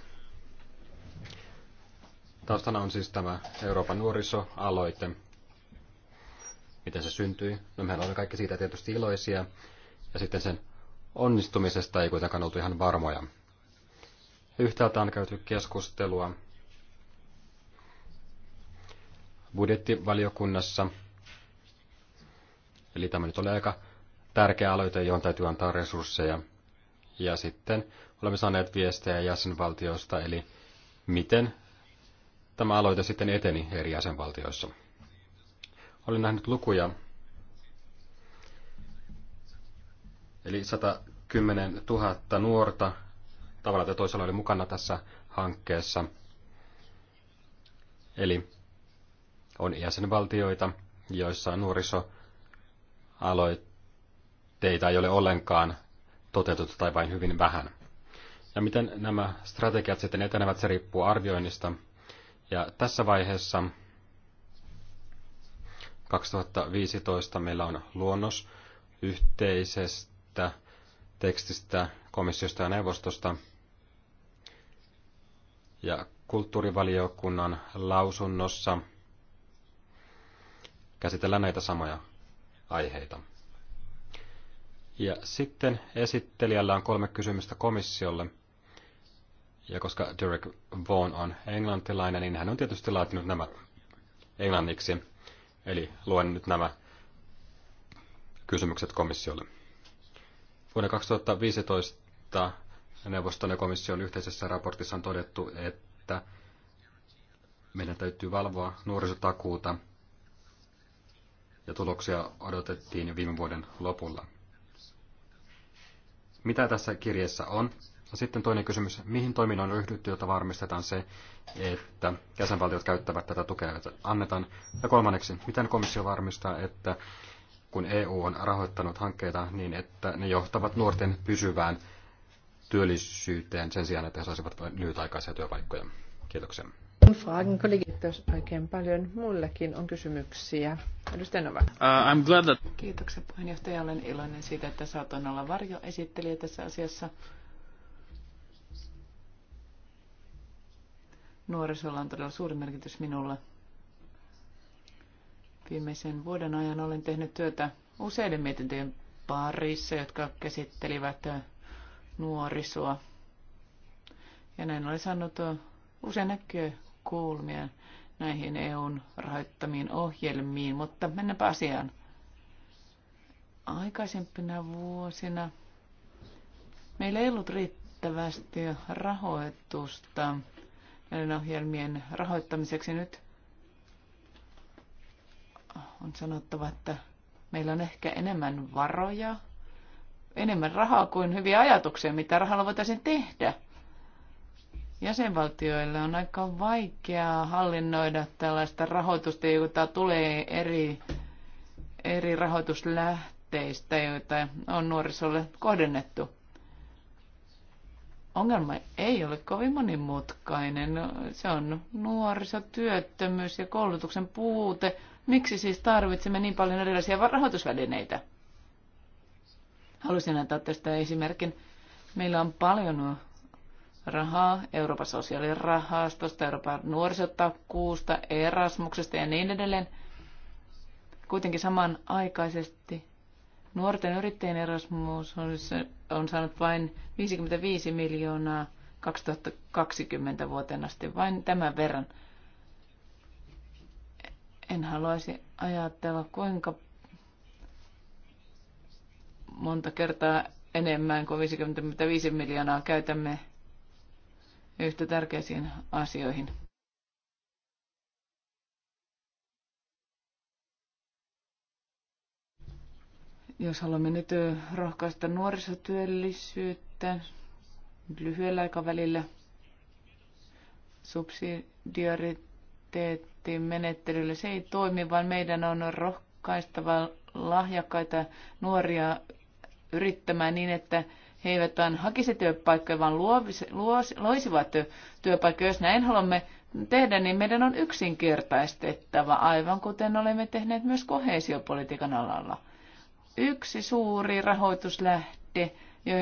Taustana on siis tämä Euroopan nuorisoaloite. Miten se syntyi? No mehän olemme kaikki siitä tietysti iloisia. Ja sitten sen onnistumisesta ei kuitenkaan oltu ihan varmoja. Yhtäältä on käyty keskustelua budjettivaliokunnassa. Eli tämä nyt oli aika tärkeä aloite, johon täytyy antaa resursseja. Ja sitten olemme saaneet viestejä jäsenvaltioista, eli miten tämä aloite sitten eteni eri jäsenvaltioissa. Olin nähnyt lukuja, eli 110 000 nuorta tavalla tai toisella oli mukana tässä hankkeessa. Eli on jäsenvaltioita, joissa nuorisoaloitteita ei ole ollenkaan toteutettu tai vain hyvin vähän. Ja miten nämä strategiat sitten etenevät, se riippuu arvioinnista, ja tässä vaiheessa 2015 meillä on luonnos yhteisestä tekstistä komissiosta ja neuvostosta. Ja kulttuurivaliokunnan lausunnossa käsitellään näitä samoja aiheita. Ja sitten esittelijällä on kolme kysymystä komissiolle. Ja koska Derek Vaughan on englantilainen, niin hän on tietysti laatinut nämä englanniksi. Eli luen nyt nämä kysymykset komissiolle. Vuonna 2015 neuvoston ja komission yhteisessä raportissa on todettu, että meidän täytyy valvoa nuorisotakuuta ja tuloksia odotettiin viime vuoden lopulla. Mitä tässä kirjassa on? Sitten toinen kysymys, mihin toiminnan on ryhdytty, jotta varmistetaan se, että jäsenvaltiot käyttävät tätä tukea, että annetaan. Ja kolmanneksi, miten komissio varmistaa, että kun EU on rahoittanut hankkeita niin, että ne johtavat nuorten pysyvään työllisyyteen sen sijaan, että he saisivat lyhytaikaisia työpaikkoja. Kiitoksia.
Fragen, Kiitos oikein paljon. mullekin on kysymyksiä. Edustaja Nova.
Uh, I'm glad that... Kiitoksia puheenjohtaja. Olen iloinen siitä, että saatoin olla varjoesittelijä tässä asiassa. Nuorisolla on todella suuri merkitys minulle. Viimeisen vuoden ajan olen tehnyt työtä useiden mietintöjen parissa, jotka käsittelivät nuorisoa. Ja näin olen saanut usein näkyä kuulmia näihin EUn rahoittamiin ohjelmiin, mutta mennäänpä asiaan. Aikaisempina vuosina meillä ei ollut riittävästi rahoitusta näiden ohjelmien rahoittamiseksi nyt on sanottava, että meillä on ehkä enemmän varoja, enemmän rahaa kuin hyviä ajatuksia, mitä rahalla voitaisiin tehdä. Jäsenvaltioille on aika vaikeaa hallinnoida tällaista rahoitusta, jota tulee eri, eri rahoituslähteistä, joita on nuorisolle kohdennettu. Ongelma ei ole kovin monimutkainen. Se on nuorisotyöttömyys ja koulutuksen puute. Miksi siis tarvitsemme niin paljon erilaisia rahoitusvälineitä? Haluaisin antaa tästä esimerkin. Meillä on paljon rahaa Euroopan sosiaalirahastosta, Euroopan nuorisotakuusta, Erasmuksesta ja niin edelleen. Kuitenkin samanaikaisesti nuorten yrittäjien Erasmus on on saanut vain 55 miljoonaa 2020 vuoteen asti, vain tämän verran. En haluaisi ajatella, kuinka monta kertaa enemmän kuin 55 miljoonaa käytämme yhtä tärkeisiin asioihin. Jos haluamme nyt rohkaista nuorisotyöllisyyttä lyhyellä aikavälillä, subsidiariteettiin menettelyllä se ei toimi, vaan meidän on rohkaistava lahjakkaita nuoria yrittämään niin, että he eivät vain hakisi työpaikkoja, vaan luovis, luos, loisivat työpaikkoja. Jos näin haluamme tehdä, niin meidän on yksinkertaistettava, aivan kuten olemme tehneet myös kohesiopolitiikan alalla yksi suuri rahoituslähde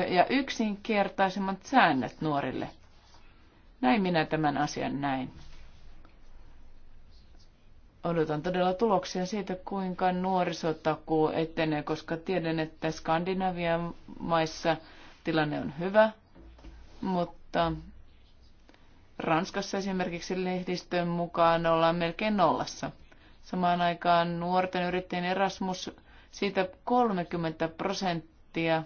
ja yksinkertaisemmat säännöt nuorille. Näin minä tämän asian näin. Odotan todella tuloksia siitä, kuinka nuorisotakuu etenee, koska tiedän, että Skandinavian maissa tilanne on hyvä, mutta Ranskassa esimerkiksi lehdistön mukaan ollaan melkein nollassa. Samaan aikaan nuorten yrittäjien Erasmus siitä 30 prosenttia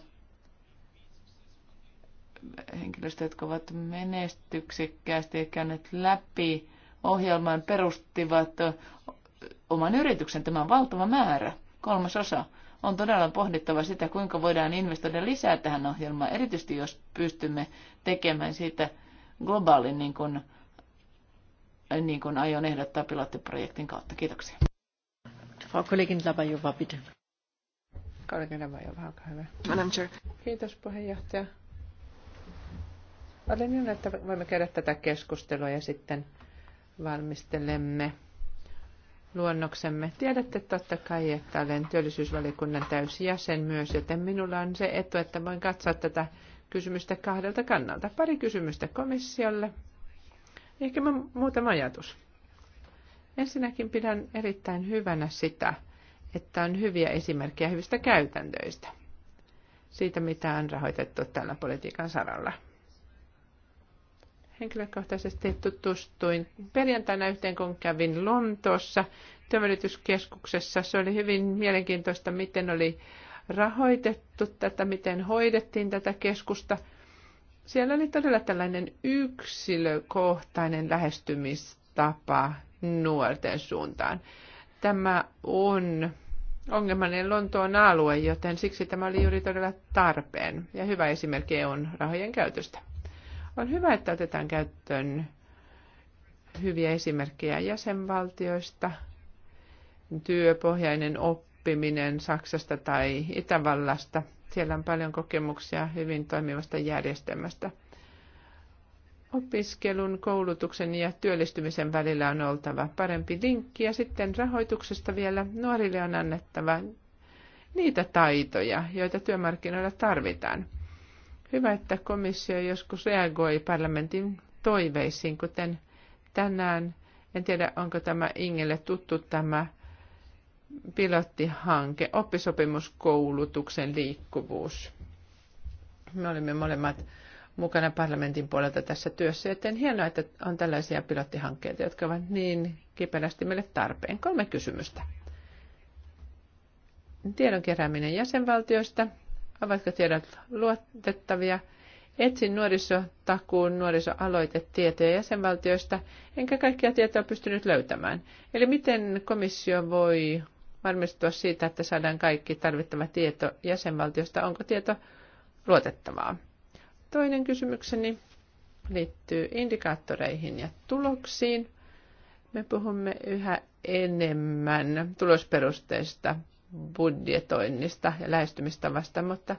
henkilöistä, jotka ovat menestyksekkäästi käyneet läpi ohjelman, perustivat oman yrityksen. Tämä on valtava määrä, kolmasosa. On todella pohdittava sitä, kuinka voidaan investoida lisää tähän ohjelmaan, erityisesti jos pystymme tekemään siitä globaalin, niin kuin, niin kuin aion ehdottaa pilottiprojektin kautta. Kiitoksia. Frau Kollegin Labajova, bitte. Kollegana Vajova, olkaa hyvä. Madam Chair.
Kiitos puheenjohtaja. Olen niin, että voimme käydä tätä keskustelua ja sitten valmistelemme luonnoksemme. Tiedätte totta kai, että olen työllisyysvaliokunnan täysjäsen myös, joten minulla on se etu, että voin katsoa tätä kysymystä kahdelta kannalta. Pari kysymystä komissiolle. Ehkä muutama ajatus. Ensinnäkin pidän erittäin hyvänä sitä, että on hyviä esimerkkejä hyvistä käytännöistä siitä, mitä on rahoitettu tällä politiikan saralla. Henkilökohtaisesti tutustuin perjantaina yhteen, kun kävin Lontoossa työvälityskeskuksessa. Se oli hyvin mielenkiintoista, miten oli rahoitettu tätä, miten hoidettiin tätä keskusta. Siellä oli todella tällainen yksilökohtainen lähestymistapa nuorten suuntaan tämä on ongelmallinen Lontoon alue, joten siksi tämä oli juuri todella tarpeen ja hyvä esimerkki on rahojen käytöstä. On hyvä, että otetaan käyttöön hyviä esimerkkejä jäsenvaltioista, työpohjainen oppiminen Saksasta tai Itävallasta. Siellä on paljon kokemuksia hyvin toimivasta järjestelmästä – Opiskelun, koulutuksen ja työllistymisen välillä on oltava parempi linkki ja sitten rahoituksesta vielä nuorille on annettava niitä taitoja, joita työmarkkinoilla tarvitaan. Hyvä, että komissio joskus reagoi parlamentin toiveisiin, kuten tänään. En tiedä, onko tämä Ingelle tuttu tämä pilottihanke, oppisopimuskoulutuksen liikkuvuus. Me olimme molemmat mukana parlamentin puolelta tässä työssä, joten hienoa, että on tällaisia pilottihankkeita, jotka ovat niin kipelästi meille tarpeen. Kolme kysymystä. Tiedon kerääminen jäsenvaltioista. Ovatko tiedot luotettavia? Etsin nuorisotakuun nuorisoaloitetietoja jäsenvaltioista, enkä kaikkia tietoa pystynyt löytämään. Eli miten komissio voi varmistua siitä, että saadaan kaikki tarvittava tieto jäsenvaltiosta? Onko tieto luotettavaa? Toinen kysymykseni liittyy indikaattoreihin ja tuloksiin. Me puhumme yhä enemmän tulosperusteista budjetoinnista ja lähestymistavasta, mutta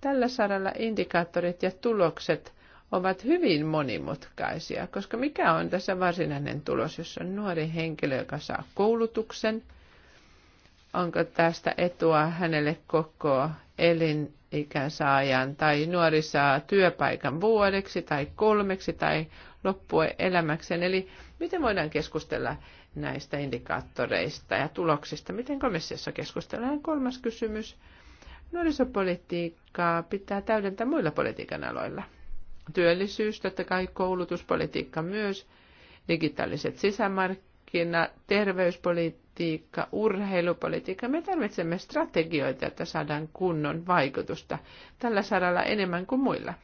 tällä saralla indikaattorit ja tulokset ovat hyvin monimutkaisia, koska mikä on tässä varsinainen tulos, jos on nuori henkilö, joka saa koulutuksen, onko tästä etua hänelle koko elin ikäsaajan tai nuori saa työpaikan vuodeksi tai kolmeksi tai elämäkseen. Eli miten voidaan keskustella näistä indikaattoreista ja tuloksista? Miten komissiossa keskustellaan? Kolmas kysymys. Nuorisopolitiikkaa pitää täydentää muilla politiikan aloilla. Työllisyys, totta kai koulutuspolitiikka myös, digitaaliset sisämarkkinat, markkina, terveyspolitiikka, urheilupolitiikka. Me tarvitsemme strategioita, että saadaan kunnon vaikutusta tällä saralla enemmän kuin muilla.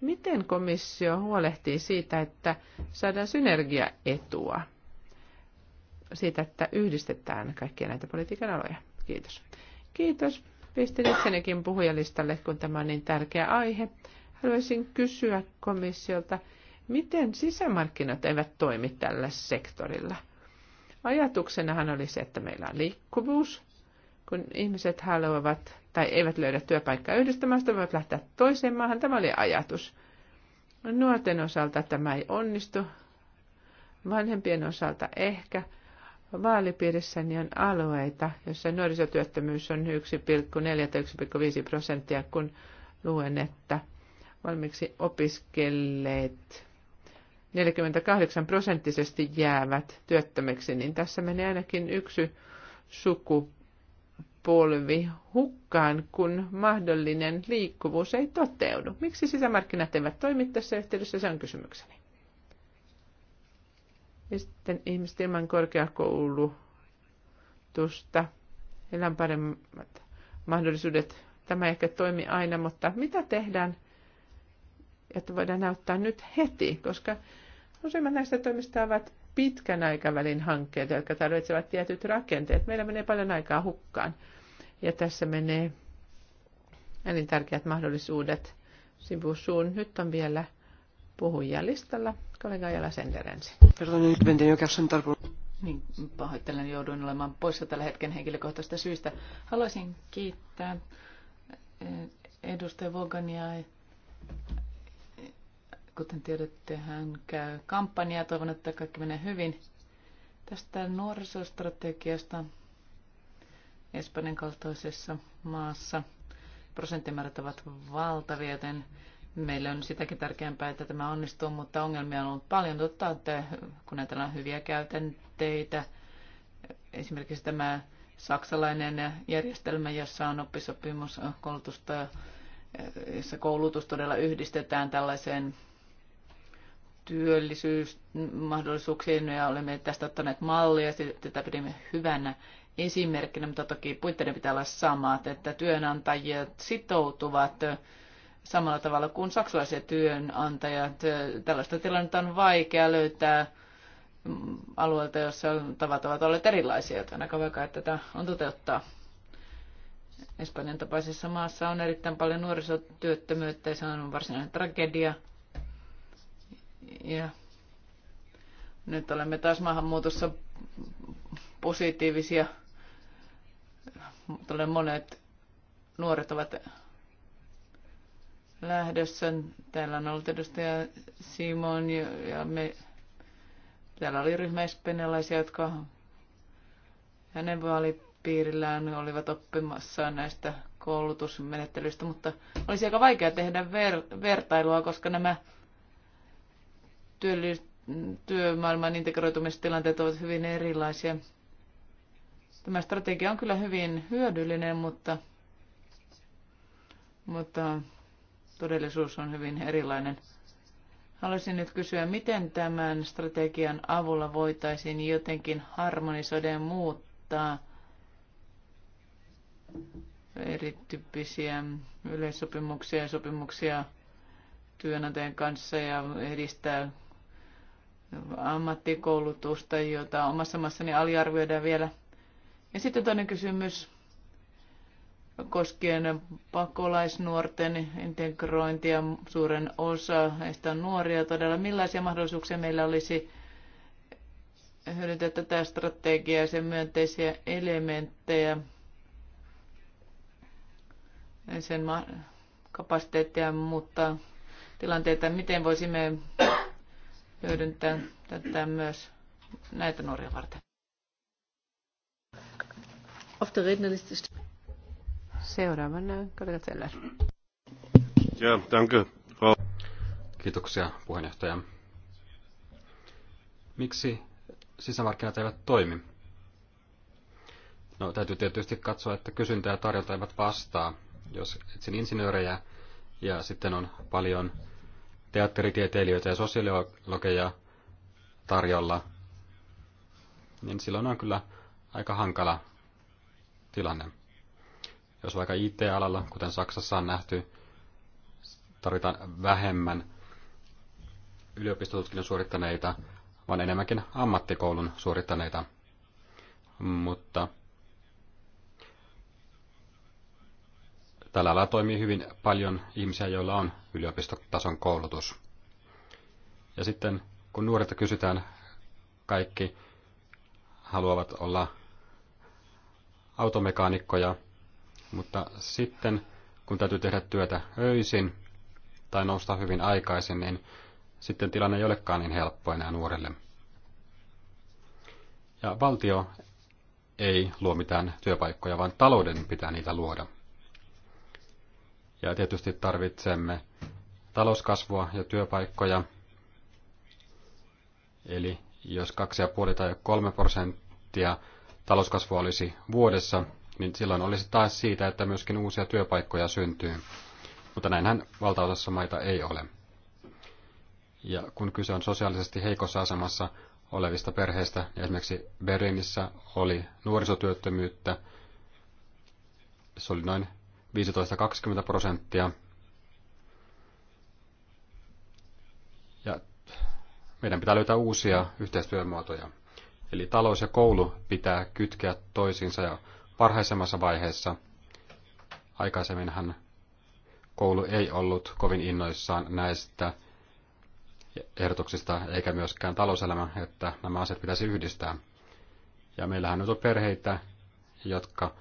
Miten komissio huolehtii siitä, että saadaan synergiaetua siitä, että yhdistetään kaikkia näitä politiikan aloja? Kiitos. Kiitos. Pistin itsenekin puhujalistalle, kun tämä on niin tärkeä aihe. Haluaisin kysyä komissiolta, miten sisämarkkinat eivät toimi tällä sektorilla? Ajatuksenahan oli se, että meillä on liikkuvuus, kun ihmiset haluavat tai eivät löydä työpaikkaa yhdestä maasta, voivat lähteä toiseen maahan. Tämä oli ajatus. Nuorten osalta tämä ei onnistu, vanhempien osalta ehkä. Vaalipiirissäni on alueita, joissa nuorisotyöttömyys on 1,4-1,5 prosenttia, kun luen, että valmiiksi opiskelleet 48 prosenttisesti jäävät työttömiksi, niin tässä menee ainakin yksi sukupolvi hukkaan, kun mahdollinen liikkuvuus ei toteudu. Miksi sisämarkkinat eivät toimi tässä yhteydessä, se on kysymykseni. Ja sitten ihmiset ilman korkeakoulutusta, heillä on paremmat mahdollisuudet. Tämä ei ehkä toimi aina, mutta mitä tehdään – että voidaan auttaa nyt heti, koska useimmat näistä toimista ovat pitkän aikavälin hankkeita, jotka tarvitsevat tietyt rakenteet. Meillä menee paljon aikaa hukkaan. Ja tässä menee elintärkeät mahdollisuudet
sivusuun. Nyt on vielä puhujalistalla kollega Jala Senderensi. Niin, pahoittelen, jouduin olemaan poissa tällä hetken henkilökohtaisesta syystä. Haluaisin kiittää eh, edustaja Vogania Kuten tiedätte, hän käy kampanjaa. Toivon, että kaikki menee hyvin. Tästä nuorisostrategiasta Espanjan kaltaisessa maassa prosenttimäärät ovat valtavia, joten meillä on sitäkin tärkeämpää, että tämä onnistuu, mutta ongelmia on ollut paljon. Totta, että kun ajatellaan hyviä käytänteitä, esimerkiksi tämä saksalainen järjestelmä, jossa on oppisopimuskoulutusta, jossa koulutus todella yhdistetään tällaiseen työllisyysmahdollisuuksiin ja olemme tästä ottaneet mallia. Tätä pidimme hyvänä esimerkkinä, mutta toki puitteiden pitää olla samat, että työnantajat sitoutuvat samalla tavalla kuin saksalaiset työnantajat. Tällaista tilannetta on vaikea löytää alueelta, jossa tavat ovat olleet erilaisia, joten aika vaikea, että tätä on toteuttaa. Espanjan tapaisessa maassa on erittäin paljon nuorisotyöttömyyttä ja se on varsinainen tragedia – ja nyt olemme taas maahanmuutossa positiivisia. Tulee monet nuoret ovat lähdössä. Täällä on ollut edustaja Simon ja, me, täällä oli ryhmä espanjalaisia, jotka hänen vaalipiirillään olivat oppimassa näistä koulutusmenettelyistä, mutta olisi aika vaikea tehdä ver- vertailua, koska nämä työlli- työmaailman integroitumistilanteet ovat hyvin erilaisia. Tämä strategia on kyllä hyvin hyödyllinen, mutta, mutta todellisuus on hyvin erilainen. Haluaisin nyt kysyä, miten tämän strategian avulla voitaisiin jotenkin harmonisoida ja muuttaa erityyppisiä yleissopimuksia ja sopimuksia työnantajan kanssa ja edistää ammattikoulutusta, jota omassa maassani aliarvioidaan vielä. Ja sitten toinen kysymys koskien pakolaisnuorten integrointia. Suuren osa heistä on nuoria todella. Millaisia mahdollisuuksia meillä olisi hyödyntää tätä strategiaa ja sen myönteisiä elementtejä, sen kapasiteettia, mutta tilanteita, miten voisimme hyödyntää tätä myös näitä nuoria varten. Auf der Rednerliste
Seuraavana kollega Zeller.
Ja, danke. Frau. Kiitoksia puheenjohtaja. Miksi sisämarkkinat eivät toimi? No täytyy tietysti katsoa, että kysyntä ja tarjonta eivät vastaa. Jos etsin insinöörejä ja sitten on paljon teatteritieteilijöitä ja sosiologeja tarjolla, niin silloin on kyllä aika hankala tilanne. Jos vaikka IT-alalla, kuten Saksassa on nähty, tarvitaan vähemmän yliopistotutkinnon suorittaneita, vaan enemmänkin ammattikoulun suorittaneita. Mutta Tällä alalla toimii hyvin paljon ihmisiä, joilla on yliopistotason koulutus. Ja sitten kun nuorilta kysytään, kaikki haluavat olla automekaanikkoja, mutta sitten kun täytyy tehdä työtä öisin tai nousta hyvin aikaisin, niin sitten tilanne ei olekaan niin helppo enää nuorille. Ja valtio ei luo mitään työpaikkoja, vaan talouden pitää niitä luoda. Ja tietysti tarvitsemme talouskasvua ja työpaikkoja. Eli jos 2,5 tai 3 prosenttia talouskasvua olisi vuodessa, niin silloin olisi taas siitä, että myöskin uusia työpaikkoja syntyy. Mutta näinhän valtaosassa maita ei ole. Ja kun kyse on sosiaalisesti heikossa asemassa olevista perheistä, niin esimerkiksi Berliinissä oli nuorisotyöttömyyttä, se oli noin 15-20 prosenttia. Ja meidän pitää löytää uusia yhteistyömuotoja. Eli talous ja koulu pitää kytkeä toisiinsa ja parhaisemmassa vaiheessa. Aikaisemminhan koulu ei ollut kovin innoissaan näistä ehdotuksista, eikä myöskään talouselämä, että nämä asiat pitäisi yhdistää. Ja meillähän nyt on perheitä, jotka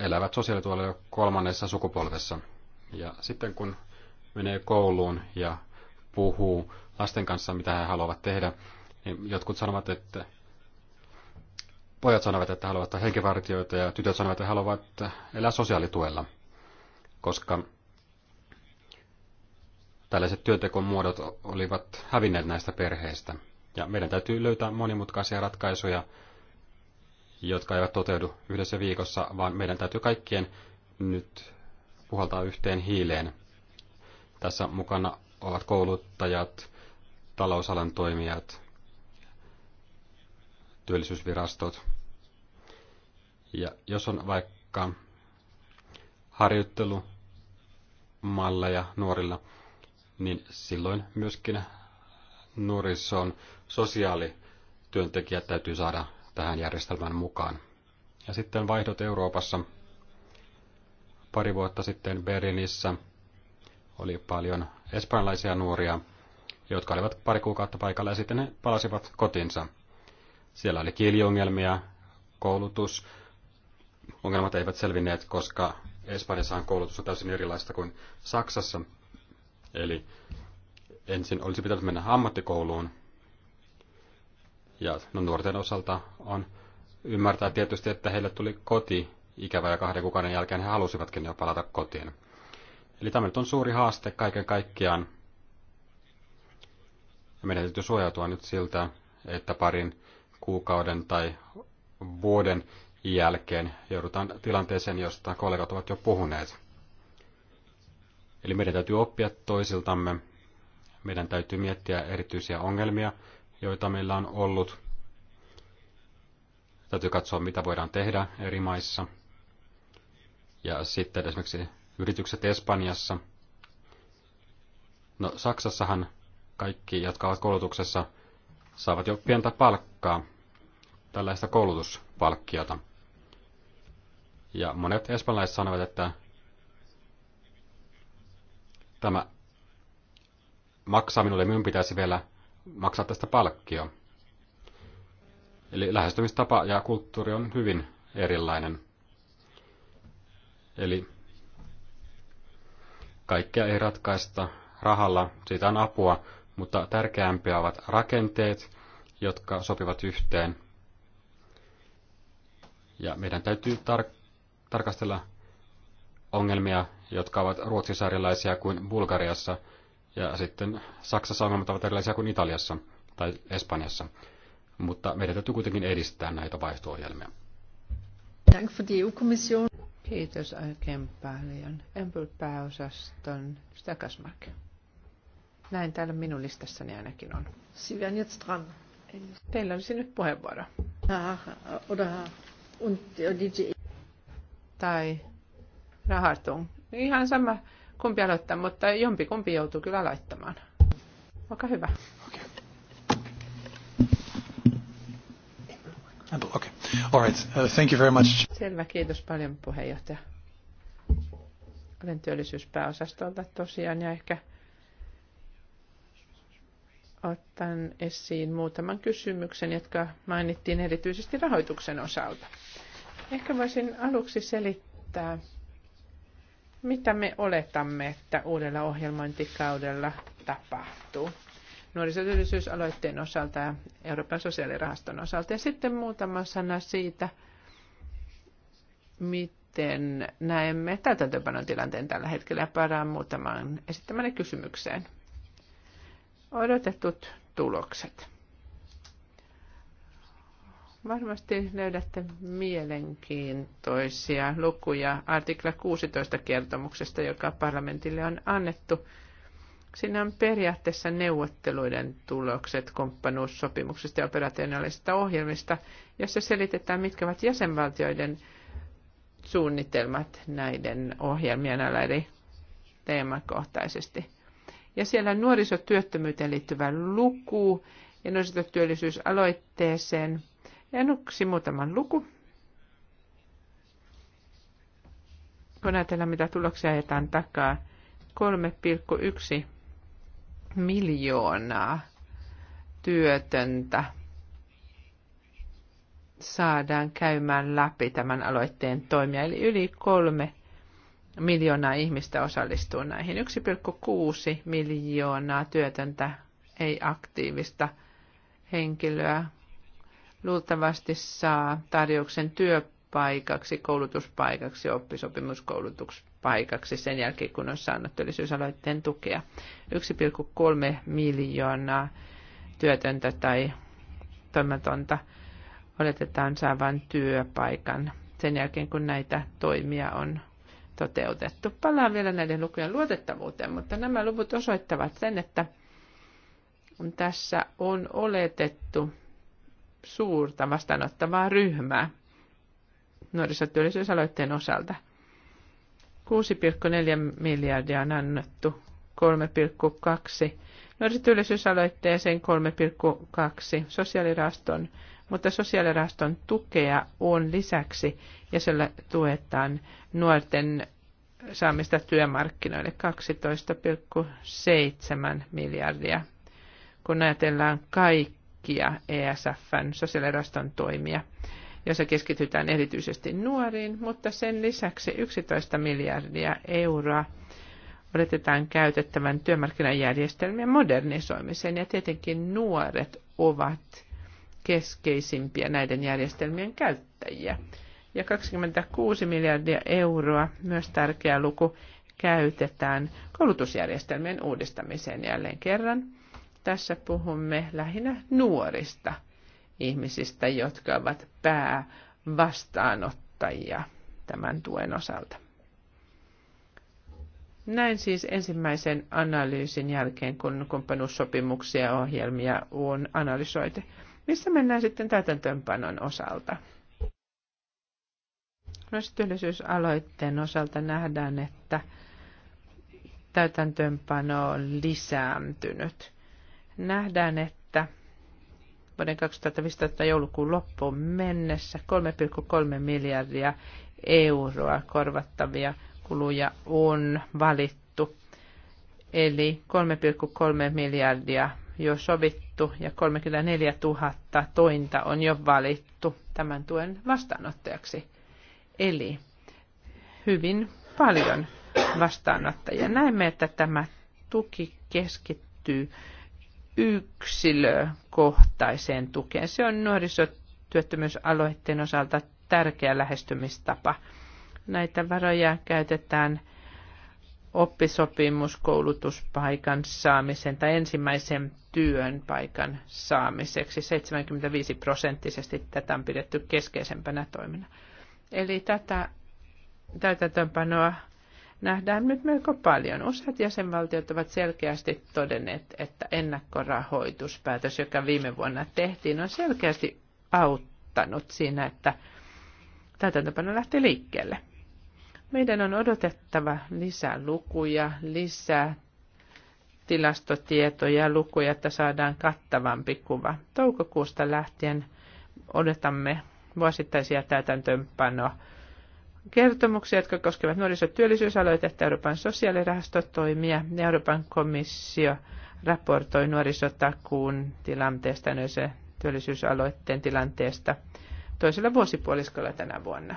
elävät sosiaalituolella jo kolmannessa sukupolvessa. Ja sitten kun menee kouluun ja puhuu lasten kanssa, mitä he haluavat tehdä, niin jotkut sanovat, että pojat sanovat, että haluavat olla henkivartijoita ja tytöt sanovat, että haluavat elää sosiaalituella, koska tällaiset muodot olivat hävinneet näistä perheistä. Ja meidän täytyy löytää monimutkaisia ratkaisuja jotka eivät toteudu yhdessä viikossa, vaan meidän täytyy kaikkien nyt puhaltaa yhteen hiileen. Tässä mukana ovat kouluttajat, talousalan toimijat, työllisyysvirastot. Ja jos on vaikka harjoittelumalleja nuorilla, niin silloin myöskin nuorison sosiaalityöntekijät täytyy saada tähän järjestelmään mukaan. Ja sitten vaihdot Euroopassa. Pari vuotta sitten Berlinissä oli paljon espanjalaisia nuoria, jotka olivat pari kuukautta paikalla ja sitten he palasivat kotinsa. Siellä oli kieliongelmia, koulutus, ongelmat eivät selvinneet, koska Espanjassahan koulutus on täysin erilaista kuin Saksassa. Eli ensin olisi pitänyt mennä ammattikouluun ja no, nuorten osalta on ymmärtää tietysti, että heille tuli koti ikävä ja kahden kuukauden jälkeen he halusivatkin jo palata kotiin. Eli tämä nyt on suuri haaste kaiken kaikkiaan. Ja meidän täytyy suojautua nyt siltä, että parin kuukauden tai vuoden jälkeen joudutaan tilanteeseen, josta kollegat ovat jo puhuneet. Eli meidän täytyy oppia toisiltamme, meidän täytyy miettiä erityisiä ongelmia, joita meillä on ollut. Täytyy katsoa, mitä voidaan tehdä eri maissa. Ja sitten esimerkiksi yritykset Espanjassa. No Saksassahan kaikki, jotka ovat koulutuksessa, saavat jo pientä palkkaa, tällaista koulutuspalkkiota. Ja monet espanjalaiset sanovat, että tämä maksaa minulle, minun pitäisi vielä maksaa tästä palkkio. Eli lähestymistapa ja kulttuuri on hyvin erilainen. Eli kaikkea ei ratkaista rahalla, siitä on apua, mutta tärkeämpiä ovat rakenteet, jotka sopivat yhteen. Ja meidän täytyy tar- tarkastella ongelmia, jotka ovat ruotsisaarilaisia kuin Bulgariassa, ja sitten Saksassa ongelmat ovat erilaisia kuin Italiassa tai Espanjassa. Mutta meidän täytyy kuitenkin edistää näitä vaihto-ohjelmia.
Dank für die EU-Kommission. Kiitos oikein paljon. Empel-pääosaston Stakasmark. Näin täällä minun listassani ainakin on. Sie werden jetzt dran. Teillä olisi nyt puheenvuoro. E. Tai Rahartung. Ihan sama kumpi aloittaa, mutta jompi kumpi joutuu kyllä laittamaan. Olkaa hyvä. Okay.
Okay. All right. Uh, thank you very much.
Selvä, kiitos paljon puheenjohtaja. Olen työllisyyspääosastolta tosiaan ja ehkä otan esiin muutaman kysymyksen, jotka mainittiin erityisesti rahoituksen osalta. Ehkä voisin aluksi selittää mitä me oletamme, että uudella ohjelmointikaudella tapahtuu? nuorisotyöllisyysaloitteen osalta ja Euroopan sosiaalirahaston osalta. Ja sitten muutama sana siitä, miten näemme täytäntöpanon tilanteen tällä hetkellä ja paraan muutamaan esittämäni kysymykseen. Odotetut tulokset. Varmasti löydätte mielenkiintoisia lukuja artikla 16 kertomuksesta, joka parlamentille on annettu. Siinä on periaatteessa neuvotteluiden tulokset kumppanuussopimuksesta ja operationaalisista ohjelmista, jossa selitetään, mitkä ovat jäsenvaltioiden suunnitelmat näiden ohjelmien alla eri teemakohtaisesti. Ja siellä on nuorisotyöttömyyteen liittyvä luku ja nuorisotyöllisyysaloitteeseen – Enoksi muutaman luku. Kun ajatellaan, mitä tuloksia ajetaan takaa, 3,1 miljoonaa työtöntä saadaan käymään läpi tämän aloitteen toimia. Eli yli kolme miljoonaa ihmistä osallistuu näihin. 1,6 miljoonaa työtöntä ei aktiivista henkilöä luultavasti saa tarjouksen työpaikaksi, koulutuspaikaksi, oppisopimuskoulutuspaikaksi sen jälkeen, kun on saanut työllisyysaloitteen tukea. 1,3 miljoonaa työtöntä tai toimatonta oletetaan saavan työpaikan sen jälkeen, kun näitä toimia on toteutettu. Palaan vielä näiden lukujen luotettavuuteen, mutta nämä luvut osoittavat sen, että tässä on oletettu suurta vastaanottavaa ryhmää nuorisotyöllisyysaloitteen osalta. 6,4 miljardia on annettu, 3,2 nuorisotyöllisyysaloitteeseen 3,2 sosiaaliraston, mutta sosiaaliraston tukea on lisäksi ja sillä tuetaan nuorten saamista työmarkkinoille 12,7 miljardia. Kun ajatellaan kaikki kaikkia ESFn sosiaaliraston toimia, jossa keskitytään erityisesti nuoriin, mutta sen lisäksi 11 miljardia euroa odotetaan käytettävän työmarkkinajärjestelmien modernisoimiseen ja tietenkin nuoret ovat keskeisimpiä näiden järjestelmien käyttäjiä. Ja 26 miljardia euroa, myös tärkeä luku, käytetään koulutusjärjestelmien uudistamiseen jälleen kerran. Tässä puhumme lähinnä nuorista ihmisistä, jotka ovat päävastaanottajia tämän tuen osalta. Näin siis ensimmäisen analyysin jälkeen, kun kumppanuussopimuksia ja ohjelmia on analysoitu. Missä mennään sitten täytäntöönpanon osalta? No työllisyysaloitteen osalta nähdään, että täytäntöönpano on lisääntynyt nähdään, että vuoden 2015 joulukuun loppuun mennessä 3,3 miljardia euroa korvattavia kuluja on valittu. Eli 3,3 miljardia jo sovittu ja 34 000 tointa on jo valittu tämän tuen vastaanottajaksi. Eli hyvin paljon vastaanottajia. Näemme, että tämä tuki keskittyy yksilökohtaiseen tukeen. Se on nuorisotyöttömyysaloitteen osalta tärkeä lähestymistapa. Näitä varoja käytetään oppisopimuskoulutuspaikan saamisen tai ensimmäisen työn paikan saamiseksi. 75 prosenttisesti tätä on pidetty keskeisempänä toimena. Eli tätä täytäntöönpanoa nähdään nyt melko paljon. Useat jäsenvaltiot ovat selkeästi todenneet, että ennakkorahoituspäätös, joka viime vuonna tehtiin, on selkeästi auttanut siinä, että täytäntöpano lähti liikkeelle. Meidän on odotettava lisää lukuja, lisää tilastotietoja ja lukuja, että saadaan kattavampi kuva. Toukokuusta lähtien odotamme vuosittaisia täytäntöönpanoa kertomuksia, jotka koskevat nuorisotyöllisyysaloitetta, Euroopan sosiaalirahastotoimia. Euroopan komissio raportoi nuorisotakuun tilanteesta, ja työllisyysaloitteen tilanteesta toisella vuosipuoliskolla tänä vuonna.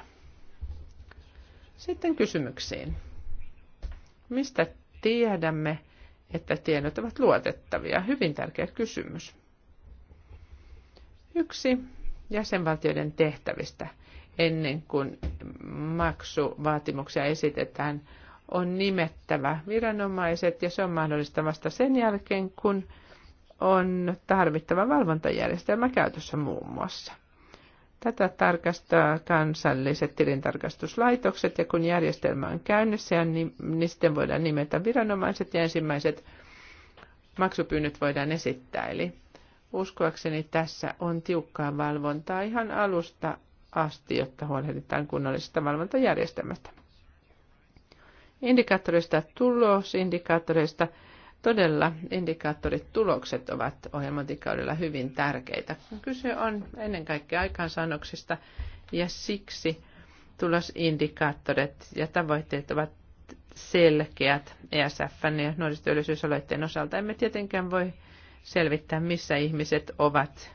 Sitten kysymyksiin. Mistä tiedämme, että tiedot ovat luotettavia? Hyvin tärkeä kysymys. Yksi jäsenvaltioiden tehtävistä – ennen kuin maksuvaatimuksia esitetään, on nimettävä viranomaiset ja se on mahdollista vasta sen jälkeen, kun on tarvittava valvontajärjestelmä käytössä muun muassa. Tätä tarkastaa kansalliset tilintarkastuslaitokset ja kun järjestelmä on käynnissä, niin, niin sitten voidaan nimetä viranomaiset ja ensimmäiset maksupyynnöt voidaan esittää. Eli uskoakseni tässä on tiukkaa valvontaa ihan alusta asti, jotta huolehditaan kunnollisesta valvontajärjestelmästä. Indikaattoreista tulosindikaattoreista todella indikaattorit tulokset ovat ohjelmointikaudella hyvin tärkeitä. Kyse on ennen kaikkea aikaansaannoksista ja siksi tulosindikaattorit ja tavoitteet ovat selkeät ESFn ja nuorisotyöllisyysaloitteen osalta. Emme tietenkään voi selvittää, missä ihmiset ovat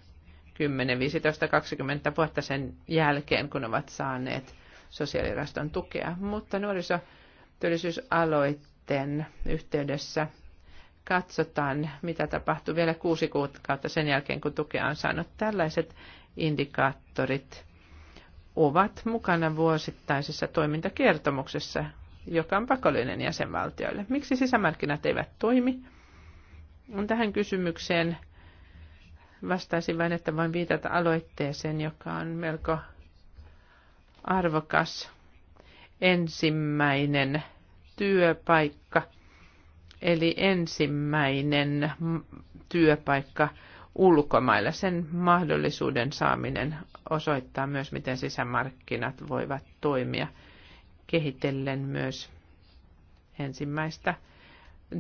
10, 15, 20 vuotta sen jälkeen, kun ovat saaneet sosiaaliraston tukea. Mutta nuorisotyöllisyysaloitteen yhteydessä katsotaan, mitä tapahtuu vielä kuusi kuukautta sen jälkeen, kun tukea on saanut. Tällaiset indikaattorit ovat mukana vuosittaisessa toimintakertomuksessa, joka on pakollinen jäsenvaltioille. Miksi sisämarkkinat eivät toimi? On tähän kysymykseen Vastaisin vain, että voin viitata aloitteeseen, joka on melko arvokas ensimmäinen työpaikka, eli ensimmäinen työpaikka ulkomailla. Sen mahdollisuuden saaminen osoittaa myös, miten sisämarkkinat voivat toimia kehitellen myös ensimmäistä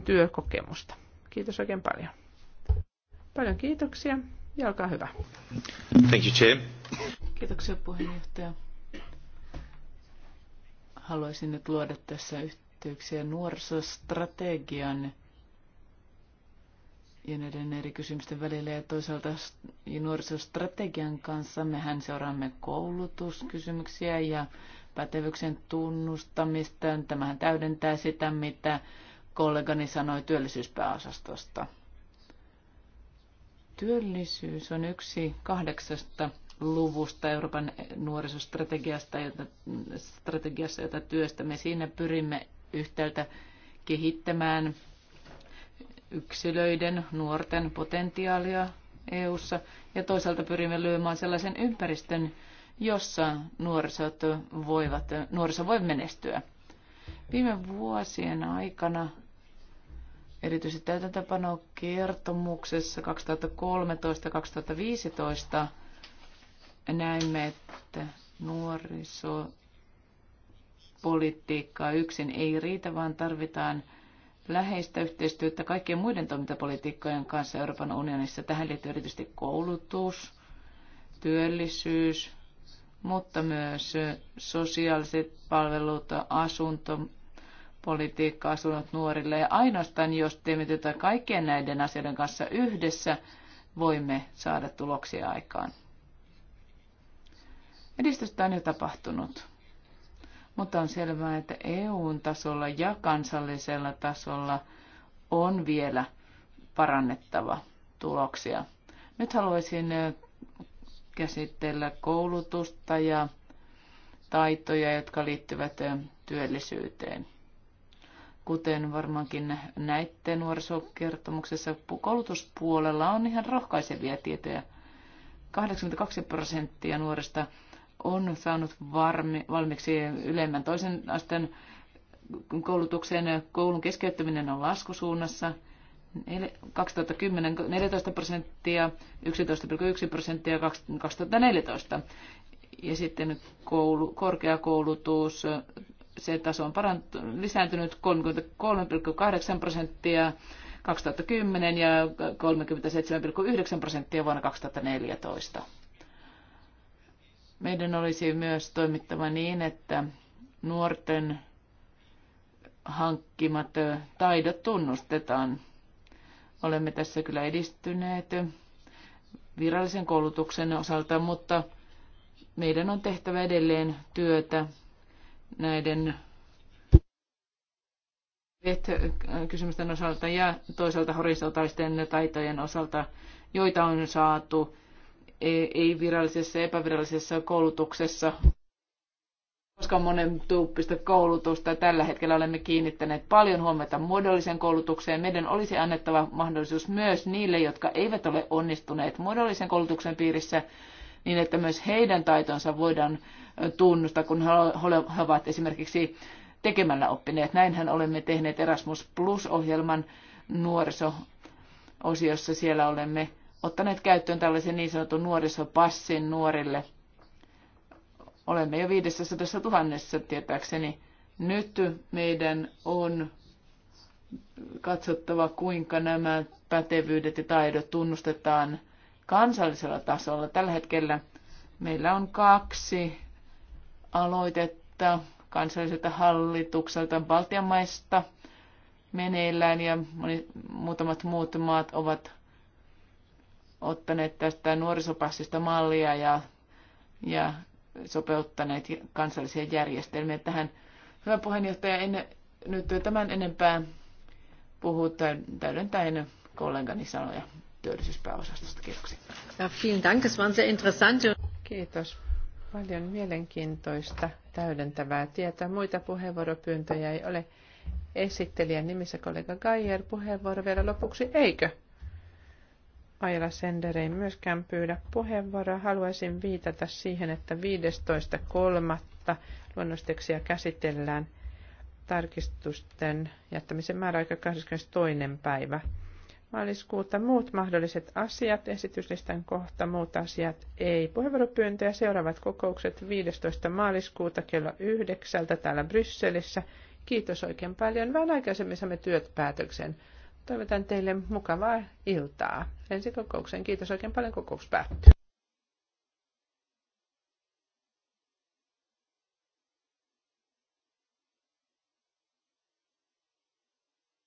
työkokemusta. Kiitos oikein paljon. Paljon kiitoksia ja olkaa hyvä.
Thank you, Chair. Kiitoksia puheenjohtaja. Haluaisin nyt luoda tässä yhteyksiä nuorisostrategian ja näiden eri kysymysten välillä ja toisaalta nuorisostrategian kanssa mehän seuraamme koulutuskysymyksiä ja pätevyyksen tunnustamista. Tämähän täydentää sitä, mitä kollegani sanoi työllisyyspääosastosta. Työllisyys on yksi kahdeksasta luvusta Euroopan nuorisostrategiasta, jota, strategiassa, jota me Siinä pyrimme yhtäältä kehittämään yksilöiden, nuorten potentiaalia EU:ssa ja toisaalta pyrimme lyömään sellaisen ympäristön, jossa nuorisot voivat, nuoriso voi menestyä. Viime vuosien aikana erityisesti täytäntöpano kertomuksessa 2013-2015 näimme, että nuorisopolitiikkaa yksin ei riitä, vaan tarvitaan läheistä yhteistyötä kaikkien muiden toimintapolitiikkojen kanssa Euroopan unionissa. Tähän liittyy erityisesti koulutus, työllisyys, mutta myös sosiaaliset palvelut, asunto, politiikkaa suunnat nuorille. Ja ainoastaan jos teemme tätä kaikkien näiden asioiden kanssa yhdessä, voimme saada tuloksia aikaan. Edistystä on jo tapahtunut. Mutta on selvää, että EUn tasolla ja kansallisella tasolla on vielä parannettava tuloksia. Nyt haluaisin käsitellä koulutusta ja taitoja, jotka liittyvät työllisyyteen. Kuten varmaankin näitte nuorisokertomuksessa, koulutuspuolella on ihan rohkaisevia tietoja. 82 prosenttia nuorista on saanut varmi, valmiiksi ylemmän toisen asteen koulutuksen. Koulun keskeyttäminen on laskusuunnassa. 2010 14 prosenttia, 11,1 prosenttia 2014. Ja sitten koulu, korkeakoulutus se taso on parant- lisääntynyt 33,8 prosenttia 2010 ja 37,9 prosenttia vuonna 2014. Meidän olisi myös toimittava niin, että nuorten hankkimat taidot tunnustetaan. Olemme tässä kyllä edistyneet virallisen koulutuksen osalta, mutta meidän on tehtävä edelleen työtä näiden kysymysten osalta ja toisaalta horisontaalisten taitojen osalta, joita on saatu ei-virallisessa ja epävirallisessa koulutuksessa koska on monen tyyppistä koulutusta. Tällä hetkellä olemme kiinnittäneet paljon huomiota muodolliseen koulutukseen. Meidän olisi annettava mahdollisuus myös niille, jotka eivät ole onnistuneet muodollisen koulutuksen piirissä, niin että myös heidän taitonsa voidaan tunnustaa, kun he ovat esimerkiksi tekemällä oppineet. Näinhän olemme tehneet Erasmus Plus-ohjelman nuoriso-osiossa. Siellä olemme ottaneet käyttöön tällaisen niin sanotun nuorisopassin nuorille. Olemme jo 500 000 tietääkseni. Nyt meidän on katsottava, kuinka nämä pätevyydet ja taidot tunnustetaan – kansallisella tasolla. Tällä hetkellä meillä on kaksi aloitetta kansalliselta hallitukselta Baltian maista meneillään ja moni, muutamat muut maat ovat ottaneet tästä nuorisopassista mallia ja, ja sopeuttaneet kansallisia järjestelmiä tähän. Hyvä puheenjohtaja, en nyt tämän enempää puhu täydentäen kollegani sanoja työllisyyspääosastosta. Kiitoksia. Ja, vielen dank, es waren sehr interessante.
Kiitos. Paljon mielenkiintoista täydentävää tietoa. Muita puheenvuoropyyntöjä ei ole esittelijän nimissä kollega Geier puheenvuoro vielä lopuksi, eikö? Aila Sender ei myöskään pyydä puheenvuoroa. Haluaisin viitata siihen, että 15.3. luonnosteksiä käsitellään tarkistusten jättämisen määräaika 22. päivä maaliskuuta muut mahdolliset asiat, esityslistan kohta muut asiat ei. Puheenvuoropyyntöjä seuraavat kokoukset 15. maaliskuuta kello 9 täällä Brysselissä. Kiitos oikein paljon. Vähän aikaisemmin saamme työt päätöksen. Toivotan teille mukavaa iltaa. Ensi kokouksen. Kiitos oikein paljon. Kokous päättyy.